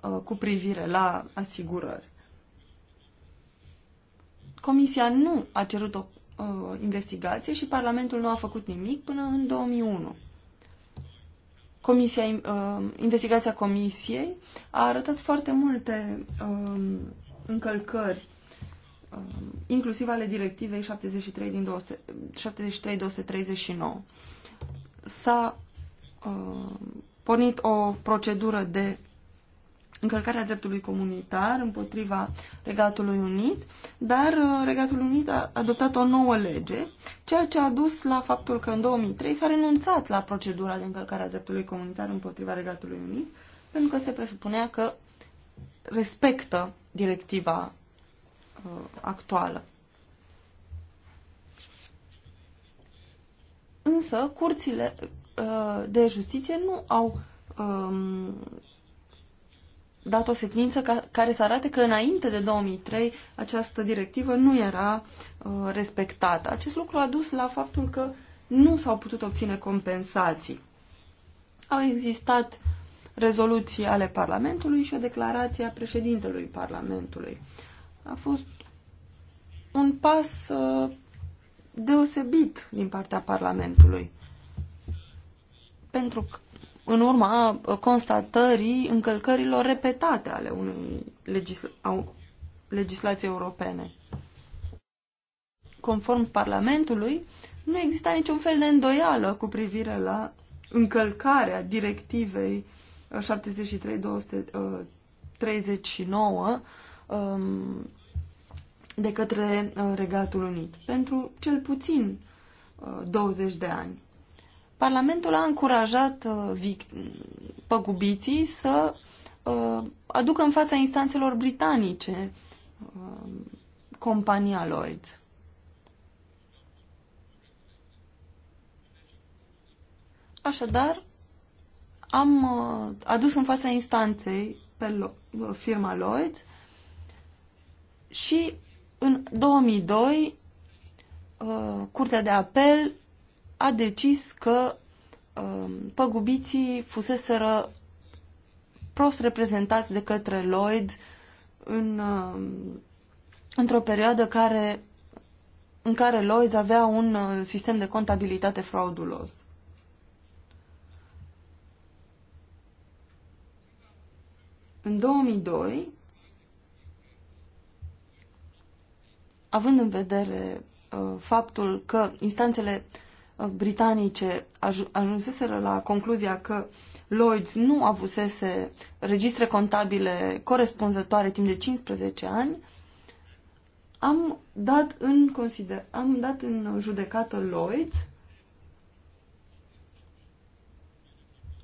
uh, cu privire la asigurări. Comisia nu a cerut o uh, investigație și Parlamentul nu a făcut nimic până în 2001. Comisia, uh, investigația Comisiei a arătat foarte multe uh, încălcări, uh, inclusiv ale directivei 73 din 73 239. S-a Uh, pornit o procedură de încălcarea dreptului comunitar împotriva Regatului Unit, dar uh, Regatul Unit a adoptat o nouă lege, ceea ce a dus la faptul că în 2003 s-a renunțat la procedura de încălcare a dreptului comunitar împotriva Regatului Unit, pentru că se presupunea că respectă directiva uh, actuală. Însă, curțile, Uh, de Justiție nu au um, dat o secvință ca, care să arate că înainte de 2003 această directivă nu era uh, respectată. Acest lucru a dus la faptul că nu s-au putut obține compensații. Au existat rezoluții ale Parlamentului și o declarație a președintelui Parlamentului. A fost un pas uh, deosebit din partea Parlamentului pentru în urma constatării încălcărilor repetate ale unei legisla a europene. Conform Parlamentului, nu exista niciun fel de îndoială cu privire la încălcarea directivei 73-239 uh, uh, um, de către uh, Regatul Unit pentru cel puțin 20 de ani. Parlamentul a încurajat uh, păgubiții să uh, aducă în fața instanțelor britanice uh, compania Lloyd. Așadar, am adus în fața instanței pe firma Lloyd și în 2002 Curtea de Apel a decis că um, păgubiții fuseseră prost reprezentați de către Lloyd în, um, într-o perioadă care, în care Lloyd avea un uh, sistem de contabilitate fraudulos. În 2002, având în vedere uh, faptul că instanțele uh, Uh, britanice ajunseseră la concluzia că Lloyd nu avusese registre contabile corespunzătoare timp de 15 ani, am dat în, consider, am dat în judecată Lloyd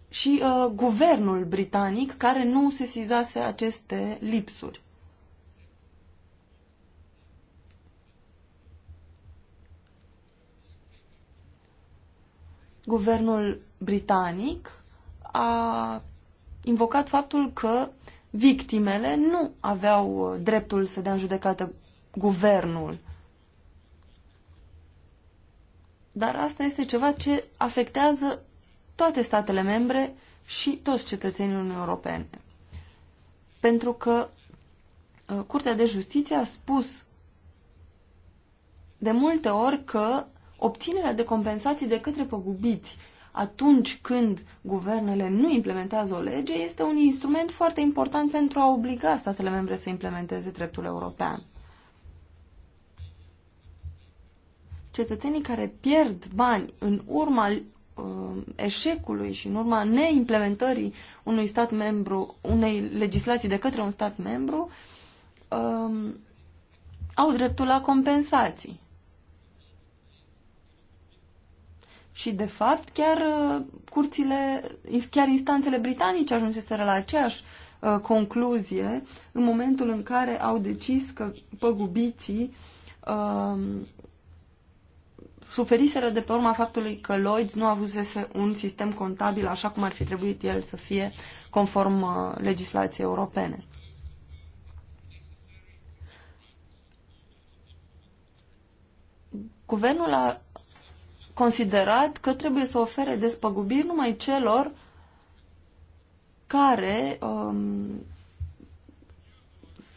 și uh, guvernul britanic care nu sesizase aceste lipsuri. guvernul britanic a invocat faptul că victimele nu aveau uh, dreptul să dea în judecată guvernul. Dar asta este ceva ce afectează toate statele membre și toți cetățenii Uniunii Europene. Pentru că uh, Curtea de Justiție a spus de multe ori că obținerea de compensații de către păgubiți atunci când guvernele nu implementează o lege este un instrument foarte important pentru a obliga statele membre să implementeze dreptul european. Cetățenii care pierd bani în urma uh, eșecului și în urma neimplementării unui stat membru, unei legislații de către un stat membru, uh, au dreptul la compensații. Și, de fapt, chiar uh, curțile, chiar instanțele britanice ajunseseră la aceeași uh, concluzie în momentul în care au decis că păgubiții uh, suferiseră de pe urma faptului că Lloyd nu avusese un sistem contabil așa cum ar fi trebuit el să fie conform uh, legislației europene. Guvernul a considerat că trebuie să ofere despăgubiri numai celor care um,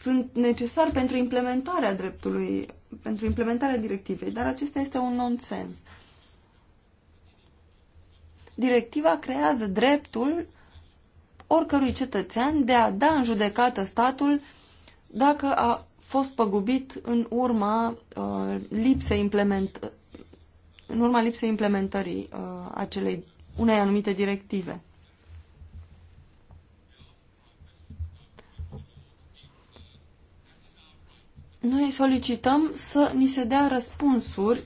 sunt necesari pentru implementarea dreptului, pentru implementarea directivei, dar acesta este un nonsens. Directiva creează dreptul oricărui cetățean de a da în judecată statul dacă a fost păgubit în urma uh, lipsei implement în urma lipsei implementării uh, acelei, unei anumite directive. Noi solicităm să ni se dea răspunsuri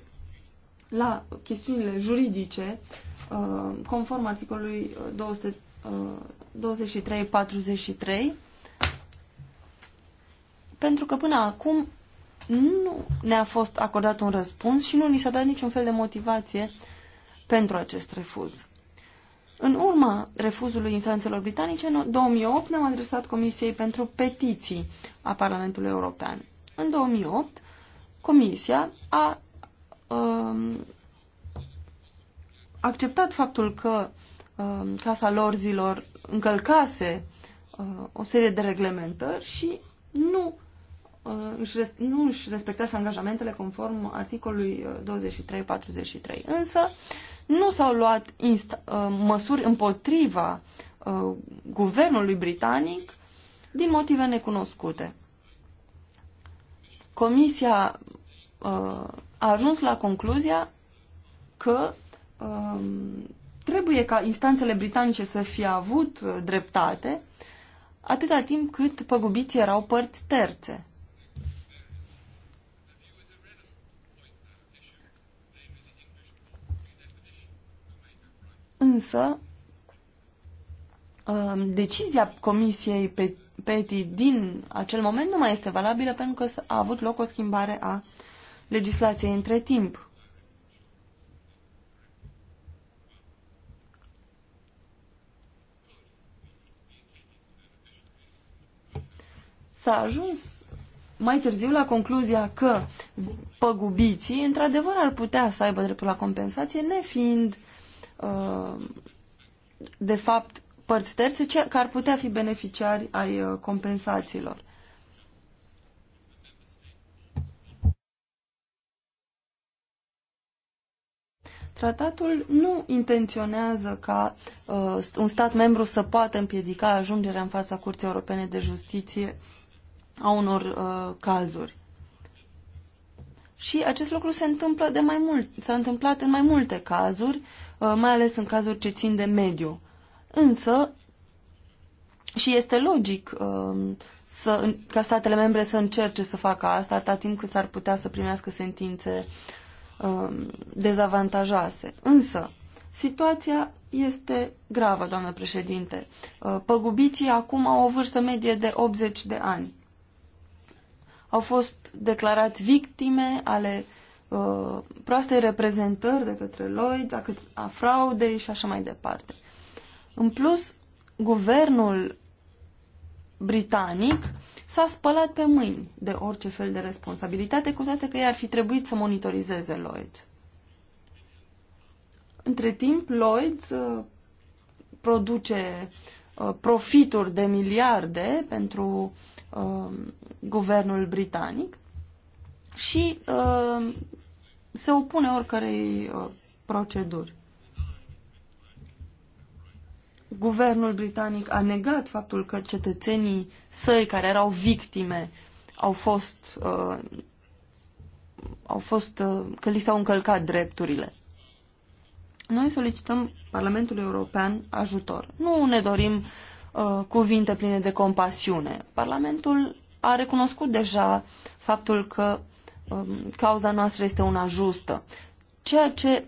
la chestiunile juridice uh, conform articolului 223-43 uh, uh, pentru că până acum nu ne-a fost acordat un răspuns și nu ni s-a dat niciun fel de motivație pentru acest refuz. În urma refuzului instanțelor britanice, în 2008 ne-am adresat Comisiei pentru Petiții a Parlamentului European. În 2008, Comisia a um, acceptat faptul că um, Casa Lorzilor încălcase uh, o serie de reglementări și nu Uh, își, nu își respectase angajamentele conform articolului 23-43. Uh, Însă nu s-au luat inst- uh, măsuri împotriva guvernului britanic din motive necunoscute. Comisia a ajuns la concluzia că um, trebuie ca instanțele britanice să fie avut dreptate atâta timp cât păgubiți erau părți terțe. însă um, decizia Comisiei PETI din acel moment nu mai este valabilă pentru că a avut loc o schimbare a legislației între timp. S-a ajuns mai târziu la concluzia că păgubiții într-adevăr ar putea să aibă dreptul la compensație nefiind Uh, de fapt, părți terțe care ar putea fi beneficiari ai uh, compensațiilor. Tratatul nu intenționează ca uh, un stat membru să poată împiedica ajungerea în fața Curții Europene de Justiție a unor uh, cazuri. Și acest lucru se întâmplă de mai mult, s-a întâmplat în mai multe cazuri, uh, mai ales în cazuri ce țin de mediu. Însă, și este logic uh, să, ca statele membre să încerce să facă asta atât timp cât s-ar putea să primească sentințe uh, dezavantajoase. Însă, situația este gravă, doamnă președinte. Păgubiții acum au o vârstă medie de 80 de ani au fost declarați victime ale uh, proastei reprezentări de către Lloyd, a, către, a fraudei și așa mai departe. În plus, guvernul britanic s-a spălat pe mâini de orice fel de responsabilitate, cu toate că ei ar fi trebuit să monitorizeze Lloyd. Între timp, Lloyd uh, produce uh, profituri de miliarde pentru uh, Um, guvernul britanic și uh, se opune oricărei uh, proceduri. Guvernul britanic a negat faptul că cetățenii săi care erau victime au fost, uh, au fost uh, că li s-au încălcat drepturile. Noi solicităm Parlamentului European ajutor. Nu ne dorim uh, Uh, cuvinte pline de compasiune. Parlamentul a recunoscut deja faptul că um, cauza noastră este una justă. Ceea ce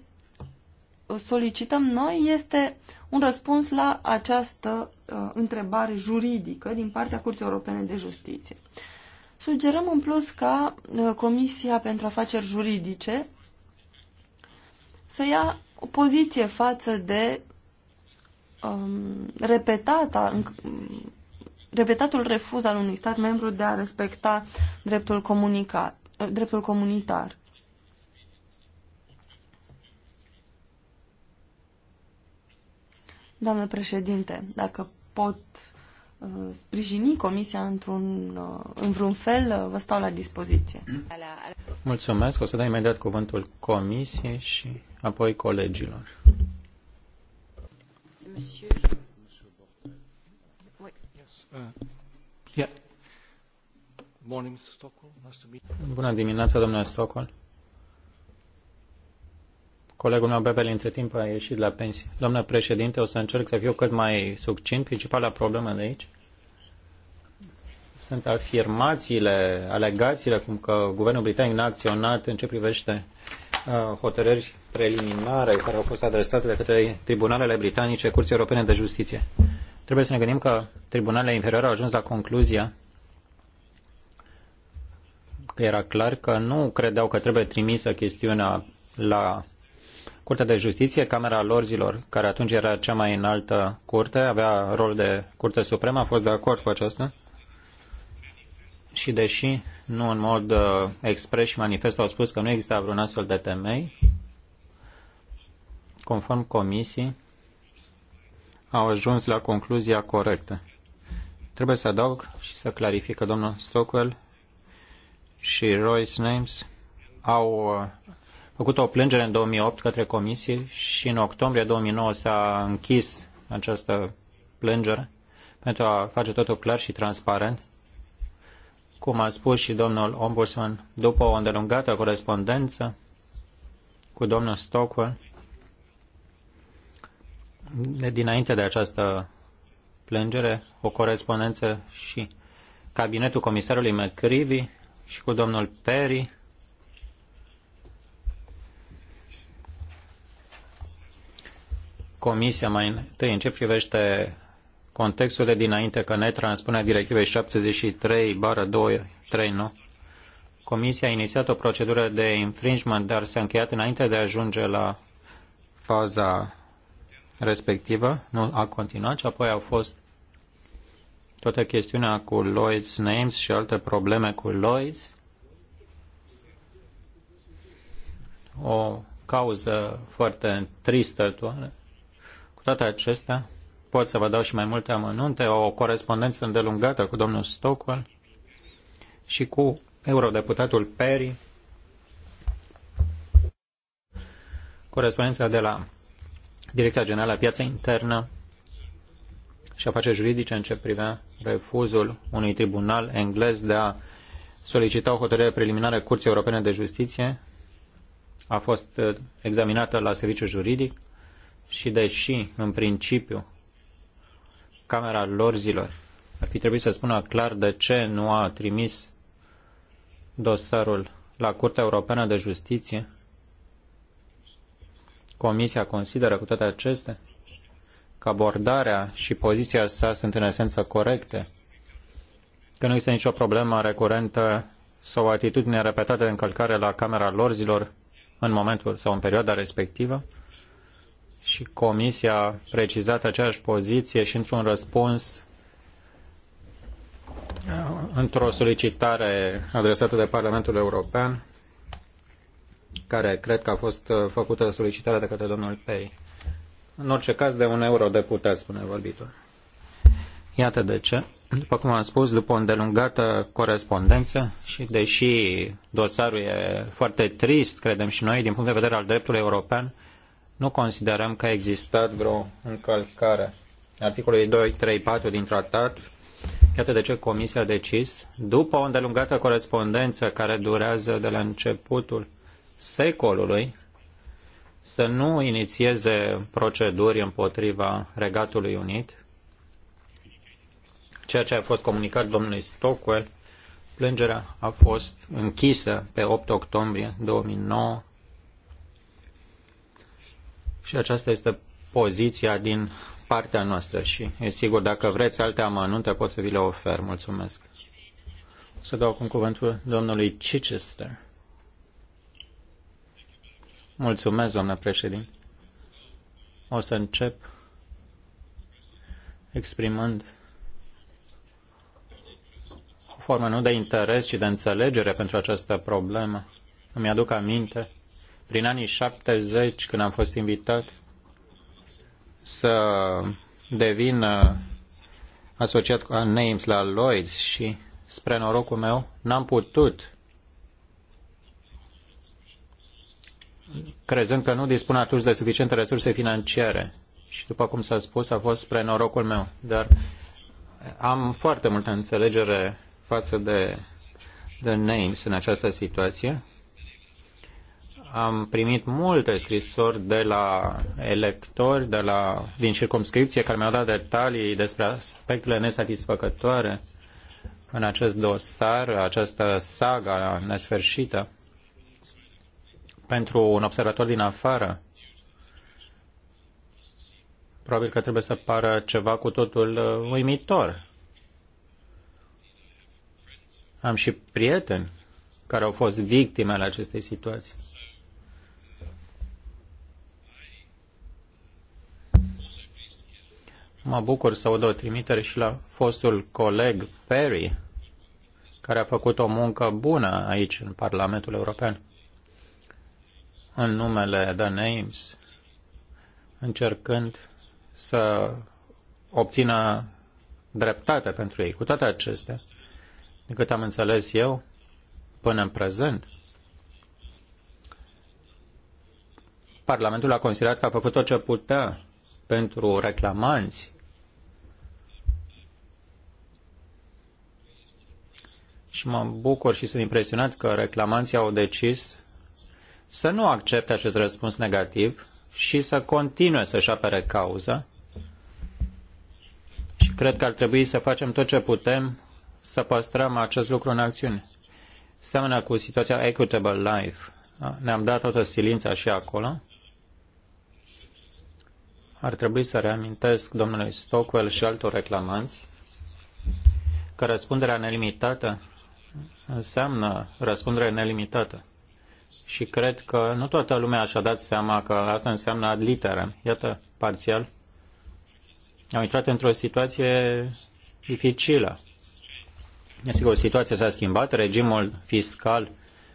solicităm noi este un răspuns la această uh, întrebare juridică din partea Curții Europene de Justiție. Sugerăm în plus ca uh, Comisia pentru Afaceri Juridice să ia o poziție față de um, repetata, repetatul refuz al unui stat membru de a respecta dreptul, comunica uh, dreptul comunitar. Doamne președinte, dacă pot uh, sprijini comisia într-un, uh, într-un fel, vă stau la dispoziție. Mulțumesc. O să dai imediat cuvântul comisiei și apoi colegilor. Uh, Bună dimineața, domnule Stockwell. Colegul meu, Bebel, între timp a ieșit la pensie. Doamnă președinte, o să încerc să fiu cât mai succint. Principala problemă de aici sunt afirmațiile, alegațiile cum că guvernul britanic n-a acționat în ce privește uh, Uh, hotărâri preliminare care au fost adresate de către tribunalele britanice Curții Europene de Justiție. Trebuie să ne gândim că tribunalele inferioare au ajuns la concluzia că era clar că nu credeau că trebuie trimisă chestiunea la Curtea de Justiție, Camera Lorzilor, care atunci era cea mai înaltă curte, avea rol de Curte Supremă, a fost de acord cu aceasta și deși nu în mod uh, expres și manifest au spus că nu există vreun astfel de temei, conform comisii, au ajuns la concluzia corectă. Trebuie să adaug și să clarific că domnul Stockwell și Royce Names au uh, făcut o plângere în 2008 către comisie și în octombrie 2009 s-a închis această plângere pentru a face totul clar și transparent cum a spus și domnul ombudsman, după o îndelungată corespondență cu domnul Stockwell, de dinainte de această plângere, o corespondență și cabinetul comisarului McCreevy și cu domnul Perry, Comisia mai întâi în ce privește contextul de dinainte că ne transpunea directivei 73 bară 239, Comisia a inițiat o procedură de infringement, dar s-a încheiat înainte de a ajunge la faza respectivă, nu a continuat și apoi au fost toată chestiunea cu Lloyd's Names și alte probleme cu Lloyd's. O cauză foarte tristă, toare. Cu toate acestea, pot să vă dau și mai multe amănunte, o corespondență îndelungată cu domnul Stockwell și cu eurodeputatul Perry, corespondența de la Direcția Generală a Piața Internă și afaceri juridice în ce privea refuzul unui tribunal englez de a solicita o hotărâre preliminară Curții Europene de Justiție a fost eh, examinată la serviciu juridic și deși, în principiu, Camera Lorzilor ar fi trebuit să spună clar de ce nu a trimis dosarul la Curtea Europeană de Justiție. Comisia consideră cu toate acestea că abordarea și poziția sa sunt în esență corecte, că nu există nicio problemă recurentă sau o atitudine repetată de încălcare la Camera Lorzilor în momentul sau în perioada respectivă, și Comisia a precizat aceeași poziție și într-un răspuns într-o solicitare adresată de Parlamentul European, care cred că a fost uh, făcută solicitarea de către domnul Pei. În orice caz, de un eurodeputat, spune vorbitor. Iată de ce. După cum am spus, după o îndelungată corespondență și deși dosarul e foarte trist, credem și noi, din punct de vedere al dreptului european, nu considerăm că a existat vreo încălcare articolului 234 din tratat. Iată de ce Comisia a decis, după o îndelungată corespondență care durează de la începutul secolului, să nu inițieze proceduri împotriva Regatului Unit, ceea ce a fost comunicat domnului Stockwell, plângerea a fost închisă pe 8 octombrie 2009 și aceasta este poziția din partea noastră și, e sigur, dacă vreți alte amănunte, pot să vi le ofer. Mulțumesc. O să dau acum cuvântul domnului Chichester. Mulțumesc, doamnă președinte. O să încep exprimând o formă nu de interes, ci de înțelegere pentru această problemă. Îmi aduc aminte prin anii 70, când am fost invitat să devin uh, asociat cu Names la Lloyds și spre norocul meu n-am putut crezând că nu dispun atunci de suficiente resurse financiare. Și după cum s-a spus, a fost spre norocul meu. Dar am foarte multă înțelegere față de, de names în această situație am primit multe scrisori de la electori de la, din circumscripție care mi-au dat detalii despre aspectele nesatisfăcătoare în acest dosar, această saga nesfârșită. Pentru un observator din afară, probabil că trebuie să pară ceva cu totul uimitor. Am și prieteni care au fost victime ale acestei situații. Mă bucur să aud o trimitere și la fostul coleg Perry, care a făcut o muncă bună aici, în Parlamentul European. În numele The Names, încercând să obțină dreptate pentru ei. Cu toate acestea, de cât am înțeles eu, până în prezent, Parlamentul a considerat că a făcut tot ce putea pentru reclamanți și mă bucur și sunt impresionat că reclamanții au decis să nu accepte acest răspuns negativ și să continue să-și apere cauza. Și cred că ar trebui să facem tot ce putem să păstrăm acest lucru în acțiune. Seamănă cu situația Equitable Life. Da? Ne-am dat toată silința și acolo. Ar trebui să reamintesc domnului Stockwell și altor reclamanți că răspunderea nelimitată înseamnă răspundere nelimitată. Și cred că nu toată lumea și-a dat seama că asta înseamnă ad literem. Iată, parțial, au intrat într-o situație dificilă. Sigur, situația s-a schimbat, regimul fiscal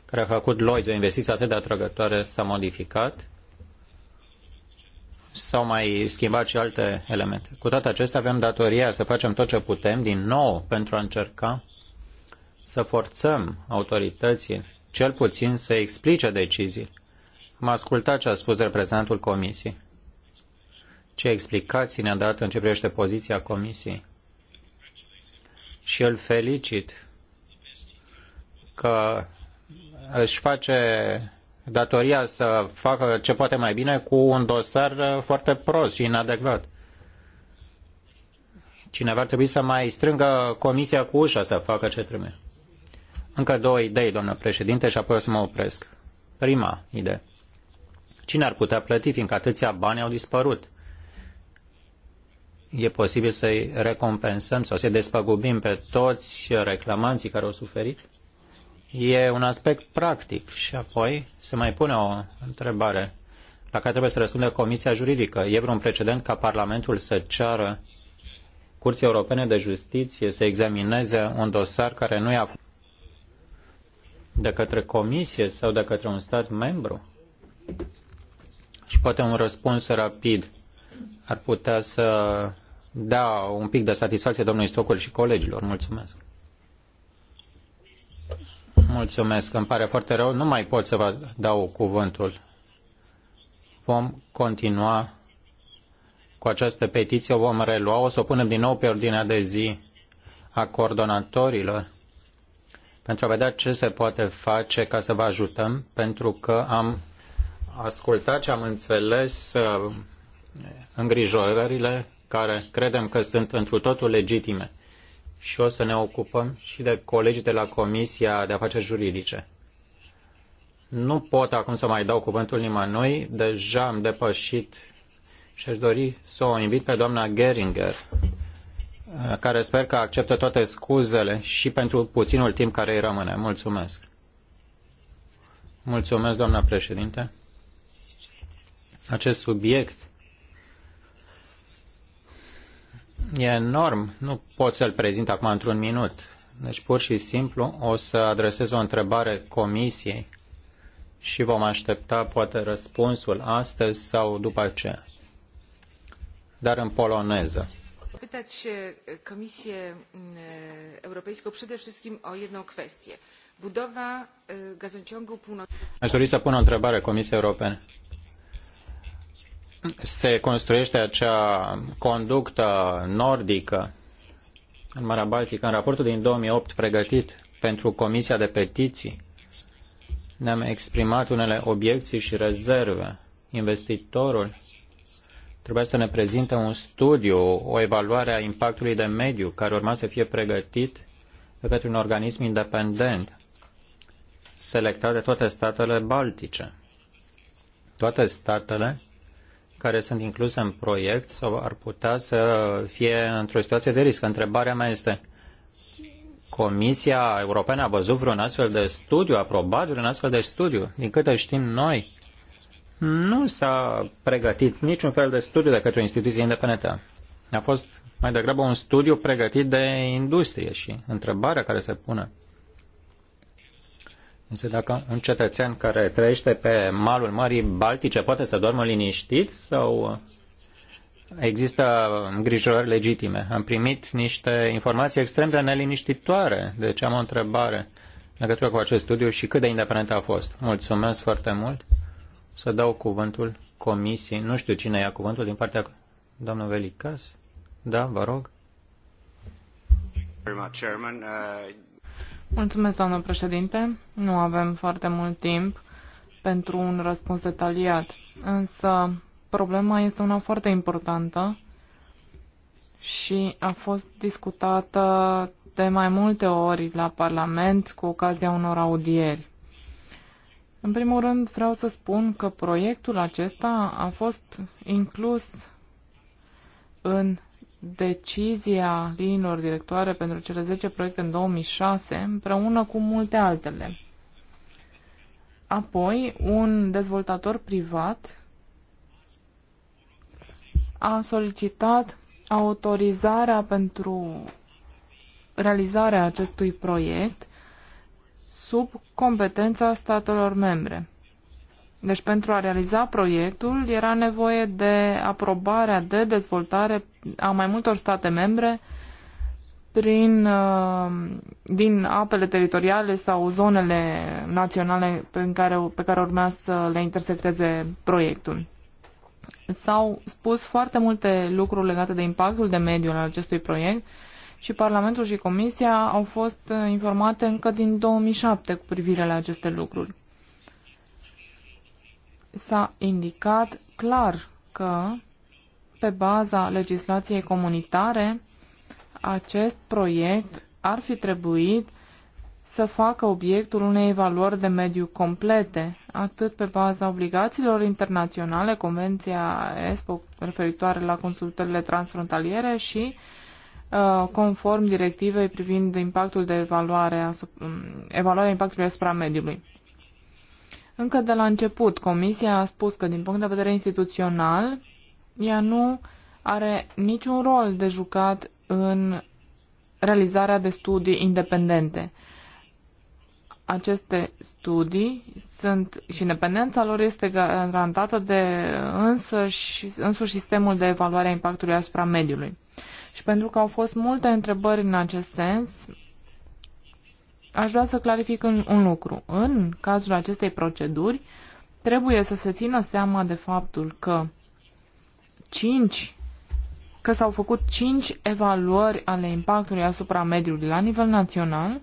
care a făcut Lloyds o investiție atât de atrăgătoare s-a modificat s-au mai schimbat și alte elemente. Cu toate acestea, avem datoria să facem tot ce putem din nou pentru a încerca să forțăm autoritățile, cel puțin să explice deciziile. Am ascultat ce a spus reprezentantul Comisiei. Ce explicații ne-a dat în ce privește poziția Comisiei. Și îl felicit că își face datoria să facă ce poate mai bine cu un dosar uh, foarte prost și inadecvat. Cineva ar trebui să mai strângă comisia cu ușa să facă ce trebuie. Încă două idei, doamnă președinte, și apoi o să mă opresc. Prima idee. Cine ar putea plăti, fiindcă atâția bani au dispărut? E posibil să-i recompensăm sau să-i despăgubim pe toți reclamanții care au suferit? E un aspect practic și apoi se mai pune o întrebare la care trebuie să răspundă Comisia Juridică. E vreun precedent ca Parlamentul să ceară Curții Europene de Justiție să examineze un dosar care nu i-a de către Comisie sau de către un stat membru? Și poate un răspuns rapid ar putea să dea un pic de satisfacție domnului Stocol și colegilor. Mulțumesc. Mulțumesc, îmi pare foarte rău, nu mai pot să vă dau cuvântul. Vom continua cu această petiție, o vom relua, o să o punem din nou pe ordinea de zi a coordonatorilor pentru a vedea ce se poate face ca să vă ajutăm, pentru că am ascultat și am înțeles uh, îngrijorările care credem că sunt întru totul legitime și o să ne ocupăm și de colegii de la Comisia de Afaceri Juridice. Nu pot acum să mai dau cuvântul nimănui, deja am depășit și aș dori să o invit pe doamna Geringer, care sper că acceptă toate scuzele și pentru puținul timp care îi rămâne. Mulțumesc. Mulțumesc, doamna președinte. Acest subiect e enorm, nu pot să-l prezint acum într-un minut. Deci pur și simplu o să adresez o întrebare comisiei și vom aștepta poate răspunsul astăzi sau după aceea. Dar în poloneză. Pytać Komisję Europejską przede wszystkim o jedną kwestię. Budowa gazociągu północnego. Aș dori să pun o întrebare Comisiei Europene se construiește acea conductă nordică în Marea Baltică. În raportul din 2008 pregătit pentru Comisia de Petiții ne-am exprimat unele obiecții și rezerve. Investitorul trebuia să ne prezinte un studiu, o evaluare a impactului de mediu care urma să fie pregătit de către un organism independent selectat de toate statele baltice. Toate statele care sunt incluse în proiect sau ar putea să fie într-o situație de risc. Întrebarea mea este, Comisia Europeană a văzut vreun astfel de studiu, aprobat vreun astfel de studiu? Din câte știm noi, nu s-a pregătit niciun fel de studiu de către o instituție independentă. A fost mai degrabă un studiu pregătit de industrie și întrebarea care se pune Însă dacă un cetățean care trăiește pe malul Mării Baltice poate să doarmă liniștit sau există îngrijorări legitime? Am primit niște informații extrem de neliniștitoare, deci am o întrebare în legătură cu acest studiu și cât de independent a fost. Mulțumesc foarte mult. Să dau cuvântul comisiei. Nu știu cine ia cuvântul din partea domnului Velicas. Da, vă rog. Mulțumesc, doamnă președinte. Nu avem foarte mult timp pentru un răspuns detaliat, însă problema este una foarte importantă și a fost discutată de mai multe ori la Parlament cu ocazia unor audieri. În primul rând, vreau să spun că proiectul acesta a fost inclus în decizia liniilor directoare pentru cele 10 proiecte în 2006, împreună cu multe altele. Apoi, un dezvoltator privat a solicitat autorizarea pentru realizarea acestui proiect sub competența statelor membre. Deci pentru a realiza proiectul era nevoie de aprobarea de dezvoltare a mai multor state membre prin, uh, din apele teritoriale sau zonele naționale pe care, pe care urmea să le intersecteze proiectul. S-au spus foarte multe lucruri legate de impactul de mediu al acestui proiect și Parlamentul și Comisia au fost uh, informate încă din 2007 cu privire la aceste lucruri s-a indicat clar că, pe baza legislației comunitare, acest proiect ar fi trebuit să facă obiectul unei evaluări de mediu complete, atât pe baza obligațiilor internaționale, Convenția ESPO referitoare la consultările transfrontaliere și uh, conform directivei privind impactul de evaluare, um, evaluarea impactului asupra mediului. Încă de la început, Comisia a spus că, din punct de vedere instituțional, ea nu are niciun rol de jucat în realizarea de studii independente. Aceste studii sunt și independența lor este garantată de însăși, însuși sistemul de evaluare a impactului asupra mediului. Și pentru că au fost multe întrebări în acest sens, Aș vrea să clarific un, un lucru. În cazul acestei proceduri, trebuie să se țină seama de faptul că 5 că s-au făcut 5 evaluări ale impactului asupra mediului la nivel național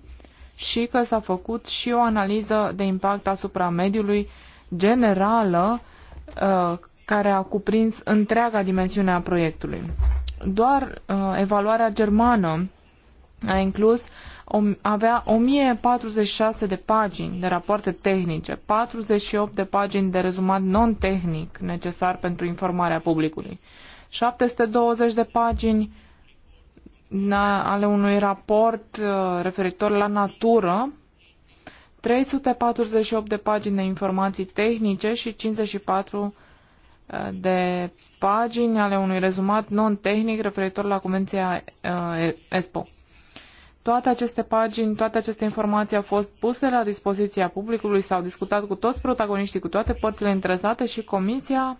și că s-a făcut și o analiză de impact asupra mediului generală uh, care a cuprins întreaga dimensiune a proiectului. Doar uh, evaluarea germană a inclus avea 1046 de pagini de rapoarte tehnice, 48 de pagini de rezumat non-tehnic necesar pentru informarea publicului, 720 de pagini ale unui raport uh, referitor la natură, 348 de pagini de informații tehnice și 54 uh, de pagini ale unui rezumat non-tehnic referitor la Convenția uh, ESPO. Toate aceste pagini, toate aceste informații au fost puse la dispoziția publicului, s-au discutat cu toți protagoniștii, cu toate părțile interesate și comisia,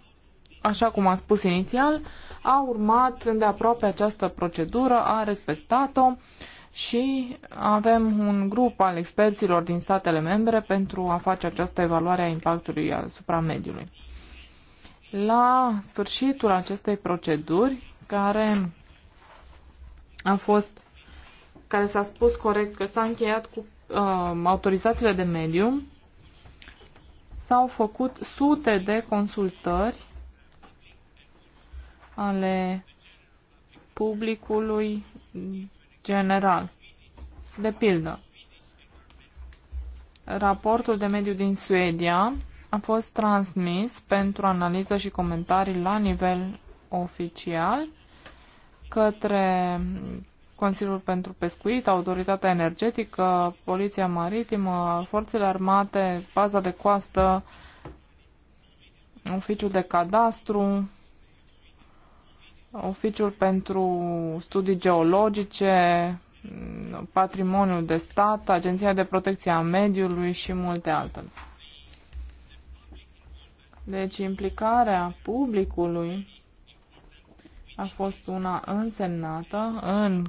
așa cum am spus inițial, a urmat îndeaproape această procedură, a respectat-o și avem un grup al experților din statele membre pentru a face această evaluare a impactului asupra mediului. La sfârșitul acestei proceduri, care a fost care s-a spus corect că s-a încheiat cu uh, autorizațiile de mediu, s-au făcut sute de consultări ale publicului general. De pildă, raportul de mediu din Suedia a fost transmis pentru analiză și comentarii la nivel oficial către Consiliul pentru Pescuit, Autoritatea Energetică, Poliția Maritimă, Forțele Armate, Paza de Coastă, Oficiul de Cadastru, Oficiul pentru Studii Geologice, Patrimoniul de Stat, Agenția de Protecție a Mediului și multe altele. Deci implicarea publicului a fost una însemnată în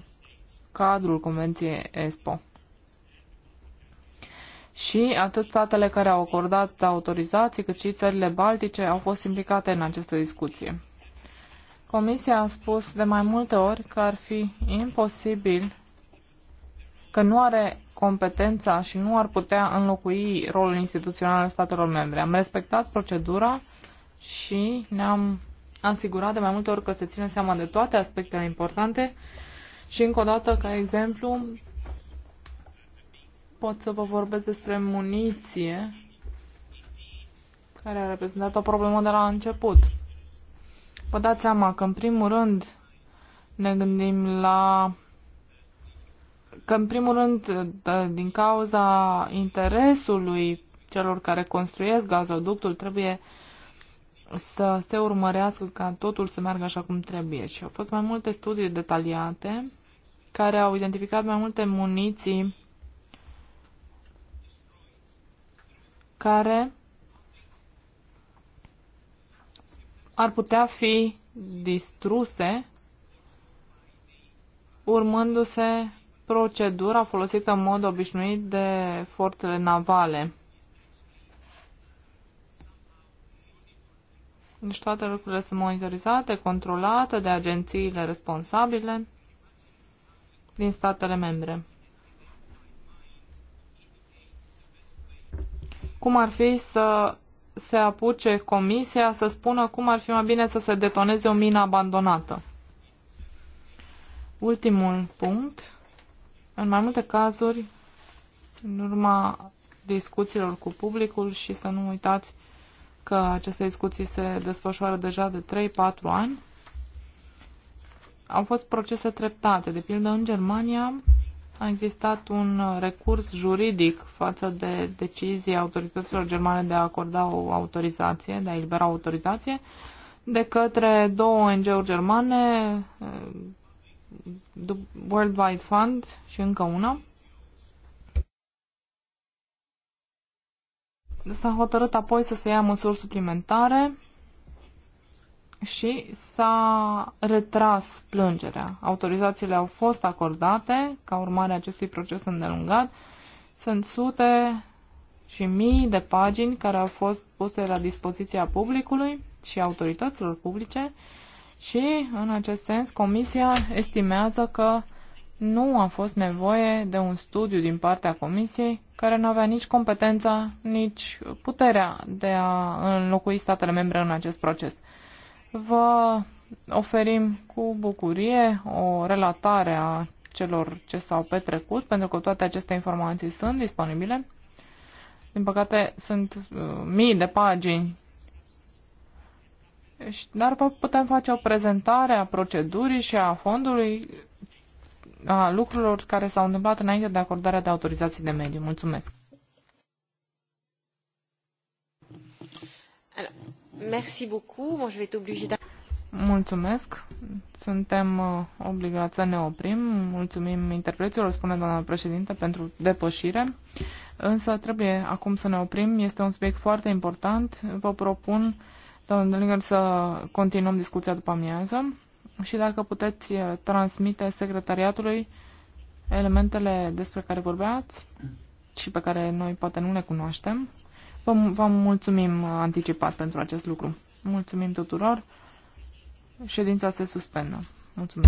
cadrul Convenției ESPO. Și atât statele care au acordat autorizații, cât și țările baltice au fost implicate în această discuție. Comisia a spus de mai multe ori că ar fi imposibil că nu are competența și nu ar putea înlocui rolul instituțional al statelor membre. Am respectat procedura și ne-am asigurat de mai multe ori că se ține seama de toate aspectele importante și încă o dată, ca exemplu, pot să vă vorbesc despre muniție, care a reprezentat o problemă de la început. Vă dați seama că, în primul rând, ne gândim la că, în primul rând, da, din cauza interesului celor care construiesc gazoductul, trebuie să se urmărească ca totul să meargă așa cum trebuie. Și au fost mai multe studii detaliate care au identificat mai multe muniții care ar putea fi distruse urmându-se procedura folosită în mod obișnuit de forțele navale. Deci toate lucrurile sunt monitorizate, controlate de agențiile responsabile din statele membre. Cum ar fi să se apuce comisia să spună cum ar fi mai bine să se detoneze o mină abandonată? Ultimul punct. În mai multe cazuri, în urma discuțiilor cu publicul și să nu uitați că aceste discuții se desfășoară deja de 3-4 ani, au fost procese treptate. De pildă, în Germania a existat un recurs juridic față de decizia autorităților germane de a acorda o autorizație, de a elibera o autorizație, de către două ONG-uri germane, eh, World Wide Fund și încă una. S-a hotărât apoi să se ia măsuri suplimentare și s-a retras plângerea. Autorizațiile au fost acordate ca urmare a acestui proces îndelungat. Sunt sute și mii de pagini care au fost puse la dispoziția publicului și autorităților publice și, în acest sens, Comisia estimează că nu a fost nevoie de un studiu din partea Comisiei care nu avea nici competența, nici puterea de a înlocui statele membre în acest proces. Vă oferim cu bucurie o relatare a celor ce s-au petrecut, pentru că toate aceste informații sunt disponibile. Din păcate, sunt uh, mii de pagini. Dar putem face o prezentare a procedurii și a fondului a lucrurilor care s-au întâmplat înainte de acordarea de autorizații de mediu. Mulțumesc! Merci beaucoup. Bon, je vais être obligée d'a- Mulțumesc. Suntem uh, obligați să ne oprim. Mulțumim interpreților, spune doamna președinte, pentru depășire. Însă trebuie acum să ne oprim. Este un subiect foarte important. Vă propun, doamna Delinger, să continuăm discuția după amiază și dacă puteți uh, transmite secretariatului elementele despre care vorbeați și pe care noi poate nu le cunoaștem. Vă, vă mulțumim anticipat pentru acest lucru. Mulțumim tuturor. Ședința se suspendă. Mulțumim.